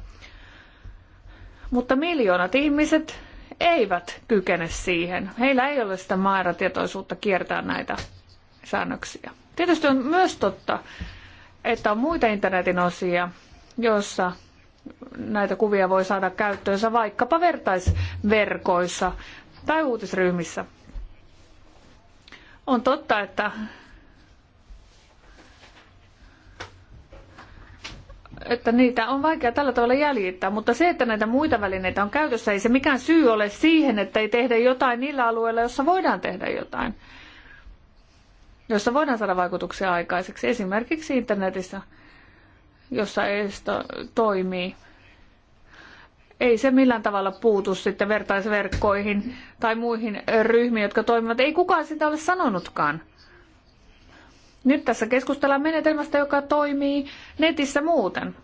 Mutta miljoonat ihmiset eivät kykene siihen. Heillä ei ole sitä määrätietoisuutta kiertää näitä säännöksiä. Tietysti on myös totta, että on muita internetin osia, joissa näitä kuvia voi saada käyttöönsä vaikkapa vertaisverkoissa tai uutisryhmissä. On totta, että että niitä on vaikea tällä tavalla jäljittää, mutta se, että näitä muita välineitä on käytössä, ei se mikään syy ole siihen, että ei tehdä jotain niillä alueilla, jossa voidaan tehdä jotain joissa voidaan saada vaikutuksia aikaiseksi, esimerkiksi internetissä, jossa esto toimii. Ei se millään tavalla puutu sitten vertaisverkkoihin tai muihin ryhmiin, jotka toimivat. Ei kukaan sitä ole sanonutkaan. Nyt tässä keskustellaan menetelmästä, joka toimii netissä muuten.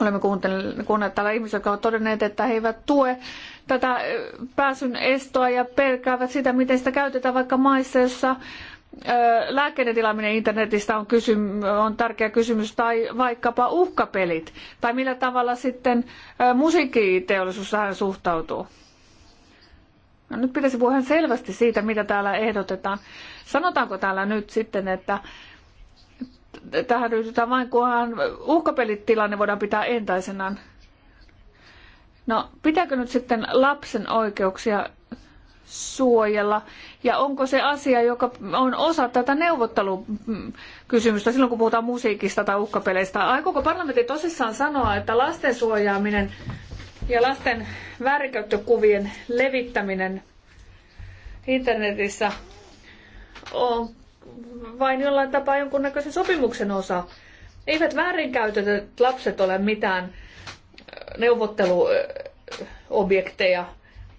Olemme kuunnelleet täällä ihmisiä, jotka ovat todenneet, että he eivät tue tätä pääsyn estoa ja pelkäävät sitä, miten sitä käytetään vaikka maissa, jossa lääkkeiden tilaaminen internetistä on, kysym, on tärkeä kysymys, tai vaikkapa uhkapelit, tai millä tavalla sitten musiikkiteollisuus tähän suhtautuu. No nyt pitäisi puhua selvästi siitä, mitä täällä ehdotetaan. Sanotaanko täällä nyt sitten, että tähän ryhdytään vain, kunhan uhkapelitilanne voidaan pitää entaisenaan. No, pitääkö nyt sitten lapsen oikeuksia suojella ja onko se asia, joka on osa tätä neuvottelukysymystä silloin, kun puhutaan musiikista tai uhkapeleistä. Aikooko parlamentti tosissaan sanoa, että lasten suojaaminen ja lasten väärinkäyttökuvien levittäminen internetissä on vain jollain tapaa jonkunnäköisen sopimuksen osa. Eivät väärinkäytetyt lapset ole mitään neuvotteluobjekteja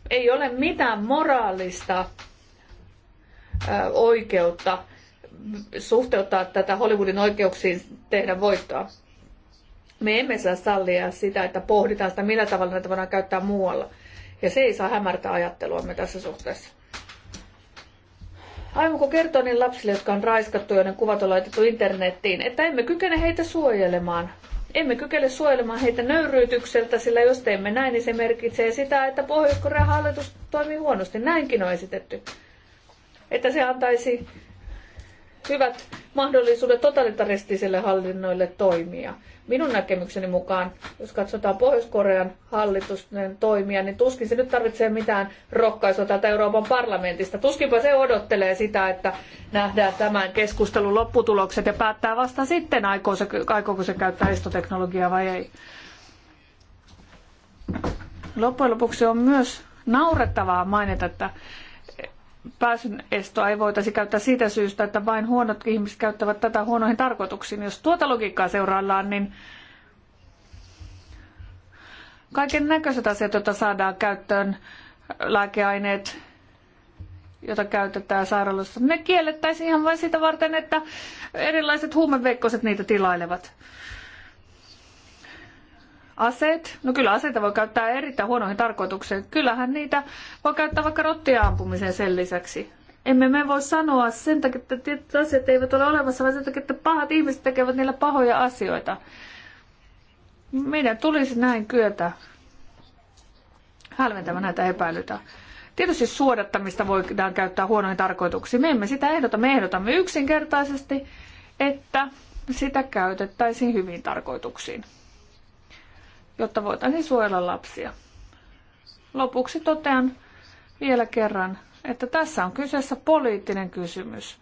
ei ole mitään moraalista oikeutta suhteuttaa tätä Hollywoodin oikeuksiin tehdä voittoa. Me emme saa sallia sitä, että pohditaan sitä, millä tavalla näitä voidaan käyttää muualla. Ja se ei saa hämärtää ajatteluamme tässä suhteessa. Aivan kun kertoo niin lapsille, jotka on raiskattu, joiden kuvat on laitettu internettiin, että emme kykene heitä suojelemaan. Emme kykene suojelemaan heitä nöyryytykseltä, sillä jos teemme näin, niin se merkitsee sitä, että Pohjois-Korean hallitus toimii huonosti. Näinkin on esitetty. Että se antaisi hyvät mahdollisuudet totalitaristisille hallinnoille toimia. Minun näkemykseni mukaan, jos katsotaan Pohjois-Korean hallitusten toimia, niin tuskin se nyt tarvitsee mitään rokkaisua täältä Euroopan parlamentista. Tuskinpa se odottelee sitä, että nähdään tämän keskustelun lopputulokset ja päättää vasta sitten, aikooko se, se käyttää istoteknologiaa vai ei. Loppujen lopuksi on myös naurettavaa mainita, että pääsyn estoa ei voitaisi käyttää siitä syystä, että vain huonot ihmiset käyttävät tätä huonoihin tarkoituksiin. Jos tuota logiikkaa seuraillaan, niin kaiken näköiset asiat, joita saadaan käyttöön, lääkeaineet, jota käytetään sairaalassa, ne kiellettäisiin ihan vain sitä varten, että erilaiset huumeveikkoset niitä tilailevat. Aseet, no kyllä aseita voi käyttää erittäin huonoihin tarkoituksiin. Kyllähän niitä voi käyttää vaikka rottia ampumiseen sen lisäksi. Emme me voi sanoa sen takia, että tietyt asiat eivät ole olemassa, vaan sen takia, että pahat ihmiset tekevät niillä pahoja asioita. Meidän tulisi näin kyetä hälventämään näitä epäilytä. Tietysti suodattamista voidaan käyttää huonoihin tarkoituksiin. Me emme sitä ehdota. Me ehdotamme yksinkertaisesti, että sitä käytettäisiin hyviin tarkoituksiin jotta voitaisiin suojella lapsia. Lopuksi totean vielä kerran, että tässä on kyseessä poliittinen kysymys.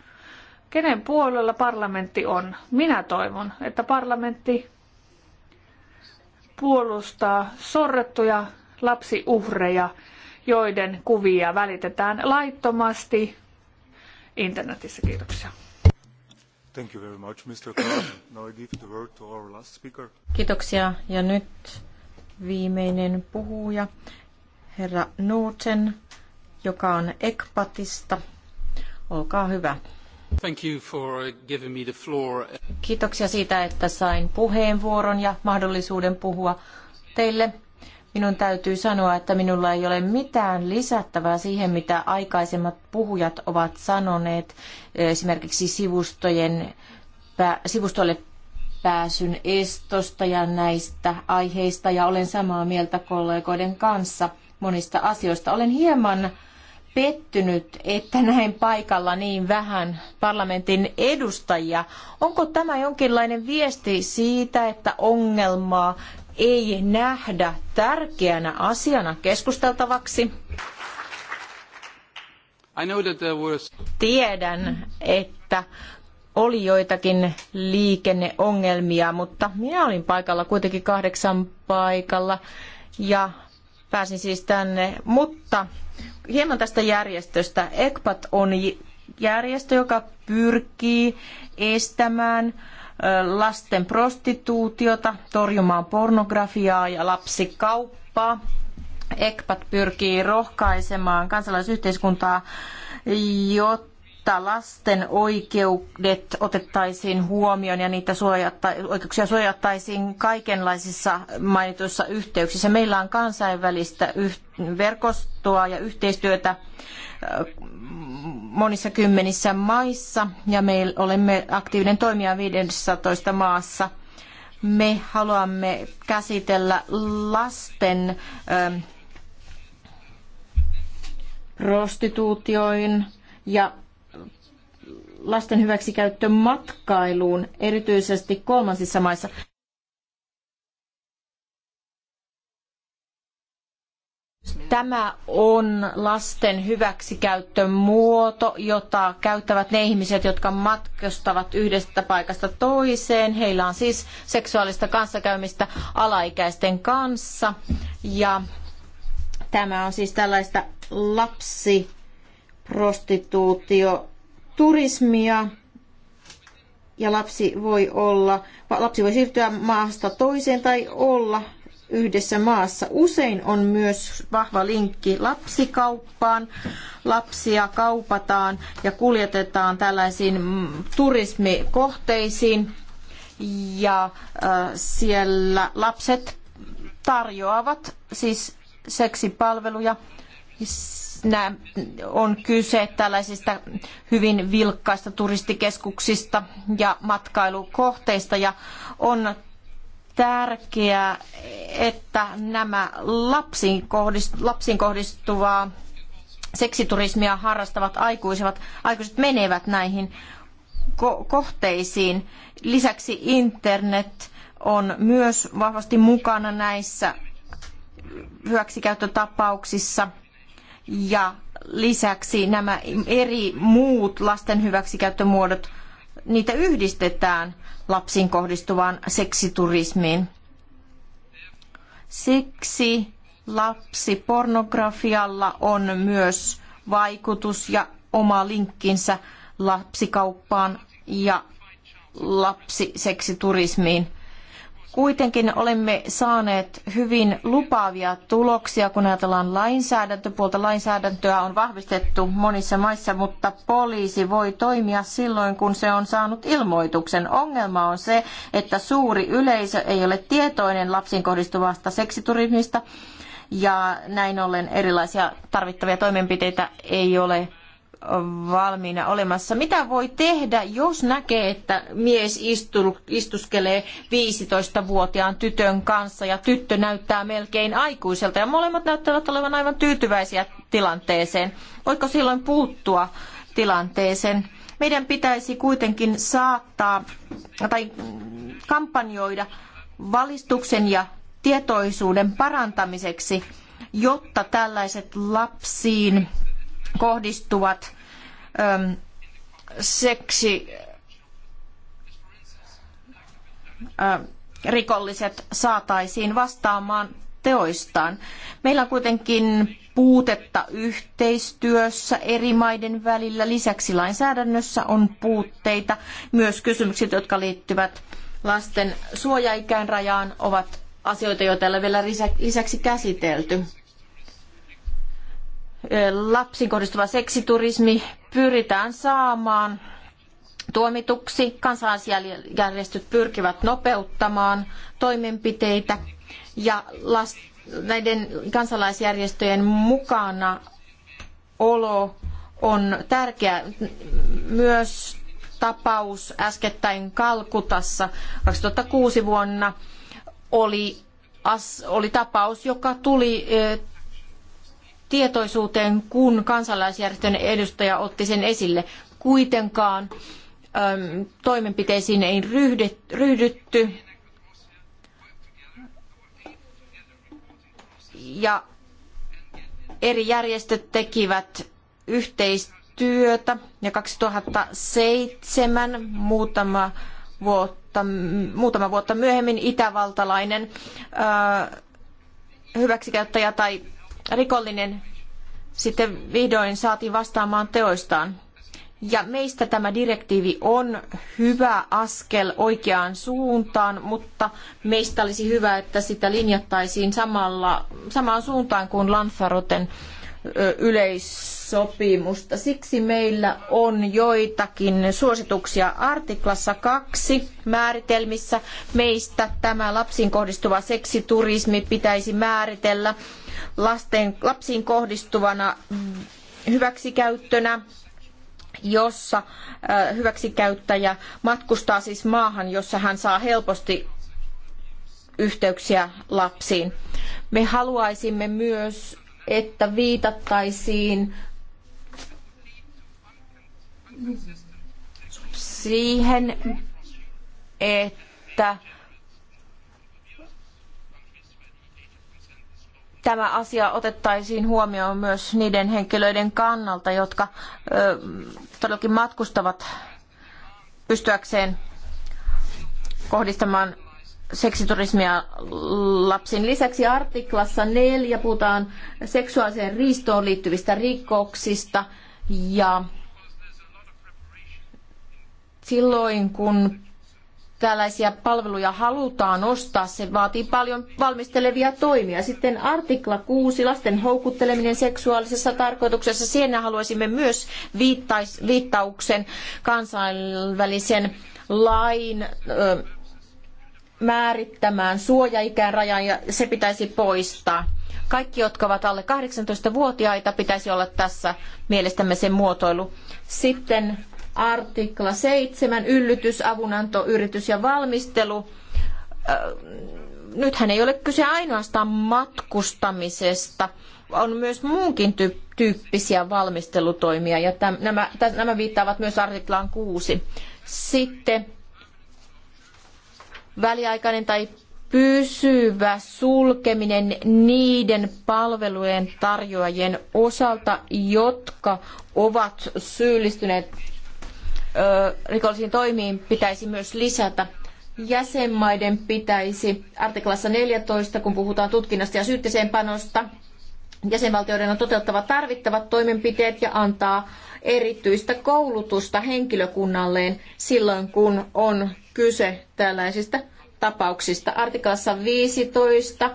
Kenen puolella parlamentti on? Minä toivon, että parlamentti puolustaa sorrettuja lapsiuhreja, joiden kuvia välitetään laittomasti internetissä. Kiitoksia. Kiitoksia. Ja nyt viimeinen puhuja, herra Norten, joka on Ekpatista. Olkaa hyvä. Thank you for giving me the floor. Kiitoksia siitä, että sain puheenvuoron ja mahdollisuuden puhua teille minun täytyy sanoa, että minulla ei ole mitään lisättävää siihen, mitä aikaisemmat puhujat ovat sanoneet eh, esimerkiksi sivustojen, sivustolle pääsyn estosta ja näistä aiheista ja olen samaa mieltä kollegoiden kanssa monista asioista. Olen hieman pettynyt, että näin paikalla niin vähän parlamentin edustajia. Onko tämä jonkinlainen viesti siitä, että ongelmaa ei nähdä tärkeänä asiana keskusteltavaksi. Tiedän, että oli joitakin liikenneongelmia, mutta minä olin paikalla kuitenkin kahdeksan paikalla ja pääsin siis tänne. Mutta hieman tästä järjestöstä. ECPAT on järjestö, joka pyrkii estämään lasten prostituutiota, torjumaan pornografiaa ja lapsikauppaa. ECPAT pyrkii rohkaisemaan kansalaisyhteiskuntaa, jotta lasten oikeudet otettaisiin huomioon ja niitä suojatta, oikeuksia suojattaisiin kaikenlaisissa mainituissa yhteyksissä. Meillä on kansainvälistä verkostoa ja yhteistyötä monissa kymmenissä maissa ja me olemme aktiivinen toimija 15 maassa. Me haluamme käsitellä lasten ähm, prostituutioin ja lasten hyväksikäyttö matkailuun, erityisesti kolmansissa maissa. Tämä on lasten muoto, jota käyttävät ne ihmiset, jotka matkustavat yhdestä paikasta toiseen. Heillä on siis seksuaalista kanssakäymistä alaikäisten kanssa. Ja tämä on siis tällaista lapsiprostituutioturismia. Ja lapsi voi olla, lapsi voi siirtyä maasta toiseen tai olla yhdessä maassa. Usein on myös vahva linkki lapsikauppaan. Lapsia kaupataan ja kuljetetaan tällaisiin mm, turismikohteisiin ja siellä lapset tarjoavat siis seksipalveluja. Nämä on kyse tällaisista hyvin vilkkaista turistikeskuksista ja matkailukohteista ja on tärkeää, että nämä lapsiin, kohdist, lapsiin kohdistuvaa seksiturismia harrastavat aikuiset, aikuiset menevät näihin kohteisiin. Lisäksi internet on myös vahvasti mukana näissä hyväksikäyttötapauksissa ja lisäksi nämä eri muut lasten hyväksikäyttömuodot, niitä yhdistetään – lapsiin kohdistuvaan seksiturismiin. Siksi lapsipornografialla on myös vaikutus ja oma linkkinsä lapsikauppaan ja lapsiseksiturismiin. Kuitenkin olemme saaneet hyvin lupaavia tuloksia, kun ajatellaan lainsäädäntöpuolta. Lainsäädäntöä on vahvistettu monissa maissa, mutta poliisi voi toimia silloin, kun se on saanut ilmoituksen. Ongelma on se, että suuri yleisö ei ole tietoinen lapsiin kohdistuvasta seksiturismista ja näin ollen erilaisia tarvittavia toimenpiteitä ei ole valmiina olemassa. Mitä voi tehdä, jos näkee, että mies istu, istuskelee 15-vuotiaan tytön kanssa ja tyttö näyttää melkein aikuiselta ja molemmat näyttävät olevan aivan tyytyväisiä tilanteeseen? Voiko silloin puuttua tilanteeseen? Meidän pitäisi kuitenkin saattaa tai kampanjoida valistuksen ja tietoisuuden parantamiseksi, jotta tällaiset lapsiin kohdistuvat äm, seksi äm, äh, rikolliset saataisiin vastaamaan teoistaan. Meillä on kuitenkin puutetta yhteistyössä eri maiden välillä. Lisäksi lainsäädännössä on puutteita. Myös kysymykset, jotka liittyvät lasten suojaikään rajaan, ovat asioita, joita ei ole vielä lisäksi käsitelty lapsiin kohdistuva seksiturismi pyritään saamaan tuomituksi. Kansalaisjärjestöt pyrkivät nopeuttamaan toimenpiteitä ja näiden kansalaisjärjestöjen mukana olo on tärkeä myös tapaus äskettäin Kalkutassa 2006 vuonna oli, oli tapaus, joka tuli tietoisuuteen, kun kansalaisjärjestön edustaja otti sen esille. Kuitenkaan äm, toimenpiteisiin ei ryhdytty. Ja eri järjestöt tekivät yhteistyötä ja 2007 muutama vuotta, muutama vuotta myöhemmin itävaltalainen ää, äh, hyväksikäyttäjä tai rikollinen sitten vihdoin saatiin vastaamaan teoistaan. Ja meistä tämä direktiivi on hyvä askel oikeaan suuntaan, mutta meistä olisi hyvä, että sitä linjattaisiin samalla, samaan suuntaan kuin Lanzaroten yleissopimusta. Siksi meillä on joitakin suosituksia artiklassa kaksi määritelmissä. Meistä tämä lapsiin kohdistuva seksiturismi pitäisi määritellä lasten, lapsiin kohdistuvana hyväksikäyttönä, jossa äh, hyväksikäyttäjä matkustaa siis maahan, jossa hän saa helposti yhteyksiä lapsiin. Me haluaisimme myös, että viitattaisiin siihen, että tämä asia otettaisiin huomioon myös niiden henkilöiden kannalta, jotka ö, todellakin matkustavat pystyäkseen kohdistamaan seksiturismia lapsiin. Lisäksi artiklassa 4 puhutaan seksuaaliseen riistoon liittyvistä rikoksista ja silloin kun tällaisia palveluja halutaan ostaa, se vaatii paljon valmistelevia toimia. Sitten artikla 6, lasten houkutteleminen seksuaalisessa tarkoituksessa, siinä haluaisimme myös viittais, viittauksen kansainvälisen lain ö, määrittämään suojaikään rajan ja se pitäisi poistaa. Kaikki, jotka ovat alle 18-vuotiaita, pitäisi olla tässä mielestämme sen muotoilu. Sitten Artikla 7, yllytysavunanto, yritys ja valmistelu. Äh, nythän ei ole kyse ainoastaan matkustamisesta, on myös muunkin ty- tyyppisiä valmistelutoimia, ja täm, nämä, nämä viittaavat myös artiklaan 6. Sitten väliaikainen tai pysyvä sulkeminen niiden palvelujen tarjoajien osalta, jotka ovat syyllistyneet rikollisiin toimiin pitäisi myös lisätä. Jäsenmaiden pitäisi artiklassa 14, kun puhutaan tutkinnasta ja syytteeseenpanosta, jäsenvaltioiden on toteuttava tarvittavat toimenpiteet ja antaa erityistä koulutusta henkilökunnalleen silloin, kun on kyse tällaisista tapauksista. Artiklassa 15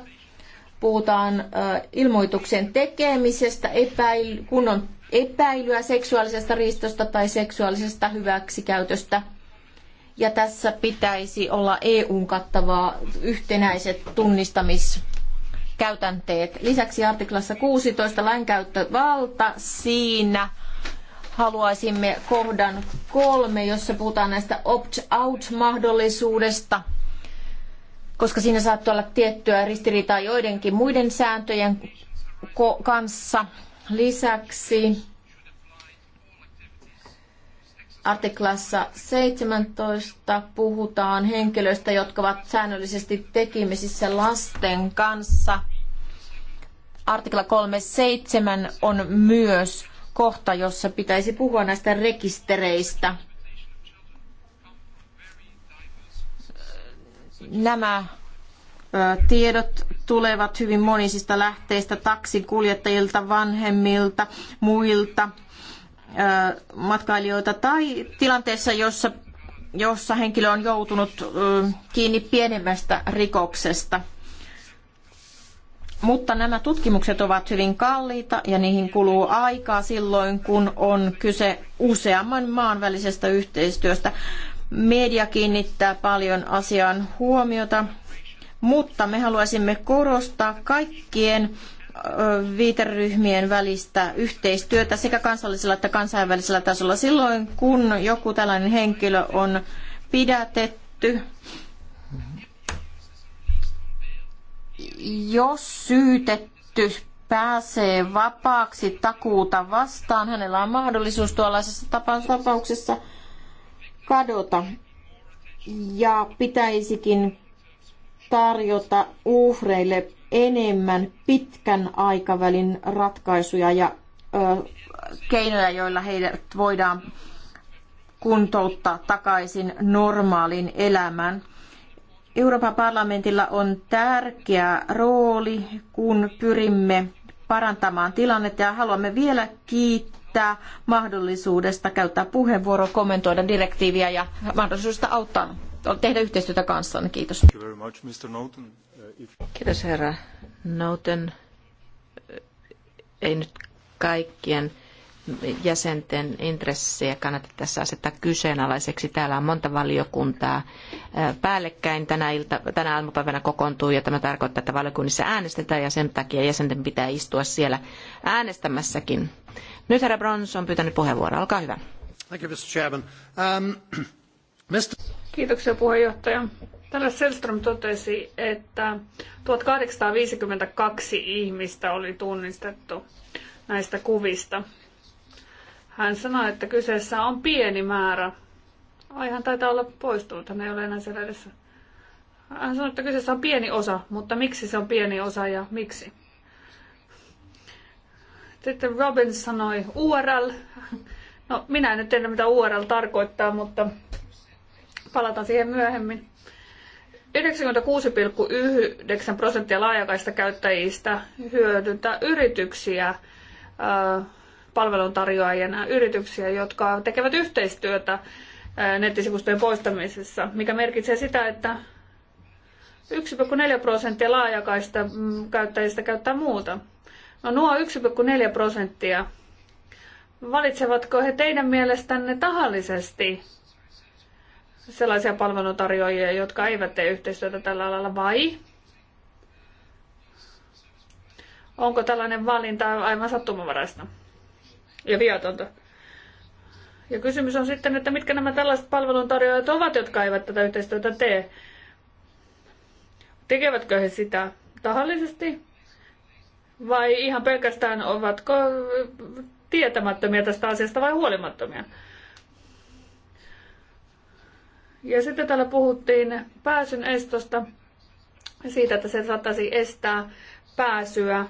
puhutaan ilmoituksen tekemisestä, epäil, kun on epäilyä seksuaalisesta riistosta tai seksuaalisesta hyväksikäytöstä. Ja tässä pitäisi olla EUn kattavaa yhtenäiset tunnistamiskäytänteet. Lisäksi artiklassa 16 lainkäyttövalta siinä haluaisimme kohdan kolme, jossa puhutaan näistä opt-out-mahdollisuudesta, koska siinä saattaa olla tiettyä ristiriitaa joidenkin muiden sääntöjen kanssa. Lisäksi artiklassa 17 puhutaan henkilöistä, jotka ovat säännöllisesti tekemisissä lasten kanssa. Artikla 37 on myös kohta, jossa pitäisi puhua näistä rekistereistä. Nämä tiedot tulevat hyvin monisista lähteistä, taksin kuljettajilta, vanhemmilta, muilta matkailijoilta tai tilanteessa, jossa, jossa henkilö on joutunut kiinni pienemmästä rikoksesta. Mutta nämä tutkimukset ovat hyvin kalliita ja niihin kuluu aikaa silloin, kun on kyse useamman maan välisestä yhteistyöstä. Media kiinnittää paljon asiaan huomiota mutta me haluaisimme korostaa kaikkien viiteryhmien välistä yhteistyötä sekä kansallisella että kansainvälisellä tasolla. Silloin kun joku tällainen henkilö on pidätetty, jos syytetty pääsee vapaaksi takuuta vastaan, hänellä on mahdollisuus tuollaisessa tapauksessa kadota. Ja pitäisikin tarjota uhreille enemmän pitkän aikavälin ratkaisuja ja ö, keinoja, joilla heidät voidaan kuntouttaa takaisin normaalin elämään. Euroopan parlamentilla on tärkeä rooli, kun pyrimme parantamaan tilannetta ja haluamme vielä kiittää mahdollisuudesta käyttää puheenvuoro, kommentoida direktiiviä ja mahdollisuudesta auttaa tehdä yhteistyötä kanssanne. Kiitos. Uh, Kiitos herra Nouten. Ei nyt kaikkien jäsenten intressejä kannata tässä asettaa kyseenalaiseksi. Täällä on monta valiokuntaa uh, päällekkäin tänä, ilta, tänä aamupäivänä kokoontuu ja tämä tarkoittaa, että valiokunnissa äänestetään ja sen takia jäsenten pitää istua siellä äänestämässäkin. Nyt herra Brons on pyytänyt puheenvuoroa. Olkaa hyvä. Thank you, Mr. Chairman. Um... Kiitoksia puheenjohtaja. Tällä Selström totesi, että 1852 ihmistä oli tunnistettu näistä kuvista. Hän sanoi, että kyseessä on pieni määrä. Aihan taitaa olla poistunut, hän ei ole enää siellä edessä. Hän sanoi, että kyseessä on pieni osa, mutta miksi se on pieni osa ja miksi? Sitten Robin sanoi URL. No, minä en nyt tiedä, mitä URL tarkoittaa, mutta Palataan siihen myöhemmin. 96,9 prosenttia laajakaista käyttäjistä hyödyntää yrityksiä, palveluntarjoajina yrityksiä, jotka tekevät yhteistyötä nettisivustojen poistamisessa, mikä merkitsee sitä, että 1,4 prosenttia laajakaista mm, käyttäjistä käyttää muuta. No nuo 1,4 prosenttia, valitsevatko he teidän mielestänne tahallisesti sellaisia palveluntarjoajia, jotka eivät tee yhteistyötä tällä alalla vai onko tällainen valinta aivan sattumanvaraista ja viatonta? Ja kysymys on sitten, että mitkä nämä tällaiset palveluntarjoajat ovat, jotka eivät tätä yhteistyötä tee. Tekevätkö he sitä tahallisesti vai ihan pelkästään ovatko tietämättömiä tästä asiasta vai huolimattomia? Ja sitten täällä puhuttiin pääsyn estosta, siitä, että se saattaisi estää pääsyä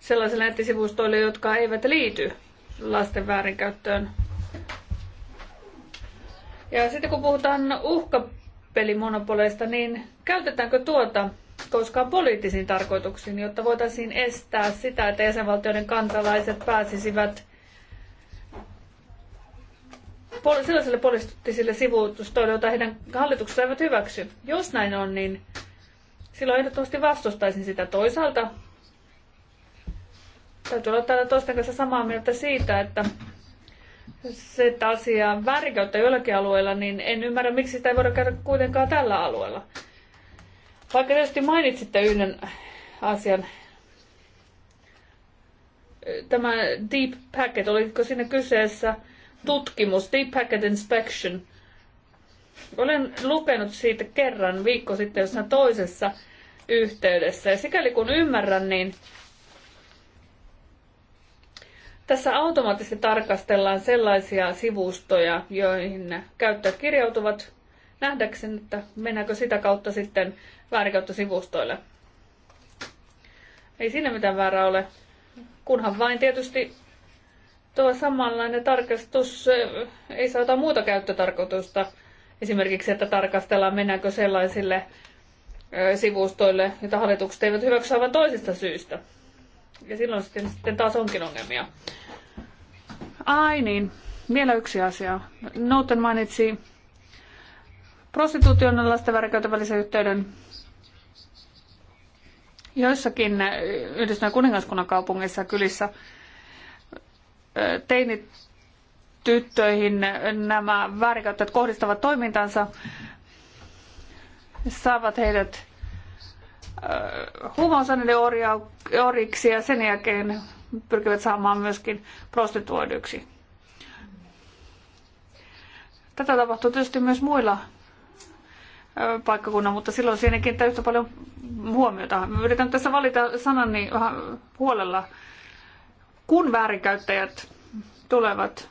sellaisille nettisivustoille, jotka eivät liity lasten väärinkäyttöön. Ja sitten kun puhutaan uhkapelimonopoleista, niin käytetäänkö tuota koskaan poliittisiin tarkoituksiin, jotta voitaisiin estää sitä, että jäsenvaltioiden kansalaiset pääsisivät sellaiselle poliittisille sivuutustoille, jota heidän hallituksensa eivät hyväksy. Jos näin on, niin silloin ehdottomasti vastustaisin sitä. Toisaalta täytyy olla täällä toisten kanssa samaa mieltä siitä, että se, että asiaa väärinkäyttää jollakin alueella, niin en ymmärrä, miksi sitä ei voida käydä kuitenkaan tällä alueella. Vaikka tietysti mainitsitte yhden asian, tämä Deep Packet, oliko siinä kyseessä tutkimus, Deep Packet Inspection. Olen lukenut siitä kerran viikko sitten jossain toisessa yhteydessä. Ja sikäli kun ymmärrän, niin tässä automaattisesti tarkastellaan sellaisia sivustoja, joihin käyttäjät kirjautuvat nähdäkseni, että mennäänkö sitä kautta sitten väärinkäyttö sivustoille. Ei siinä mitään väärää ole, kunhan vain tietysti tuo samanlainen tarkastus eh, ei saa muuta käyttötarkoitusta. Esimerkiksi, että tarkastellaan, mennäänkö sellaisille eh, sivustoille, joita hallitukset eivät hyväksy aivan toisista syistä. Ja silloin sitten, sitten taas onkin ongelmia. Ai niin, vielä yksi asia. Nouten mainitsi prostituution ja lasten välisen yhteyden. Joissakin eh, Yhdistyneen kuningaskunnan kaupungeissa ja kylissä teinit tyttöihin nämä väärinkäyttäjät kohdistavat toimintansa, saavat heidät huumausaineiden oriksi ja sen jälkeen pyrkivät saamaan myöskin prostituoiduiksi. Tätä tapahtuu tietysti myös muilla paikkakunnilla, mutta silloin siinäkin yhtä paljon huomiota. Yritän tässä valita sanani huolella kun väärinkäyttäjät tulevat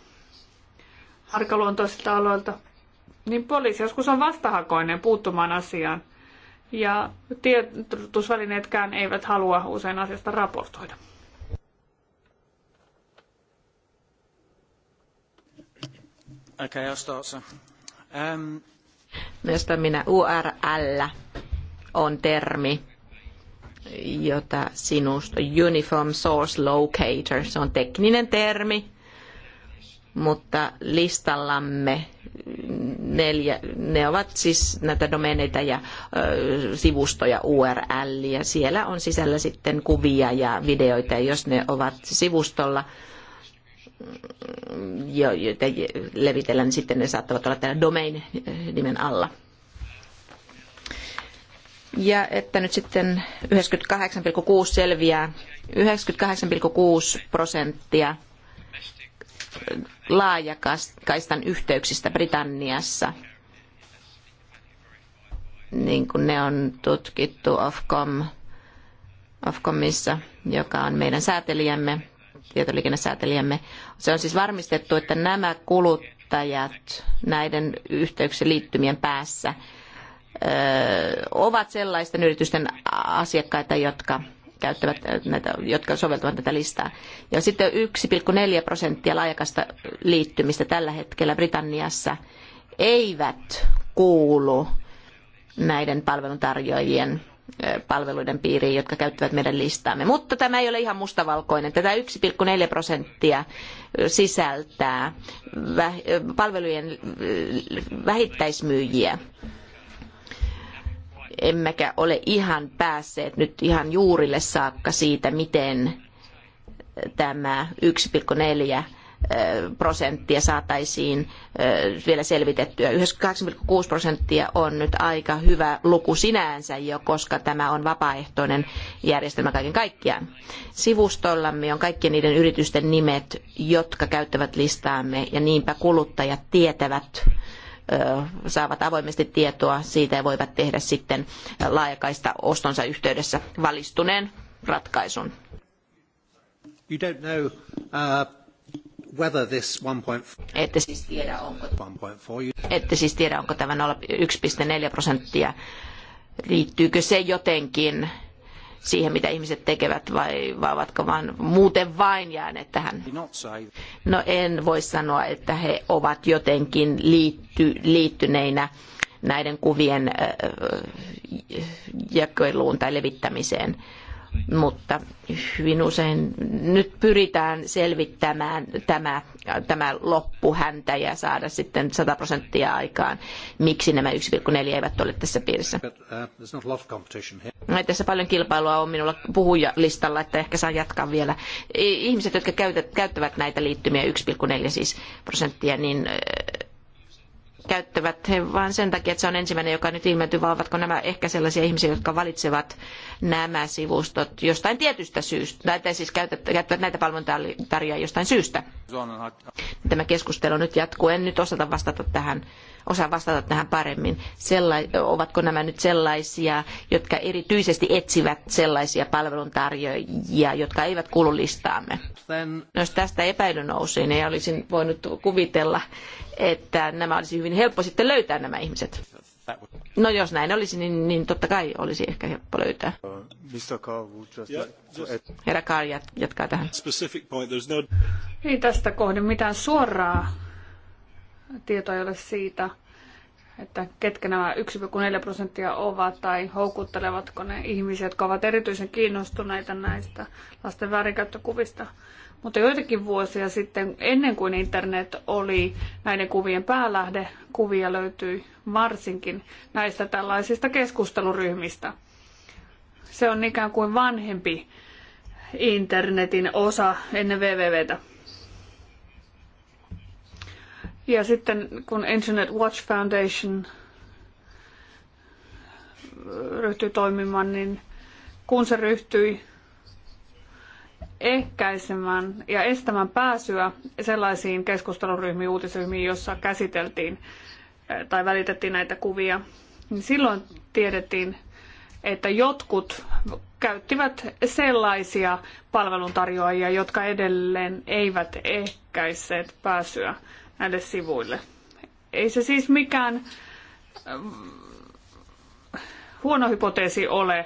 arkaluontoisilta aloilta, niin poliisi joskus on vastahakoinen puuttumaan asiaan. Ja tiedotusvälineetkään eivät halua usein asiasta raportoida. Okay, I'll start, um... Myös minä URL on termi, jota sinusta Uniform Source Locator, se on tekninen termi, mutta listallamme neljä, ne ovat siis näitä domeneita ja ö, sivustoja URL ja siellä on sisällä sitten kuvia ja videoita ja jos ne ovat sivustolla, jo, joita levitellään, niin sitten ne saattavat olla täällä domain-nimen alla ja että nyt sitten 98,6 selviää. 98,6 prosenttia laajakaistan yhteyksistä Britanniassa, niin kuin ne on tutkittu Ofcom, Ofcomissa, joka on meidän säätelijämme, tietoliikennesäätelijämme. Se on siis varmistettu, että nämä kuluttajat näiden yhteyksien liittymien päässä – ovat sellaisten yritysten asiakkaita, jotka käyttävät näitä, jotka soveltavat tätä listaa. Ja sitten 1,4 prosenttia laajakasta liittymistä tällä hetkellä Britanniassa eivät kuulu näiden palveluntarjoajien palveluiden piiriin, jotka käyttävät meidän listaamme. Mutta tämä ei ole ihan mustavalkoinen. Tätä 1,4 prosenttia sisältää palvelujen vähittäismyyjiä emmekä ole ihan päässeet nyt ihan juurille saakka siitä, miten tämä 1,4 prosenttia saataisiin vielä selvitettyä. 98,6 prosenttia on nyt aika hyvä luku sinänsä jo, koska tämä on vapaaehtoinen järjestelmä kaiken kaikkiaan. Sivustollamme on kaikkien niiden yritysten nimet, jotka käyttävät listaamme, ja niinpä kuluttajat tietävät, saavat avoimesti tietoa siitä ja voivat tehdä sitten laajakaista ostonsa yhteydessä valistuneen ratkaisun. You don't know, uh, whether this 1.4... Ette siis tiedä, onko, 1.4, ette siis tiedä, onko tämä 1,4 prosenttia. Liittyykö se jotenkin siihen, mitä ihmiset tekevät, vai, vai ovatko vaan muuten vain jääneet tähän? No en voi sanoa, että he ovat jotenkin liitty, liittyneinä näiden kuvien jakeluun tai levittämiseen mutta hyvin usein nyt pyritään selvittämään tämä, tämä loppuhäntä ja saada sitten 100 prosenttia aikaan, miksi nämä 1,4 eivät ole tässä piirissä. Uh, no tässä paljon kilpailua on minulla puhujalistalla, että ehkä saan jatkaa vielä. Ihmiset, jotka käyttävät näitä liittymiä 1,4 siis prosenttia, niin käyttävät he vain sen takia, että se on ensimmäinen, joka nyt ilmentyy, vai ovatko nämä ehkä sellaisia ihmisiä, jotka valitsevat nämä sivustot jostain tietystä syystä, tai siis käyttävät näitä palveluntarjoajia jostain syystä. Tämä keskustelu nyt jatkuu. En nyt osata vastata tähän, osaa vastata tähän paremmin. Sella, ovatko nämä nyt sellaisia, jotka erityisesti etsivät sellaisia palveluntarjoajia, jotka eivät kuulu listaamme? No, jos tästä epäily nousi, niin olisin voinut kuvitella, että nämä olisi hyvin helppo sitten löytää nämä ihmiset. No jos näin olisi, niin, niin totta kai olisi ehkä helppo löytää. Uh, Herra Kaar jatkaa tähän. No- ei tästä kohden mitään suoraa tietoa ei ole siitä, että ketkä nämä 1,4 prosenttia ovat tai houkuttelevatko ne ihmisiä, jotka ovat erityisen kiinnostuneita näistä lasten väärinkäyttökuvista. Mutta joitakin vuosia sitten, ennen kuin internet oli näiden kuvien päälähde, kuvia löytyi varsinkin näistä tällaisista keskusteluryhmistä. Se on ikään kuin vanhempi internetin osa ennen WWWtä. Ja sitten kun Internet Watch Foundation ryhtyi toimimaan, niin kun se ryhtyi ehkäisemään ja estämään pääsyä sellaisiin keskusteluryhmiin, uutisryhmiin, joissa käsiteltiin eh, tai välitettiin näitä kuvia, niin silloin tiedettiin, että jotkut käyttivät sellaisia palveluntarjoajia, jotka edelleen eivät ehkäisseet pääsyä näille sivuille. Ei se siis mikään eh, huono hypoteesi ole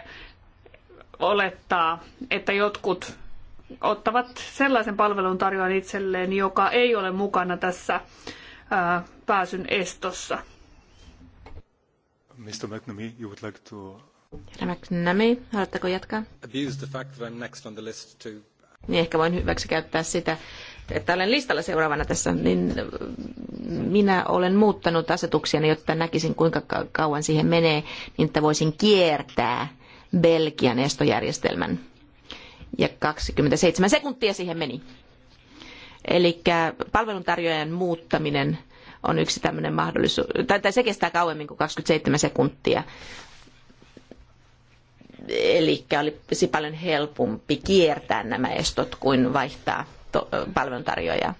olettaa, että jotkut ottavat sellaisen palvelun tarjoan itselleen, joka ei ole mukana tässä pääsyn estossa. Mr. McNamee, you would like to... Herra McNamee, haluatteko jatkaa? Abuse the fact that I'm next on the list to... Niin ehkä voin hyväksi käyttää sitä, että olen listalla seuraavana tässä, niin mm, minä olen muuttanut asetuksia, jotta näkisin kuinka kauan siihen menee, niin että voisin kiertää Belgian estojärjestelmän ja 27 sekuntia siihen meni. Eli palveluntarjoajan muuttaminen on yksi tämmöinen mahdollisuus, tai, tai se kestää kauemmin kuin 27 sekuntia. Eli olisi paljon helpompi kiertää nämä estot kuin vaihtaa to- palveluntarjoajaa.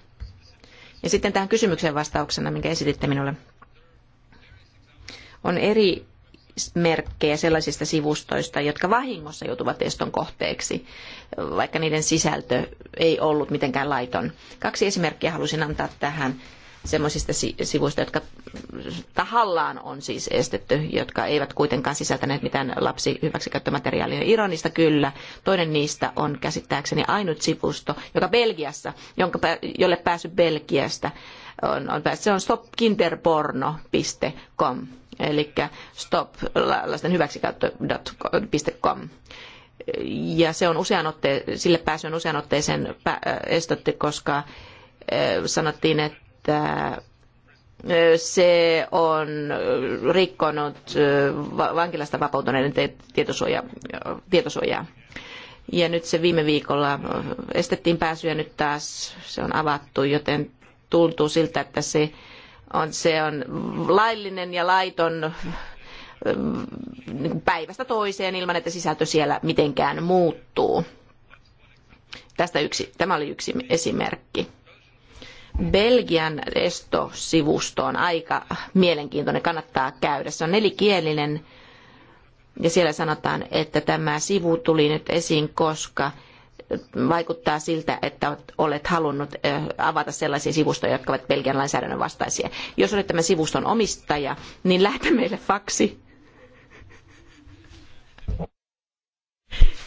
Ja sitten tähän kysymykseen vastauksena, minkä esititte minulle. On eri merkkejä sellaisista sivustoista, jotka vahingossa joutuvat eston kohteeksi, vaikka niiden sisältö ei ollut mitenkään laiton. Kaksi esimerkkiä halusin antaa tähän semmoisista sivuista, jotka tahallaan on siis estetty, jotka eivät kuitenkaan sisältäneet mitään lapsi hyväksikäyttömateriaalia. Ironista kyllä. Toinen niistä on käsittääkseni ainut sivusto, joka Belgiassa, jonka, jolle pääsy Belgiasta on, on Se on stopkinderporno.com eli stop hyväksikäyttö .com Ja se on usean otte, sille pääsy on usean otteeseen estetty, koska sanottiin, että se on rikkonut vankilasta vapautuneiden tietosuoja, tietosuojaa. Ja nyt se viime viikolla estettiin pääsy ja nyt taas se on avattu, joten tuntuu siltä, että se on, se on laillinen ja laiton päivästä toiseen ilman, että sisältö siellä mitenkään muuttuu. Tästä yksi, tämä oli yksi esimerkki. Belgian Esto-sivusto on aika mielenkiintoinen, kannattaa käydä. Se on nelikielinen ja siellä sanotaan, että tämä sivu tuli nyt esiin, koska vaikuttaa siltä, että olet halunnut avata sellaisia sivustoja, jotka ovat Belgian lainsäädännön vastaisia. Jos olet tämän sivuston omistaja, niin lähetä meille faksi.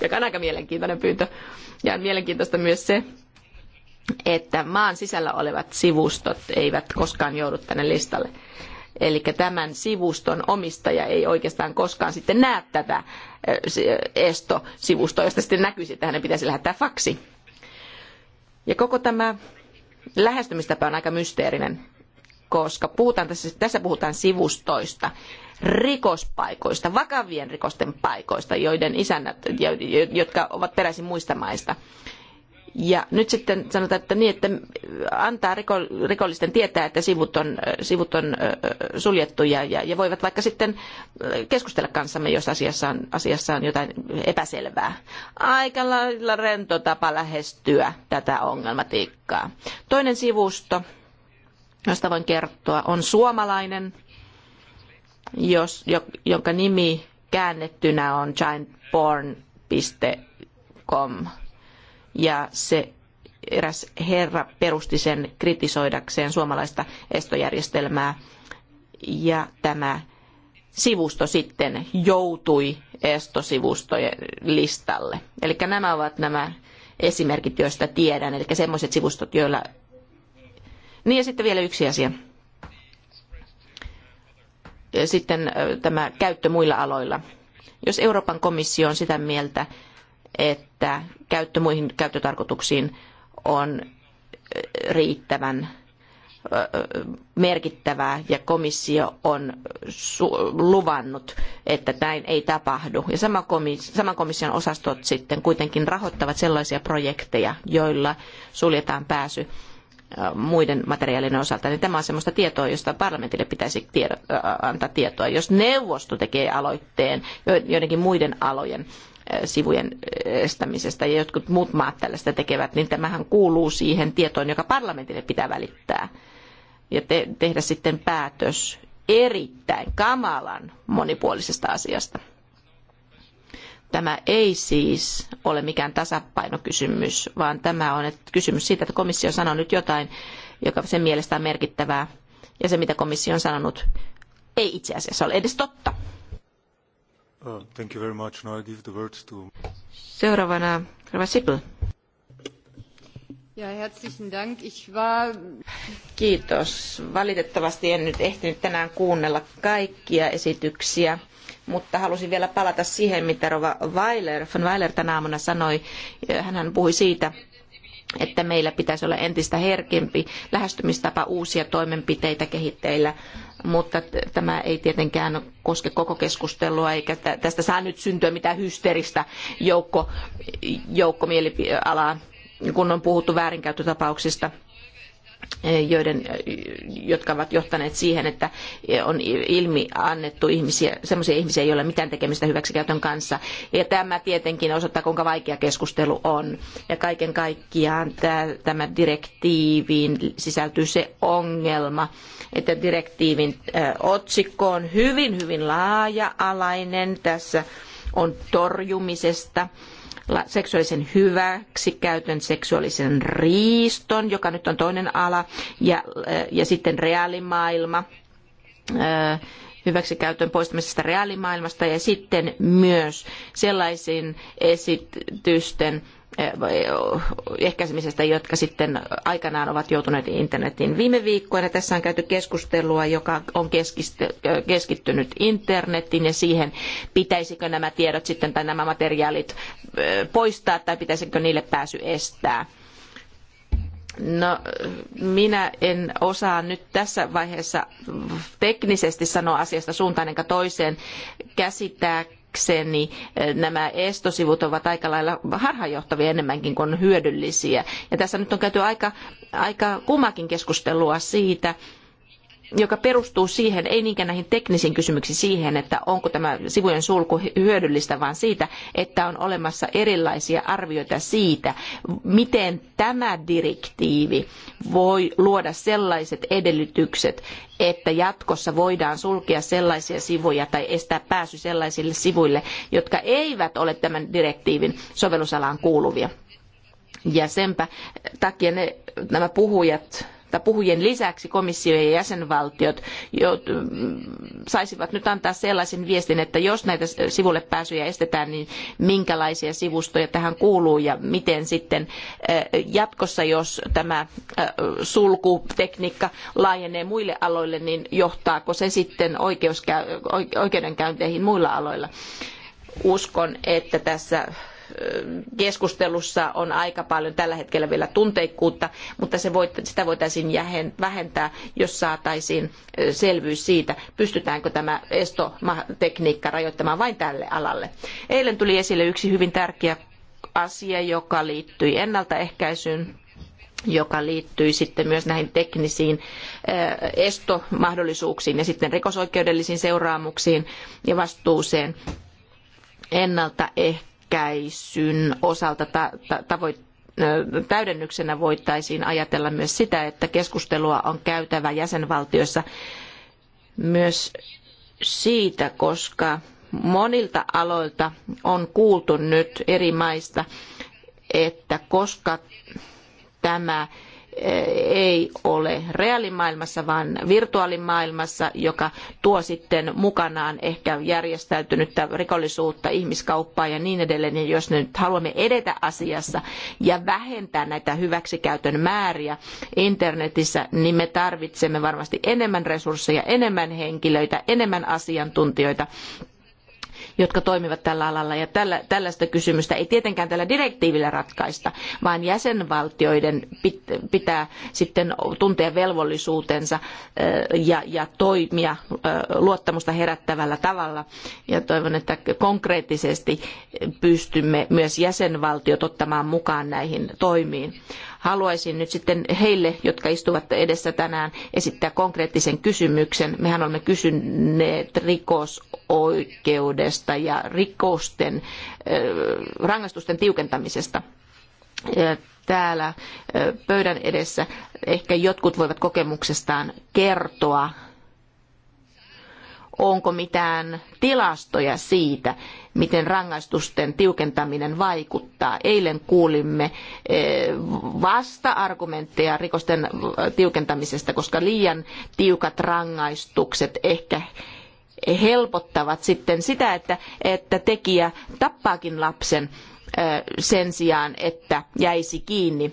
Joka on aika mielenkiintoinen pyyntö. Ja on mielenkiintoista myös se, että maan sisällä olevat sivustot eivät koskaan joudu tänne listalle. Eli tämän sivuston omistaja ei oikeastaan koskaan sitten näe tätä estosivustoa, josta sitten näkyisi, että hänen pitäisi lähettää faksi. Ja koko tämä lähestymistapa on aika mysteerinen, koska puhutaan tässä, tässä puhutaan sivustoista, rikospaikoista, vakavien rikosten paikoista, joiden isännät, jotka ovat peräisin muista maista. Ja nyt sitten sanotaan, että niin, että antaa rikollisten tietää, että sivut on, äh, sivut on äh, suljettu ja, ja, ja voivat vaikka sitten äh, keskustella kanssamme, jos asiassa on, asiassa on jotain epäselvää. Aika lailla rento tapa lähestyä tätä ongelmatiikkaa. Toinen sivusto, josta voin kertoa, on suomalainen, jos, jonka nimi käännettynä on giantporn.com ja se eräs herra perusti sen kritisoidakseen suomalaista estojärjestelmää ja tämä sivusto sitten joutui estosivustojen listalle. Eli nämä ovat nämä esimerkit, joista tiedän, eli semmoiset sivustot, joilla... Niin ja sitten vielä yksi asia. Sitten tämä käyttö muilla aloilla. Jos Euroopan komissio on sitä mieltä, että käyttö muihin käyttötarkoituksiin on riittävän merkittävää ja komissio on luvannut, että näin ei tapahdu. Ja sama saman komission osastot sitten kuitenkin rahoittavat sellaisia projekteja, joilla suljetaan pääsy muiden materiaalien osalta, niin tämä on sellaista tietoa, josta parlamentille pitäisi antaa tietoa. Jos neuvosto tekee aloitteen joidenkin muiden alojen sivujen estämisestä ja jotkut muut maat tällaista tekevät, niin tämähän kuuluu siihen tietoon, joka parlamentille pitää välittää ja te- tehdä sitten päätös erittäin kamalan monipuolisesta asiasta. Tämä ei siis ole mikään tasapainokysymys, vaan tämä on kysymys siitä, että komissio sanoo nyt jotain, joka sen mielestä on merkittävää, ja se, mitä komissio on sanonut, ei itse asiassa ole edes totta. Uh, thank you very much. Now I give the word to... Seuraavana Kiitos. Valitettavasti en nyt ehtinyt tänään kuunnella kaikkia esityksiä, mutta halusin vielä palata siihen, mitä Rova Weiler, von Weiler tänä aamuna sanoi. Hän puhui siitä, että meillä pitäisi olla entistä herkempi lähestymistapa uusia toimenpiteitä kehitteillä, mutta tämä ei tietenkään koske koko keskustelua, eikä tästä saa nyt syntyä mitään hysteeristä joukko, joukkomielialaa, kun on puhuttu väärinkäyttötapauksista joiden, jotka ovat johtaneet siihen, että on ilmi annettu ihmisiä, sellaisia ihmisiä, joilla ei ole mitään tekemistä hyväksikäytön kanssa. Ja tämä tietenkin osoittaa, kuinka vaikea keskustelu on. Ja kaiken kaikkiaan tämä direktiiviin sisältyy se ongelma, että direktiivin otsikko on hyvin, hyvin laaja-alainen. Tässä on torjumisesta seksuaalisen hyväksikäytön, seksuaalisen riiston, joka nyt on toinen ala, ja, äh, ja sitten reaalimaailma, äh, hyväksikäytön poistamisesta reaalimaailmasta ja sitten myös sellaisten esitysten Eh, eh, ehkäisemisestä, jotka sitten aikanaan ovat joutuneet internetiin. Viime viikkoina tässä on käyty keskustelua, joka on eh, keskittynyt internetiin ja siihen, pitäisikö nämä tiedot sitten tai nämä materiaalit poistaa tai pitäisikö niille pääsy estää. No, minä en osaa nyt tässä vaiheessa teknisesti sanoa asiasta suuntaan enkä toiseen. Käsittää nähdäkseni eh, nämä estosivut ovat aika lailla harhaanjohtavia enemmänkin kuin hyödyllisiä. Ja tässä nyt on käyty aika, aika kumakin keskustelua siitä, joka perustuu siihen, ei niinkään näihin teknisiin kysymyksiin siihen, että onko tämä sivujen sulku hyödyllistä, vaan siitä, että on olemassa erilaisia arvioita siitä, miten tämä direktiivi voi luoda sellaiset edellytykset, että jatkossa voidaan sulkea sellaisia sivuja tai estää pääsy sellaisille sivuille, jotka eivät ole tämän direktiivin sovellusalaan kuuluvia. Ja senpä takia ne, nämä puhujat tai puhujien lisäksi komissio ja jäsenvaltiot saisivat nyt antaa sellaisen viestin, että jos näitä sivulle pääsyjä estetään, niin minkälaisia sivustoja tähän kuuluu ja miten sitten jatkossa, jos tämä sulkutekniikka laajenee muille aloille, niin johtaako se sitten oikeudenkäynteihin muilla aloilla. Uskon, että tässä keskustelussa on aika paljon tällä hetkellä vielä tunteikkuutta, mutta se voit, sitä voitaisiin vähentää, jos saataisiin selvyys siitä, pystytäänkö tämä estotekniikka rajoittamaan vain tälle alalle. Eilen tuli esille yksi hyvin tärkeä asia, joka liittyi ennaltaehkäisyyn joka liittyy sitten myös näihin teknisiin estomahdollisuuksiin ja sitten rikosoikeudellisiin seuraamuksiin ja vastuuseen ennaltaehkäisyyn ehkäisyn osalta ta- tavoitteena täydennyksenä voitaisiin ajatella myös sitä, että keskustelua on käytävä jäsenvaltioissa myös siitä, koska monilta aloilta on kuultu nyt eri maista, että koska tämä ei ole reaalimaailmassa, vaan virtuaalimaailmassa, joka tuo sitten mukanaan ehkä järjestäytynyttä rikollisuutta, ihmiskauppaa ja niin edelleen. Ja jos nyt haluamme edetä asiassa ja vähentää näitä hyväksikäytön määriä internetissä, niin me tarvitsemme varmasti enemmän resursseja, enemmän henkilöitä, enemmän asiantuntijoita jotka toimivat tällä alalla. Ja tällä, tällaista kysymystä ei tietenkään tällä direktiivillä ratkaista, vaan jäsenvaltioiden pitää sitten tuntea velvollisuutensa ja, ja toimia luottamusta herättävällä tavalla. Ja toivon, että konkreettisesti pystymme myös jäsenvaltiot ottamaan mukaan näihin toimiin. Haluaisin nyt sitten heille, jotka istuvat edessä tänään, esittää konkreettisen kysymyksen. Mehän olemme kysyneet rikosoikeudesta ja rikosten, rangaistusten tiukentamisesta täällä pöydän edessä. Ehkä jotkut voivat kokemuksestaan kertoa onko mitään tilastoja siitä, miten rangaistusten tiukentaminen vaikuttaa. Eilen kuulimme eh, vasta-argumentteja rikosten tiukentamisesta, koska liian tiukat rangaistukset ehkä helpottavat sitten sitä, että, että tekijä tappaakin lapsen eh, sen sijaan, että jäisi kiinni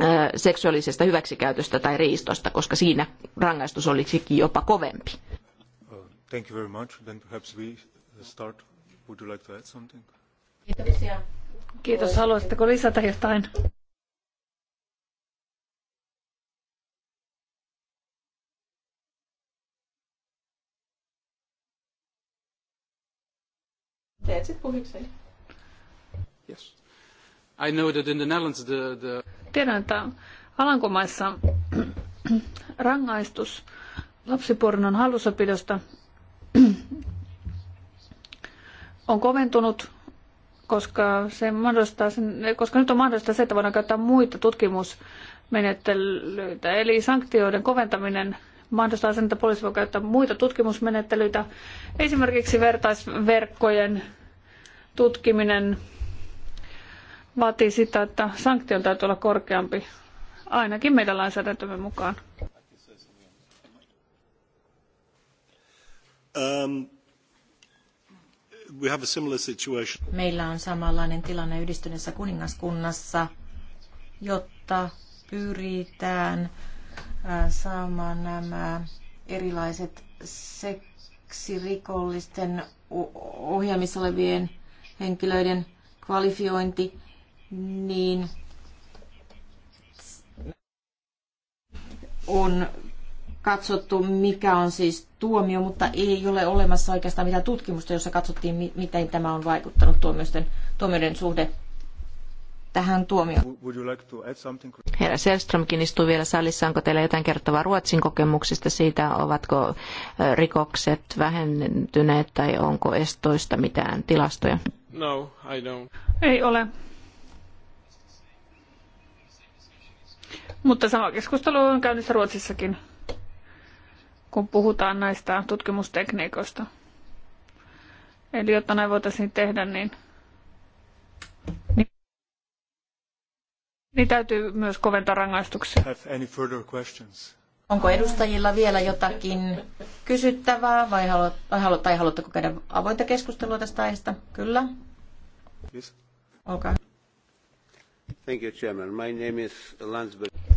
eh, seksuaalisesta hyväksikäytöstä tai riistosta, koska siinä rangaistus olisikin jopa kovempi. Thank you very much. Then perhaps we uh, start. Would you like to add something? Kiitoksia. Kiitos. Haluaisitteko lisätä jotain? Teet sit puhikseni. Yes. I know that in the Netherlands the, the... Tiedän, että Alankomaissa rangaistus lapsipornon hallussapidosta on koventunut, koska, se mahdollistaa sen, koska nyt on mahdollista se, että voidaan käyttää muita tutkimusmenettelyitä. Eli sanktioiden koventaminen mahdollistaa sen, että poliisi voi käyttää muita tutkimusmenettelyitä, esimerkiksi vertaisverkkojen tutkiminen vaatii sitä, että sanktion täytyy olla korkeampi, ainakin meidän lainsäädäntömme mukaan. Um, we have a similar situation. Meillä on samanlainen tilanne yhdistyneessä kuningaskunnassa, jotta pyritään saamaan nämä erilaiset seksirikollisten ohjelmissa olevien henkilöiden kvalifiointi, niin on katsottu, mikä on siis tuomio, mutta ei ole olemassa oikeastaan mitään tutkimusta, jossa katsottiin, miten tämä on vaikuttanut tuomioiden, tuomioiden suhde tähän tuomioon. Herra Selströmkin istuu vielä salissa. Onko teillä jotain kertovaa Ruotsin kokemuksista siitä, ovatko rikokset vähentyneet tai onko estoista mitään tilastoja? No, I don't. Ei ole. Mutta sama keskustelu on käynnissä Ruotsissakin kun puhutaan näistä tutkimustekniikoista. Eli jotta näin voitaisiin tehdä, niin, niin, niin täytyy myös koventaa rangaistuksia. Onko edustajilla vielä jotakin kysyttävää vai, halu, vai tai haluatteko käydä avointa keskustelua tästä aiheesta? Kyllä. Yes. Olkaa Thank you, My name is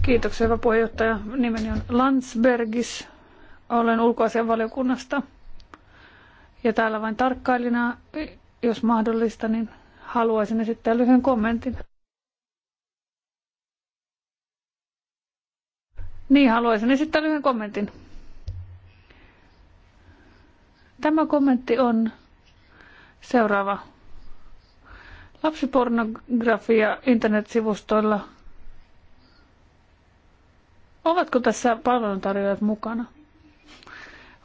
Kiitoksia, hyvä puheenjohtaja. Nimeni on Landsbergis olen ulkoasianvaliokunnasta ja täällä vain tarkkailijana, jos mahdollista, niin haluaisin esittää lyhyen kommentin. Niin, haluaisin esittää lyhyen kommentin. Tämä kommentti on seuraava. Lapsipornografia internetsivustoilla. Ovatko tässä palveluntarjoajat mukana?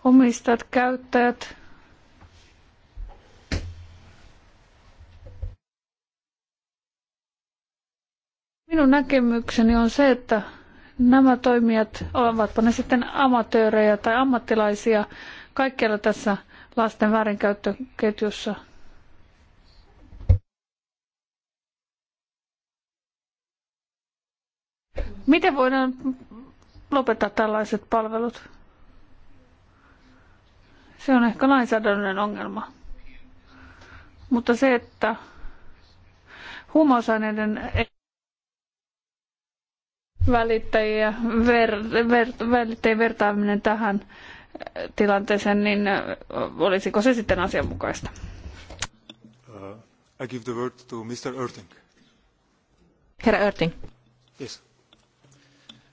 omistajat, käyttäjät. Minun näkemykseni on se, että nämä toimijat, ovatpa ne sitten amatöörejä tai ammattilaisia, kaikkialla tässä lasten väärinkäyttöketjussa Miten voidaan lopettaa tällaiset palvelut? Se on ehkä lainsäädännön ongelma. Mutta se, että huumausaineiden välittäjiä, ver, ver, välittäjien vertaaminen tähän tilanteeseen, niin olisiko se sitten asianmukaista? Uh, I give the word to Mr. Erting. Herra Erting. Yes.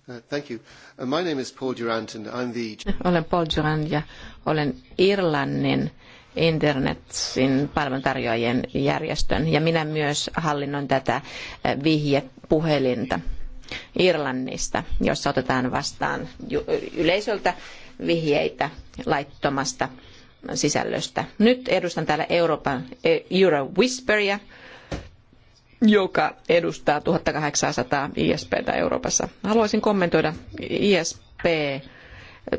Uh, uh, olen Paul Durand ja olen Irlannin internetin palveluntarjoajien järjestön ja minä myös hallinnon tätä uh, vihjepuhelinta Irlannista, jossa otetaan vastaan yleisöltä vihjeitä laittomasta sisällöstä. Nyt edustan täällä Euroopan eh, Euro Whisperia, joka edustaa 1800 ISPtä Euroopassa. Haluaisin kommentoida ISP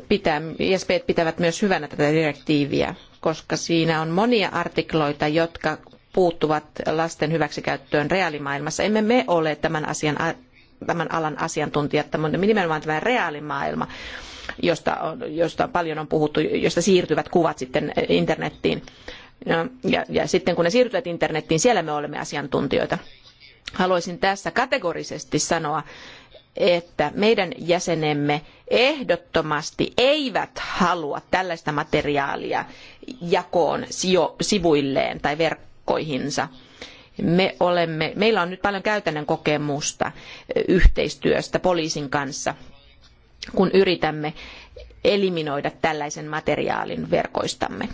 pitää, ISP pitävät myös hyvänä tätä direktiiviä, koska siinä on monia artikloita, jotka puuttuvat lasten hyväksikäyttöön reaalimaailmassa. Emme me ole tämän, asian, tämän alan asiantuntijat, mutta nimenomaan tämä reaalimaailma, josta, on, josta paljon on puhuttu, josta siirtyvät kuvat sitten internettiin. Ja, ja, ja sitten kun ne siirtyvät internettiin, siellä me olemme asiantuntijoita. Haluaisin tässä kategorisesti sanoa, että meidän jäsenemme ehdottomasti eivät halua tällaista materiaalia jakoon sivuilleen tai verkkoihinsa. Me olemme, meillä on nyt paljon käytännön kokemusta yhteistyöstä poliisin kanssa, kun yritämme eliminoida tällaisen materiaalin verkoistamme.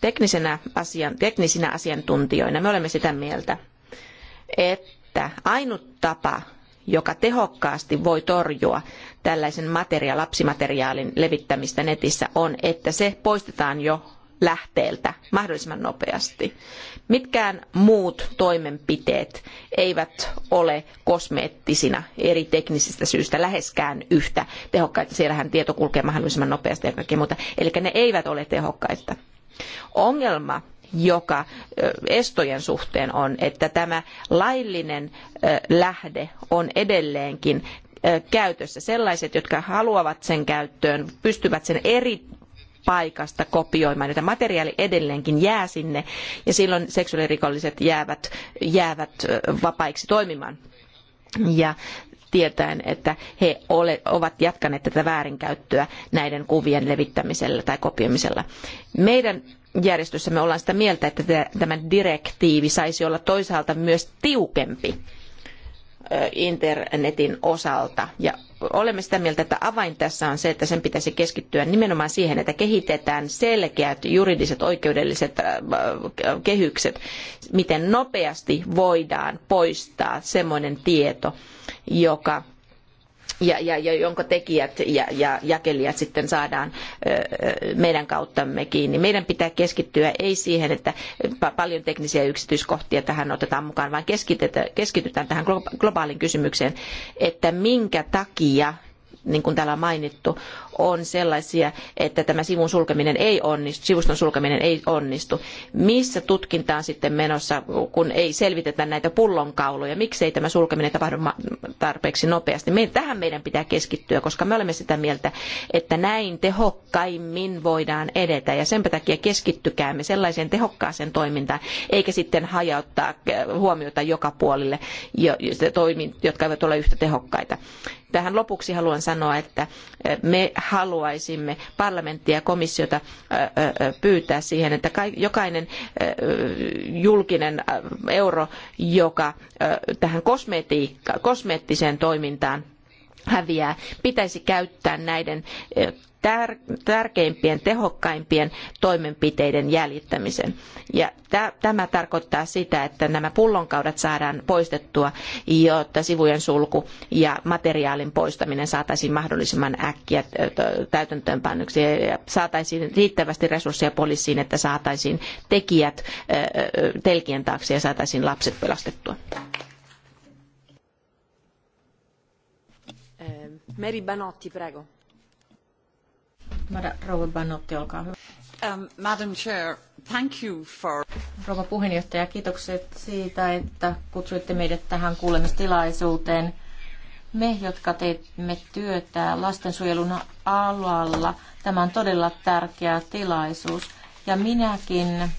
teknisenä asian, teknisinä asiantuntijoina me olemme sitä mieltä, että ainut tapa, joka tehokkaasti voi torjua tällaisen materia, lapsimateriaalin levittämistä netissä, on, että se poistetaan jo lähteeltä mahdollisimman nopeasti. Mitkään muut toimenpiteet eivät ole kosmeettisina eri teknisistä syistä läheskään yhtä tehokkaita. Siellähän tieto kulkee mahdollisimman nopeasti ja kaikkea muuta. Eli ne eivät ole tehokkaita. Ongelma joka estojen suhteen on, että tämä laillinen lähde on edelleenkin käytössä. Sellaiset, jotka haluavat sen käyttöön, pystyvät sen eri paikasta kopioimaan, joten materiaali edelleenkin jää sinne ja silloin seksuaalirikolliset jäävät, jäävät vapaiksi toimimaan. Ja tietäen, että he ole, ovat jatkaneet tätä väärinkäyttöä näiden kuvien levittämisellä tai kopioimisella. Meidän järjestössä me ollaan sitä mieltä, että tämä direktiivi saisi olla toisaalta myös tiukempi internetin osalta. Ja olemme sitä mieltä, että avain tässä on se, että sen pitäisi keskittyä nimenomaan siihen, että kehitetään selkeät juridiset oikeudelliset kehykset, miten nopeasti voidaan poistaa semmoinen tieto, joka ja, ja, ja jonka tekijät ja, ja jakelijat sitten saadaan meidän kauttamme kiinni. Meidän pitää keskittyä ei siihen, että paljon teknisiä yksityiskohtia tähän otetaan mukaan, vaan keskitytään tähän globaalin kysymykseen, että minkä takia niin kuin täällä on mainittu, on sellaisia, että tämä sivun sulkeminen ei onnistu, sivuston sulkeminen ei onnistu. Missä tutkinta on sitten menossa, kun ei selvitetä näitä pullonkauloja? Miksei tämä sulkeminen tapahdu tarpeeksi nopeasti? Me, tähän meidän pitää keskittyä, koska me olemme sitä mieltä, että näin tehokkaimmin voidaan edetä. Ja sen takia keskittykäämme sellaiseen tehokkaaseen toimintaan, eikä sitten hajauttaa äh, huomiota joka puolille, jotka eivät ole yhtä tehokkaita. Tähän lopuksi haluan sanoa, että äh, me haluaisimme parlamenttia ja komissiota pyytää siihen, että jokainen julkinen euro, joka tähän kosmeettiseen toimintaan häviää, pitäisi käyttää näiden tärkeimpien, tehokkaimpien toimenpiteiden jäljittämisen. Ja tämä tarkoittaa sitä, että nämä pullonkaudat saadaan poistettua, jotta sivujen sulku ja materiaalin poistaminen saataisiin mahdollisimman äkkiä täytäntöönpannuksi ja saataisiin riittävästi resursseja poliisiin, että saataisiin tekijät telkien taakse ja saataisiin lapset pelastettua. Mary Banotti, prego. Rouva Banotti, olkaa hyvä. Um, Madam Chair, thank you for... Rouva puheenjohtaja, kiitokset siitä, että kutsuitte meidät tähän kuulemistilaisuuteen. Me, jotka teemme työtä lastensuojelun alalla, tämä on todella tärkeä tilaisuus. Ja minäkin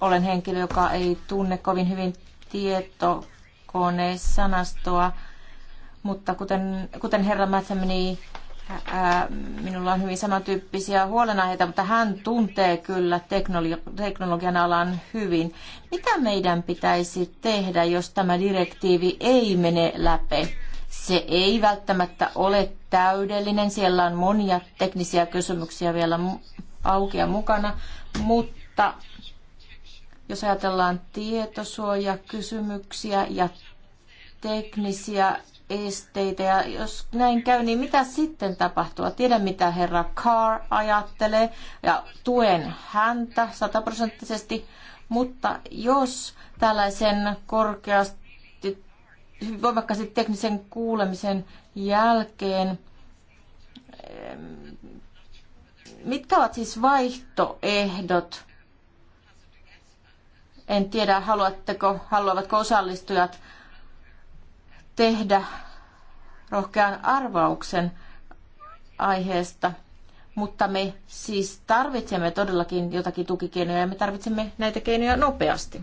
olen henkilö, joka ei tunne kovin hyvin tietokoneen sanastoa mutta kuten, kuten herra ää, minulla on hyvin samantyyppisiä huolenaiheita, mutta hän tuntee kyllä teknologian alan hyvin. Mitä meidän pitäisi tehdä, jos tämä direktiivi ei mene läpi? Se ei välttämättä ole täydellinen, siellä on monia teknisiä kysymyksiä vielä auki ja mukana, mutta jos ajatellaan tietosuojakysymyksiä ja teknisiä esteitä. Ja jos näin käy, niin mitä sitten tapahtuu? Tiedän, mitä herra Carr ajattelee ja tuen häntä sataprosenttisesti. Mutta jos tällaisen korkeasti, hyvin voimakkaasti teknisen kuulemisen jälkeen, mitkä ovat siis vaihtoehdot? En tiedä, haluatteko, haluavatko osallistujat tehdä rohkean arvauksen aiheesta, mutta me siis tarvitsemme todellakin jotakin tukikeinoja ja me tarvitsemme näitä keinoja nopeasti.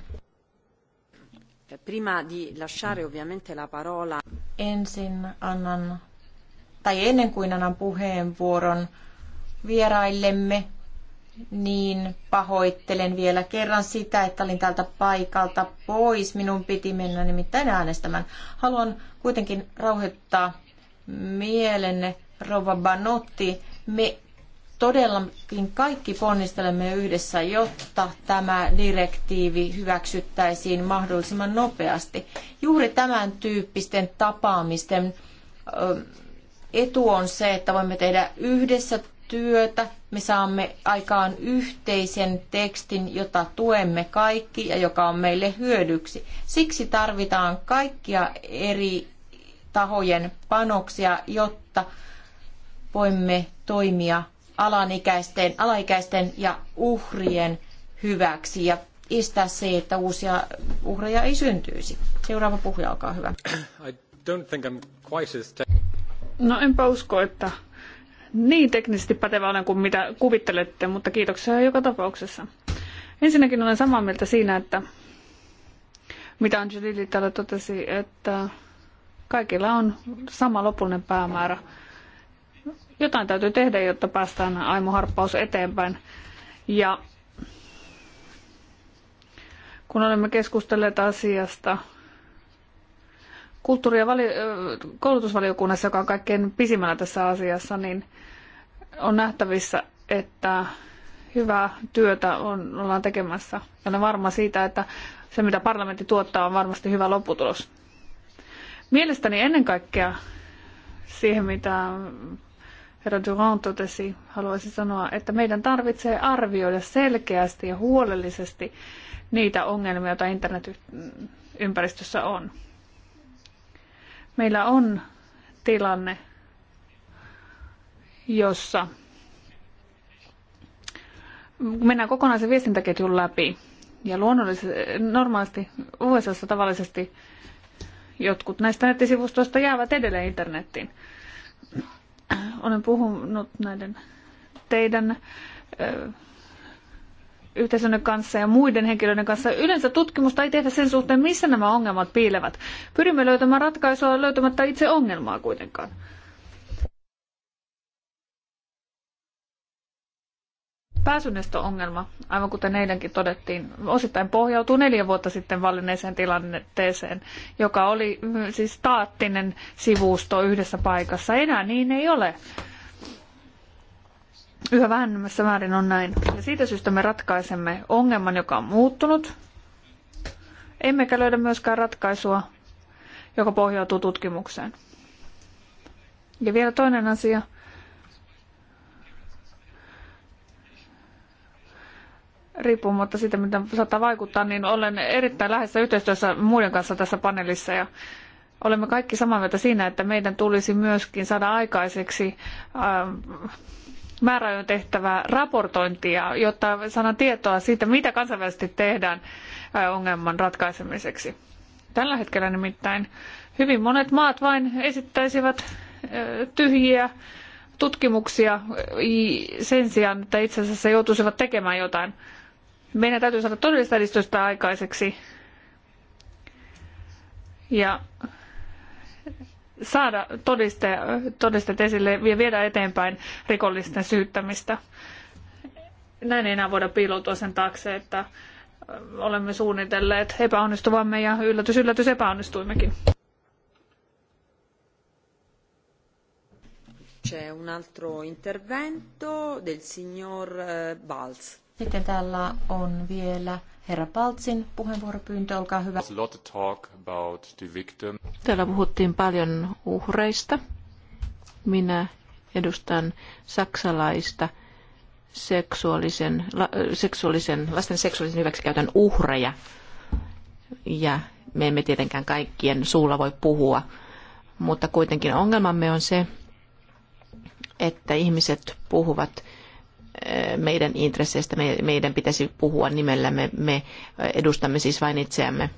Eh, prima di lasciare ovviamente la parola. Ensin annan, tai ennen kuin annan puheenvuoron vieraillemme, niin pahoittelen vielä kerran sitä, että olin tältä paikalta pois. Minun piti mennä nimittäin äänestämään. Haluan kuitenkin rauhoittaa mielenne, Rova Banotti. Me todellakin kaikki ponnistelemme yhdessä, jotta tämä direktiivi hyväksyttäisiin mahdollisimman nopeasti. Juuri tämän tyyppisten tapaamisten etu on se, että voimme tehdä yhdessä työtä. Me saamme aikaan yhteisen tekstin, jota tuemme kaikki ja joka on meille hyödyksi. Siksi tarvitaan kaikkia eri tahojen panoksia, jotta voimme toimia alanikäisten, alaikäisten ja uhrien hyväksi ja estää se, että uusia uhreja ei syntyisi. Seuraava puhuja, olkaa hyvä. No enpä usko, että niin teknisesti pätevä olen kuin mitä kuvittelette, mutta kiitoksia joka tapauksessa. Ensinnäkin olen samaa mieltä siinä, että mitä Angelili täällä totesi, että kaikilla on sama lopullinen päämäärä. Jotain täytyy tehdä, jotta päästään aimoharppaus eteenpäin. Ja kun olemme keskustelleet asiasta kulttuuri- ja vali- koulutusvaliokunnassa, joka on kaikkein pisimmällä tässä asiassa, niin on nähtävissä, että hyvää työtä on, ollaan tekemässä. Ja olen varma siitä, että se mitä parlamentti tuottaa on varmasti hyvä lopputulos. Mielestäni ennen kaikkea siihen, mitä herra Durand totesi, haluaisin sanoa, että meidän tarvitsee arvioida selkeästi ja huolellisesti niitä ongelmia, joita internetympäristössä on meillä on tilanne, jossa mennään kokonaisen viestintäketjun läpi. Ja luonnollisesti, normaalisti USAssa tavallisesti jotkut näistä nettisivustoista jäävät edelleen internettiin. Olen puhunut näiden teidän Yhteisön kanssa ja muiden henkilöiden kanssa. Yleensä tutkimusta ei tehdä sen suhteen, missä nämä ongelmat piilevät. Pyrimme löytämään ratkaisua löytämättä itse ongelmaa kuitenkaan. Pääsynesto-ongelma, aivan kuten eilenkin todettiin, osittain pohjautuu neljä vuotta sitten vallinneeseen tilanteeseen, joka oli mm, siis staattinen sivusto yhdessä paikassa. Enää niin ei ole. Yhä vähemmässä määrin on näin. Ja siitä syystä me ratkaisemme ongelman, joka on muuttunut. Emmekä löydä myöskään ratkaisua, joka pohjautuu tutkimukseen. Ja vielä toinen asia. Riippumatta siitä, mitä saattaa vaikuttaa, niin olen erittäin läheisessä yhteistyössä muiden kanssa tässä paneelissa ja olemme kaikki samaa mieltä siinä, että meidän tulisi myöskin saada aikaiseksi ää, ähm, määräajoin tehtävää raportointia, jotta saadaan tietoa siitä, mitä kansainvälisesti tehdään ongelman ratkaisemiseksi. Tällä hetkellä nimittäin hyvin monet maat vain esittäisivät tyhjiä tutkimuksia sen sijaan, että itse asiassa joutuisivat tekemään jotain. Meidän täytyy saada todellista edistystä aikaiseksi. Ja saada todiste, todisteet esille ja viedä eteenpäin rikollisten syyttämistä. Näin ei enää voida piiloutua sen taakse, että olemme suunnitelleet epäonnistuvamme ja yllätys yllätys epäonnistuimmekin. C'è un altro intervento del signor eh, Balz. Sitten täällä on vielä Herra Paltsin puheenvuoropyyntö, olkaa hyvä. Täällä puhuttiin paljon uhreista. Minä edustan saksalaista seksuaalisen, la, seksuaalisen, lasten seksuaalisen hyväksikäytön uhreja. Ja me emme tietenkään kaikkien suulla voi puhua, mutta kuitenkin ongelmamme on se, että ihmiset puhuvat Eh, meidän intresseistä. Meidän pitäisi puhua nimellämme. Me eh, edustamme siis vain itseämme.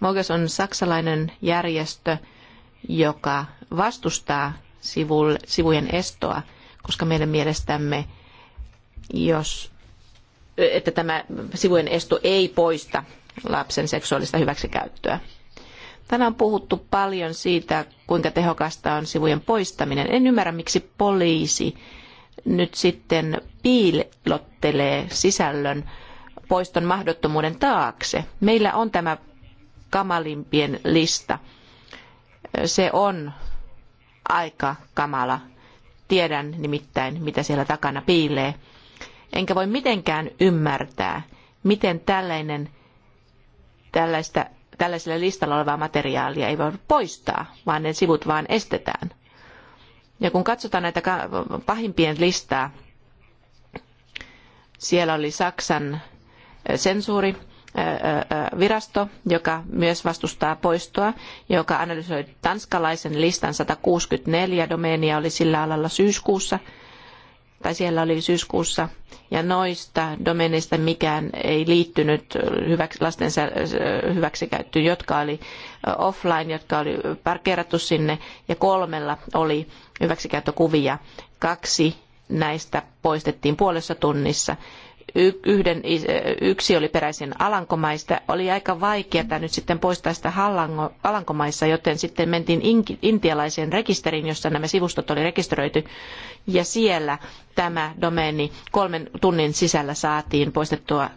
Moges on saksalainen järjestö, joka vastustaa sivujen estoa, koska meidän mielestämme, jos, eh, että tämä sivujen esto ei poista lapsen seksuaalista hyväksikäyttöä. Tänään on puhuttu paljon siitä, kuinka tehokasta on sivujen poistaminen. En ymmärrä, miksi poliisi nyt sitten piilottelee sisällön poiston mahdottomuuden taakse. Meillä on tämä kamalimpien lista. Se on aika kamala. Tiedän nimittäin, mitä siellä takana piilee. Enkä voi mitenkään ymmärtää, miten tällainen, tällaista, tällaisella listalla olevaa materiaalia ei voi poistaa, vaan ne sivut vaan estetään – ja kun katsotaan näitä pahimpien listaa, siellä oli Saksan sensuuri, virasto, joka myös vastustaa poistoa, joka analysoi tanskalaisen listan 164 domeenia oli sillä alalla syyskuussa – tai siellä oli syyskuussa, ja noista domeneista mikään ei liittynyt lasten hyväksikäyttöön, jotka oli offline, jotka oli parkerattu sinne, ja kolmella oli hyväksikäyttökuvia. Kaksi näistä poistettiin puolessa tunnissa yhden, yksi oli peräisin Alankomaista. Oli aika vaikeaa nyt sitten poistaa sitä Hallango, Alankomaissa, joten sitten mentiin intialaiseen rekisteriin, jossa nämä sivustot oli rekisteröity. Ja siellä tämä domeeni kolmen tunnin sisällä saatiin poistettua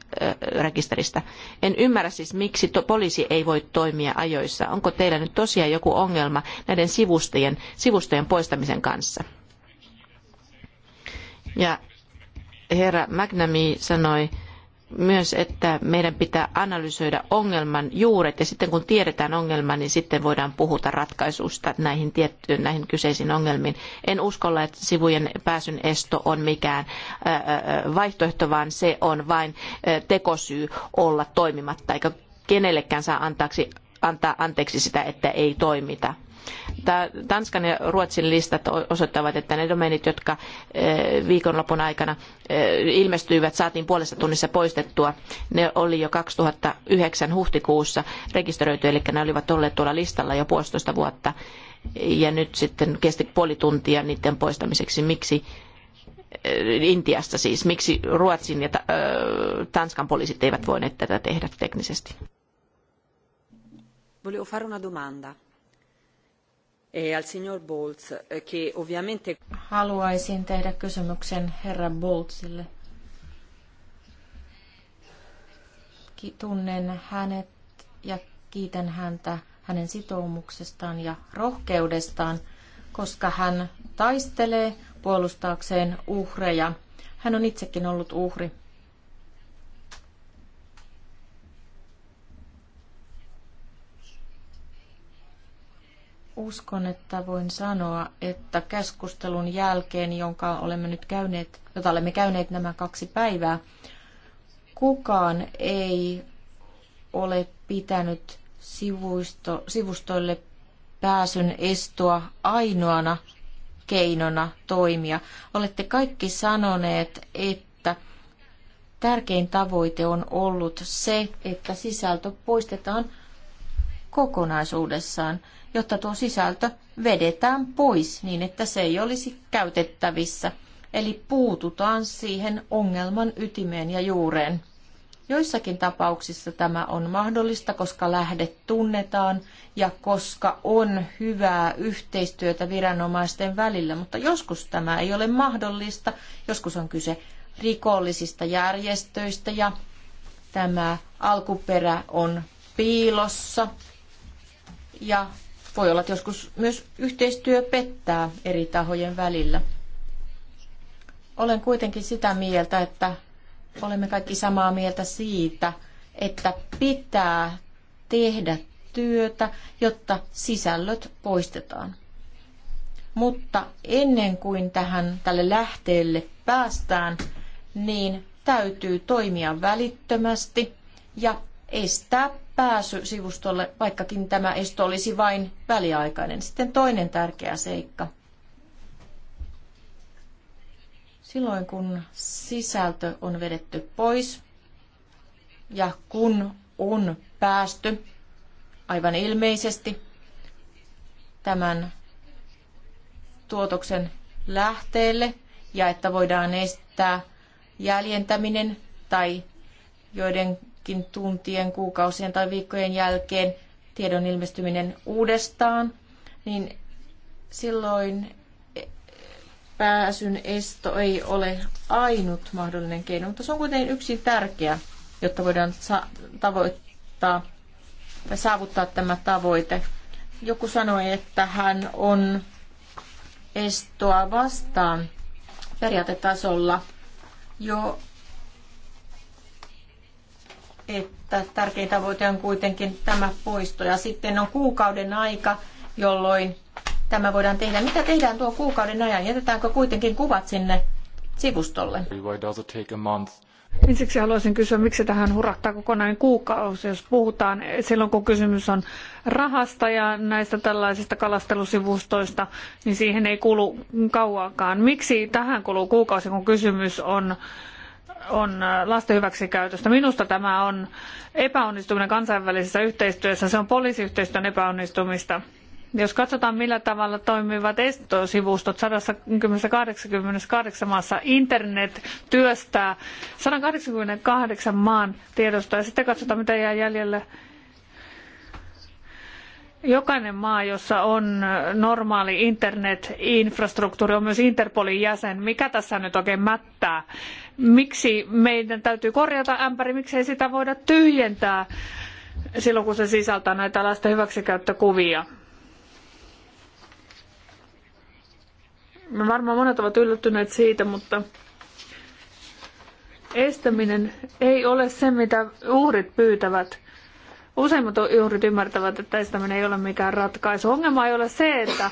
rekisteristä. En ymmärrä siis, miksi poliisi ei voi toimia ajoissa. Onko teillä nyt tosiaan joku ongelma näiden sivustojen, sivustojen poistamisen kanssa? Ja herra McNamee sanoi myös, että meidän pitää analysoida ongelman juuret ja sitten kun tiedetään ongelma, niin sitten voidaan puhuta ratkaisusta näihin, tiettyyn, näihin kyseisiin ongelmiin. En uskolla, että sivujen pääsyn esto on mikään äh, äh, vaihtoehto, vaan se on vain äh, tekosyy olla toimimatta, eikä kenellekään saa antaa anteeksi sitä, että ei toimita mutta Tanskan ja Ruotsin listat osoittavat, että ne domeenit, jotka eh, viikonlopun aikana eh, ilmestyivät, saatiin puolessa tunnissa poistettua. Ne oli jo 2009 huhtikuussa rekisteröity, eli ne olivat olleet tuolla listalla jo puolitoista vuotta. Ja nyt sitten kesti puoli tuntia niiden poistamiseksi. Miksi eh, Intiasta siis, miksi Ruotsin ja Tanskan poliisit eivät voineet tätä tehdä teknisesti? Volevo fare una domanda. E eh, Haluaisin tehdä kysymyksen herra Boltzille. Tunnen hänet ja kiitän häntä hänen sitoumuksestaan ja rohkeudestaan, koska hän taistelee puolustaakseen uhreja. Hän on itsekin ollut uhri. uskon, että voin sanoa, että keskustelun jälkeen, jonka olemme nyt käyneet, jota olemme käyneet nämä kaksi päivää, kukaan ei ole pitänyt sivusto, sivustoille pääsyn estoa ainoana keinona toimia. Olette kaikki sanoneet, että tärkein tavoite on ollut se, että sisältö poistetaan kokonaisuudessaan jotta tuo sisältö vedetään pois niin, että se ei olisi käytettävissä. Eli puututaan siihen ongelman ytimeen ja juureen. Joissakin tapauksissa tämä on mahdollista, koska lähde tunnetaan ja koska on hyvää yhteistyötä viranomaisten välillä, mutta joskus tämä ei ole mahdollista. Joskus on kyse rikollisista järjestöistä ja tämä alkuperä on piilossa ja voi olla, että joskus myös yhteistyö pettää eri tahojen välillä. Olen kuitenkin sitä mieltä, että olemme kaikki samaa mieltä siitä, että pitää tehdä työtä, jotta sisällöt poistetaan. Mutta ennen kuin tähän tälle lähteelle päästään, niin täytyy toimia välittömästi ja estää pääsy sivustolle, vaikkakin tämä esto olisi vain väliaikainen. Sitten toinen tärkeä seikka. Silloin kun sisältö on vedetty pois ja kun on päästy aivan ilmeisesti tämän tuotoksen lähteelle ja että voidaan estää jäljentäminen tai joiden joidenkin tuntien, kuukausien tai viikkojen jälkeen tiedon ilmestyminen uudestaan, niin silloin pääsyn esto ei ole ainut mahdollinen keino, mutta se on kuitenkin yksi tärkeä, jotta voidaan tavoittaa tai saavuttaa tämä tavoite. Joku sanoi, että hän on estoa vastaan periaatetasolla jo että tärkein tavoite on kuitenkin tämä poisto. Ja sitten on kuukauden aika, jolloin tämä voidaan tehdä. Mitä tehdään tuo kuukauden ajan? Jätetäänkö kuitenkin kuvat sinne sivustolle? Ensiksi haluaisin kysyä, miksi tähän hurahtaa kokonainen kuukausi, jos puhutaan silloin, kun kysymys on rahasta ja näistä tällaisista kalastelusivustoista, niin siihen ei kulu kauankaan. Miksi tähän kuluu kuukausi, kun kysymys on on äh, lasten hyväksikäytöstä. Minusta tämä on epäonnistuminen kansainvälisessä yhteistyössä. Se on poliisiyhteistyön epäonnistumista. Jos katsotaan, millä tavalla toimivat estosivustot 188 maassa, internet työstää 188 maan tiedostoa ja sitten katsotaan, mitä jää jäljelle jokainen maa, jossa on normaali internet-infrastruktuuri, on myös Interpolin jäsen. Mikä tässä nyt oikein mättää? miksi meidän täytyy korjata ämpäri, miksei sitä voida tyhjentää silloin, kun se sisältää näitä lasten hyväksikäyttökuvia. Varmaan monet ovat yllättyneet siitä, mutta estäminen ei ole se, mitä uhrit pyytävät. Useimmat uhrit ymmärtävät, että estäminen ei ole mikään ratkaisu. Ongelma ei ole se, että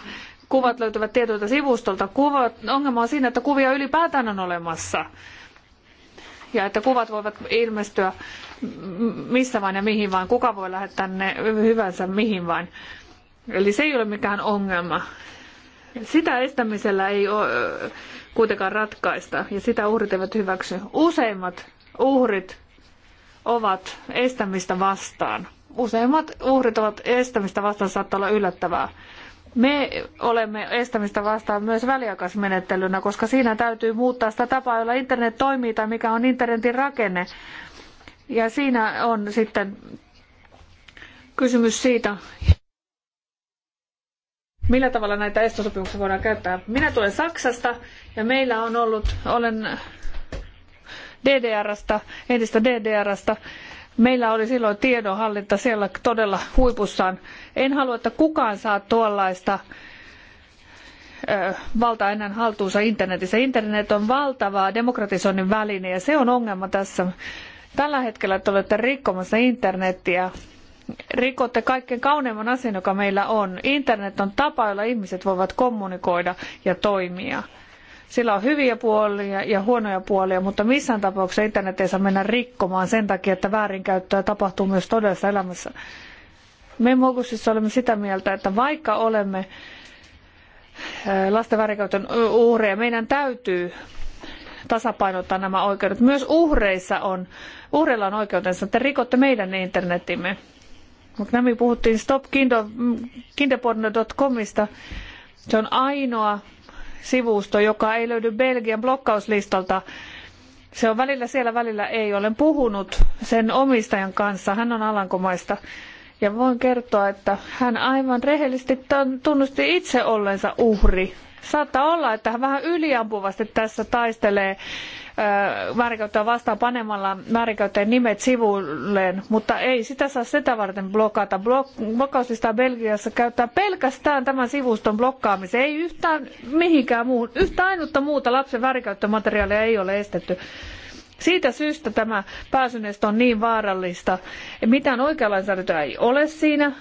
kuvat löytyvät tietyiltä sivustolta. Kuvat, ongelma on siinä, että kuvia ylipäätään on olemassa ja että kuvat voivat ilmestyä missä vain ja mihin vain. Kuka voi lähettää ne hyvänsä mihin vain. Eli se ei ole mikään ongelma. Sitä estämisellä ei ole kuitenkaan ratkaista ja sitä uhrit eivät hyväksy. Useimmat uhrit ovat estämistä vastaan. Useimmat uhrit ovat estämistä vastaan, saattaa olla yllättävää. Me olemme estämistä vastaan myös väliaikaismenettelynä, koska siinä täytyy muuttaa sitä tapaa, jolla internet toimii tai mikä on internetin rakenne. Ja siinä on sitten kysymys siitä, millä tavalla näitä estosopimuksia voidaan käyttää. Minä tulen Saksasta ja meillä on ollut, olen DDRstä, entistä DDRstä, Meillä oli silloin tiedonhallinta siellä todella huipussaan. En halua, että kukaan saa tuollaista valtaa enää haltuunsa internetissä. Internet on valtava demokratisoinnin väline ja se on ongelma tässä. Tällä hetkellä te olette rikkomassa internetiä. Rikotte kaikkein kauneimman asian, joka meillä on. Internet on tapa, jolla ihmiset voivat kommunikoida ja toimia. Sillä on hyviä puolia ja huonoja puolia, mutta missään tapauksessa internet ei saa mennä rikkomaan sen takia, että väärinkäyttöä tapahtuu myös todellisessa elämässä. Me Mokusissa olemme sitä mieltä, että vaikka olemme eh, lasten väärinkäytön uhreja, meidän täytyy tasapainottaa nämä oikeudet. Myös uhreissa on, uhreilla on oikeutensa, että rikotte meidän internetimme. Mutta nämä puhuttiin stopkinderporno.comista. Se on ainoa sivusto, joka ei löydy Belgian blokkauslistalta. Se on välillä siellä, välillä ei. Olen puhunut sen omistajan kanssa. Hän on Alankomaista. Ja voin kertoa, että hän aivan rehellisesti tunnusti itse olleensa uhri Saattaa olla, että hän vähän yliampuvasti tässä taistelee väärinkäyttöä vastaan panemalla väärinkäyttäjän nimet sivulleen, mutta ei sitä saa sitä varten blokata. Blok- blokkauslistaa Belgiassa käyttää pelkästään tämän sivuston blokkaamiseen, ei yhtään mihinkään muuhun. Yhtä ainutta muuta lapsen väärinkäyttömateriaalia ei ole estetty. Siitä syystä tämä pääsyneisto on niin vaarallista. Mitään oikea lainsäädäntöä ei ole siinä.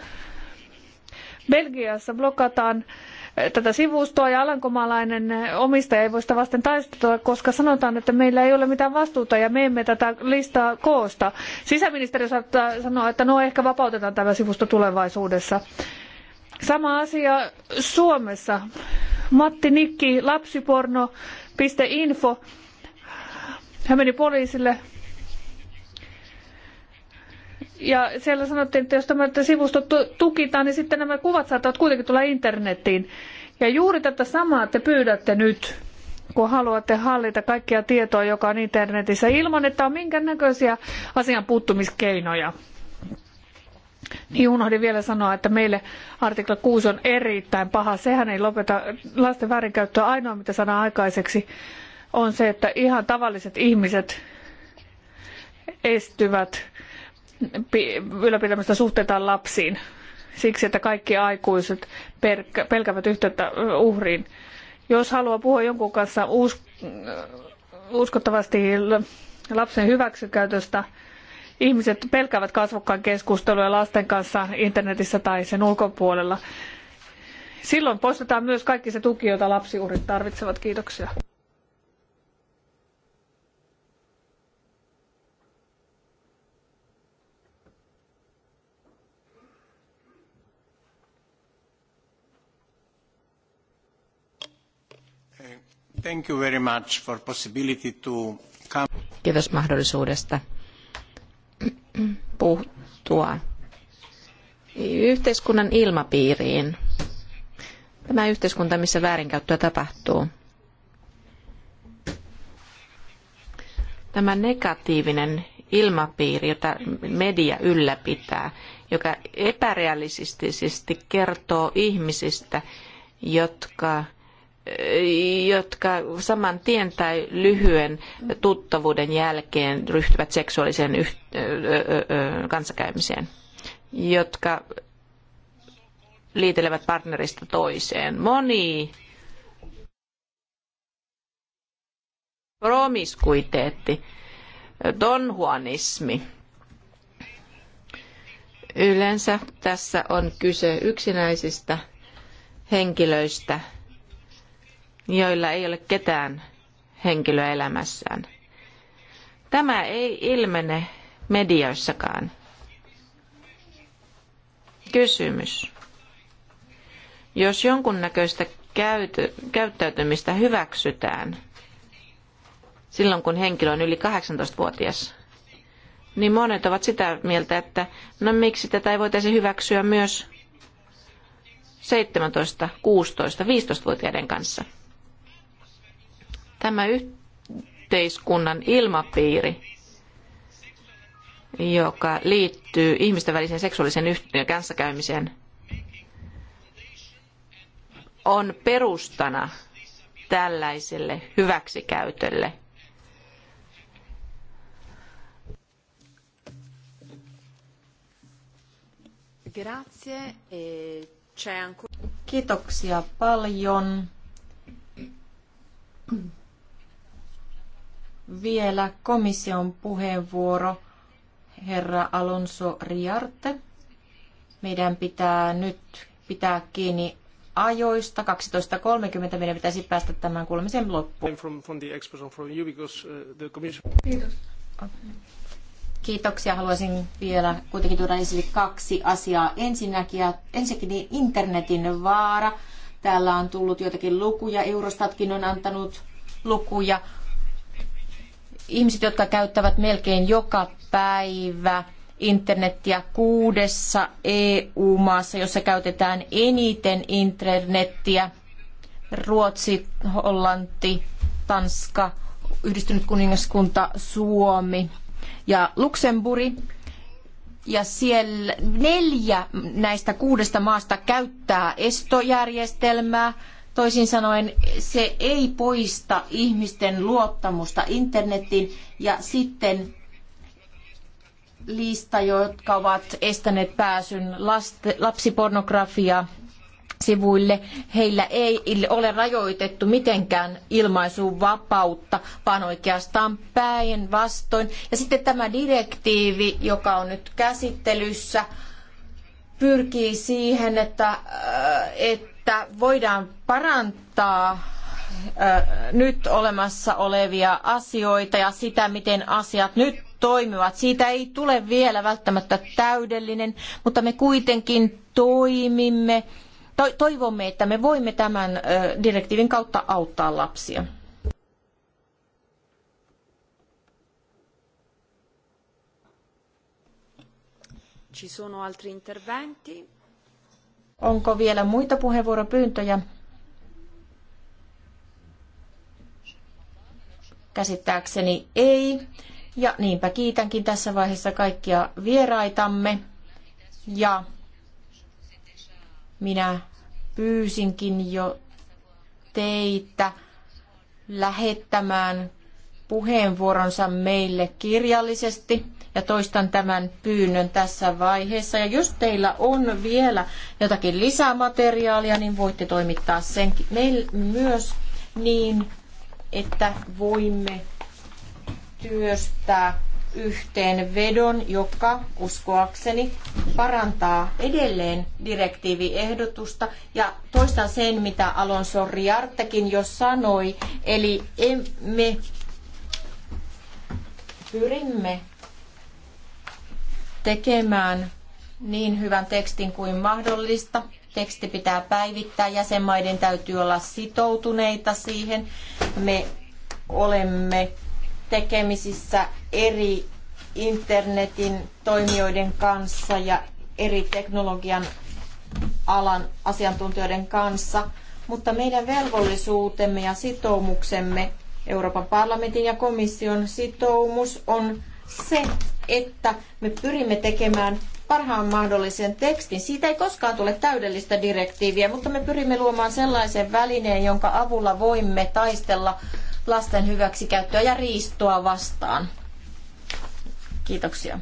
Belgiassa blokataan tätä sivustoa ja alankomaalainen omistaja ei voi sitä vasten taistella, koska sanotaan, että meillä ei ole mitään vastuuta ja me emme tätä listaa koosta. Sisäministeri saattaa sanoa, että no ehkä vapautetaan tämä sivusto tulevaisuudessa. Sama asia Suomessa. Matti Nikki, lapsiporno.info. Hän meni poliisille ja siellä sanottiin, että jos tämä sivusto tukitaan, niin sitten nämä kuvat saattavat kuitenkin tulla internettiin. Ja juuri tätä samaa te pyydätte nyt, kun haluatte hallita kaikkia tietoa, joka on internetissä, ilman että on minkäännäköisiä asian puuttumiskeinoja. Niin unohdin vielä sanoa, että meille artikla 6 on erittäin paha. Sehän ei lopeta lasten väärinkäyttöä. Ainoa, mitä saadaan aikaiseksi, on se, että ihan tavalliset ihmiset estyvät ylläpitämästä suhteitaan lapsiin siksi, että kaikki aikuiset pelkävät yhteyttä uhriin. Jos haluaa puhua jonkun kanssa uskottavasti lapsen hyväksikäytöstä, ihmiset pelkäävät kasvokkain keskustelua lasten kanssa internetissä tai sen ulkopuolella. Silloin poistetaan myös kaikki se tuki, jota lapsiuhrit tarvitsevat. Kiitoksia. Kiitos mahdollisuudesta puuttua yhteiskunnan ilmapiiriin. Tämä yhteiskunta, missä väärinkäyttöä tapahtuu. Tämä negatiivinen ilmapiiri, jota media ylläpitää, joka epärealistisesti kertoo ihmisistä, jotka jotka saman tien tai lyhyen tuttavuuden jälkeen ryhtyvät seksuaaliseen yh- kanssakäymiseen, jotka liitelevät partnerista toiseen. Moni promiskuiteetti, Juanismi. Yleensä tässä on kyse yksinäisistä henkilöistä – joilla ei ole ketään henkilöä elämässään. Tämä ei ilmene medioissakaan. Kysymys. Jos jonkunnäköistä käyty, käyttäytymistä hyväksytään silloin, kun henkilö on yli 18-vuotias, niin monet ovat sitä mieltä, että no miksi tätä ei voitaisi hyväksyä myös 17, 16, 15-vuotiaiden kanssa – Tämä yhteiskunnan ilmapiiri, joka liittyy ihmisten väliseen seksuaaliseen kanssakäymiseen, on perustana tällaiselle hyväksikäytölle. E Kiitoksia paljon vielä komission puheenvuoro, herra Alonso Riarte. Meidän pitää nyt pitää kiinni ajoista. 12.30 meidän pitäisi päästä tämän kuulemisen loppuun. Uh, Kiitos. Kiitoksia. Haluaisin vielä kuitenkin tuoda esille kaksi asiaa. Ensinnäkin, ensinnäkin niin internetin vaara. Täällä on tullut joitakin lukuja. Eurostatkin on antanut lukuja ihmiset, jotka käyttävät melkein joka päivä internettiä kuudessa EU-maassa, jossa käytetään eniten internettiä. Ruotsi, Hollanti, Tanska, Yhdistynyt kuningaskunta, Suomi ja Luxemburgi. Ja siellä neljä näistä kuudesta maasta käyttää estojärjestelmää Toisin sanoen se ei poista ihmisten luottamusta internettiin ja sitten lista, jotka ovat estäneet pääsyn laste, lapsipornografia sivuille. Heillä ei ole rajoitettu mitenkään ilmaisun vapautta, vaan oikeastaan päinvastoin. Ja sitten tämä direktiivi, joka on nyt käsittelyssä, pyrkii siihen, että, äh, että että voidaan parantaa nyt olemassa olevia asioita ja sitä, miten asiat nyt toimivat. Siitä ei tule vielä välttämättä täydellinen, mutta me kuitenkin toimimme, toivomme, että me voimme tämän direktiivin kautta auttaa lapsia. Ci sono altri interventi? Onko vielä muita puheenvuoropyyntöjä? Käsittääkseni ei. Ja niinpä kiitänkin tässä vaiheessa kaikkia vieraitamme. Ja minä pyysinkin jo teitä lähettämään puheenvuoronsa meille kirjallisesti ja toistan tämän pyynnön tässä vaiheessa. Ja jos teillä on vielä jotakin lisämateriaalia, niin voitte toimittaa sen myös niin, että voimme työstää yhteenvedon, joka uskoakseni parantaa edelleen direktiiviehdotusta. Ja toistan sen, mitä Alonso Riartekin jo sanoi, eli me pyrimme tekemään niin hyvän tekstin kuin mahdollista. Teksti pitää päivittää, jäsenmaiden täytyy olla sitoutuneita siihen. Me olemme tekemisissä eri internetin toimijoiden kanssa ja eri teknologian alan asiantuntijoiden kanssa, mutta meidän velvollisuutemme ja sitoumuksemme, Euroopan parlamentin ja komission sitoumus on se, että me pyrimme tekemään parhaan mahdollisen tekstin. Siitä ei koskaan tule täydellistä direktiiviä, mutta me pyrimme luomaan sellaisen välineen, jonka avulla voimme taistella lasten hyväksikäyttöä ja riistoa vastaan. Kiitoksia.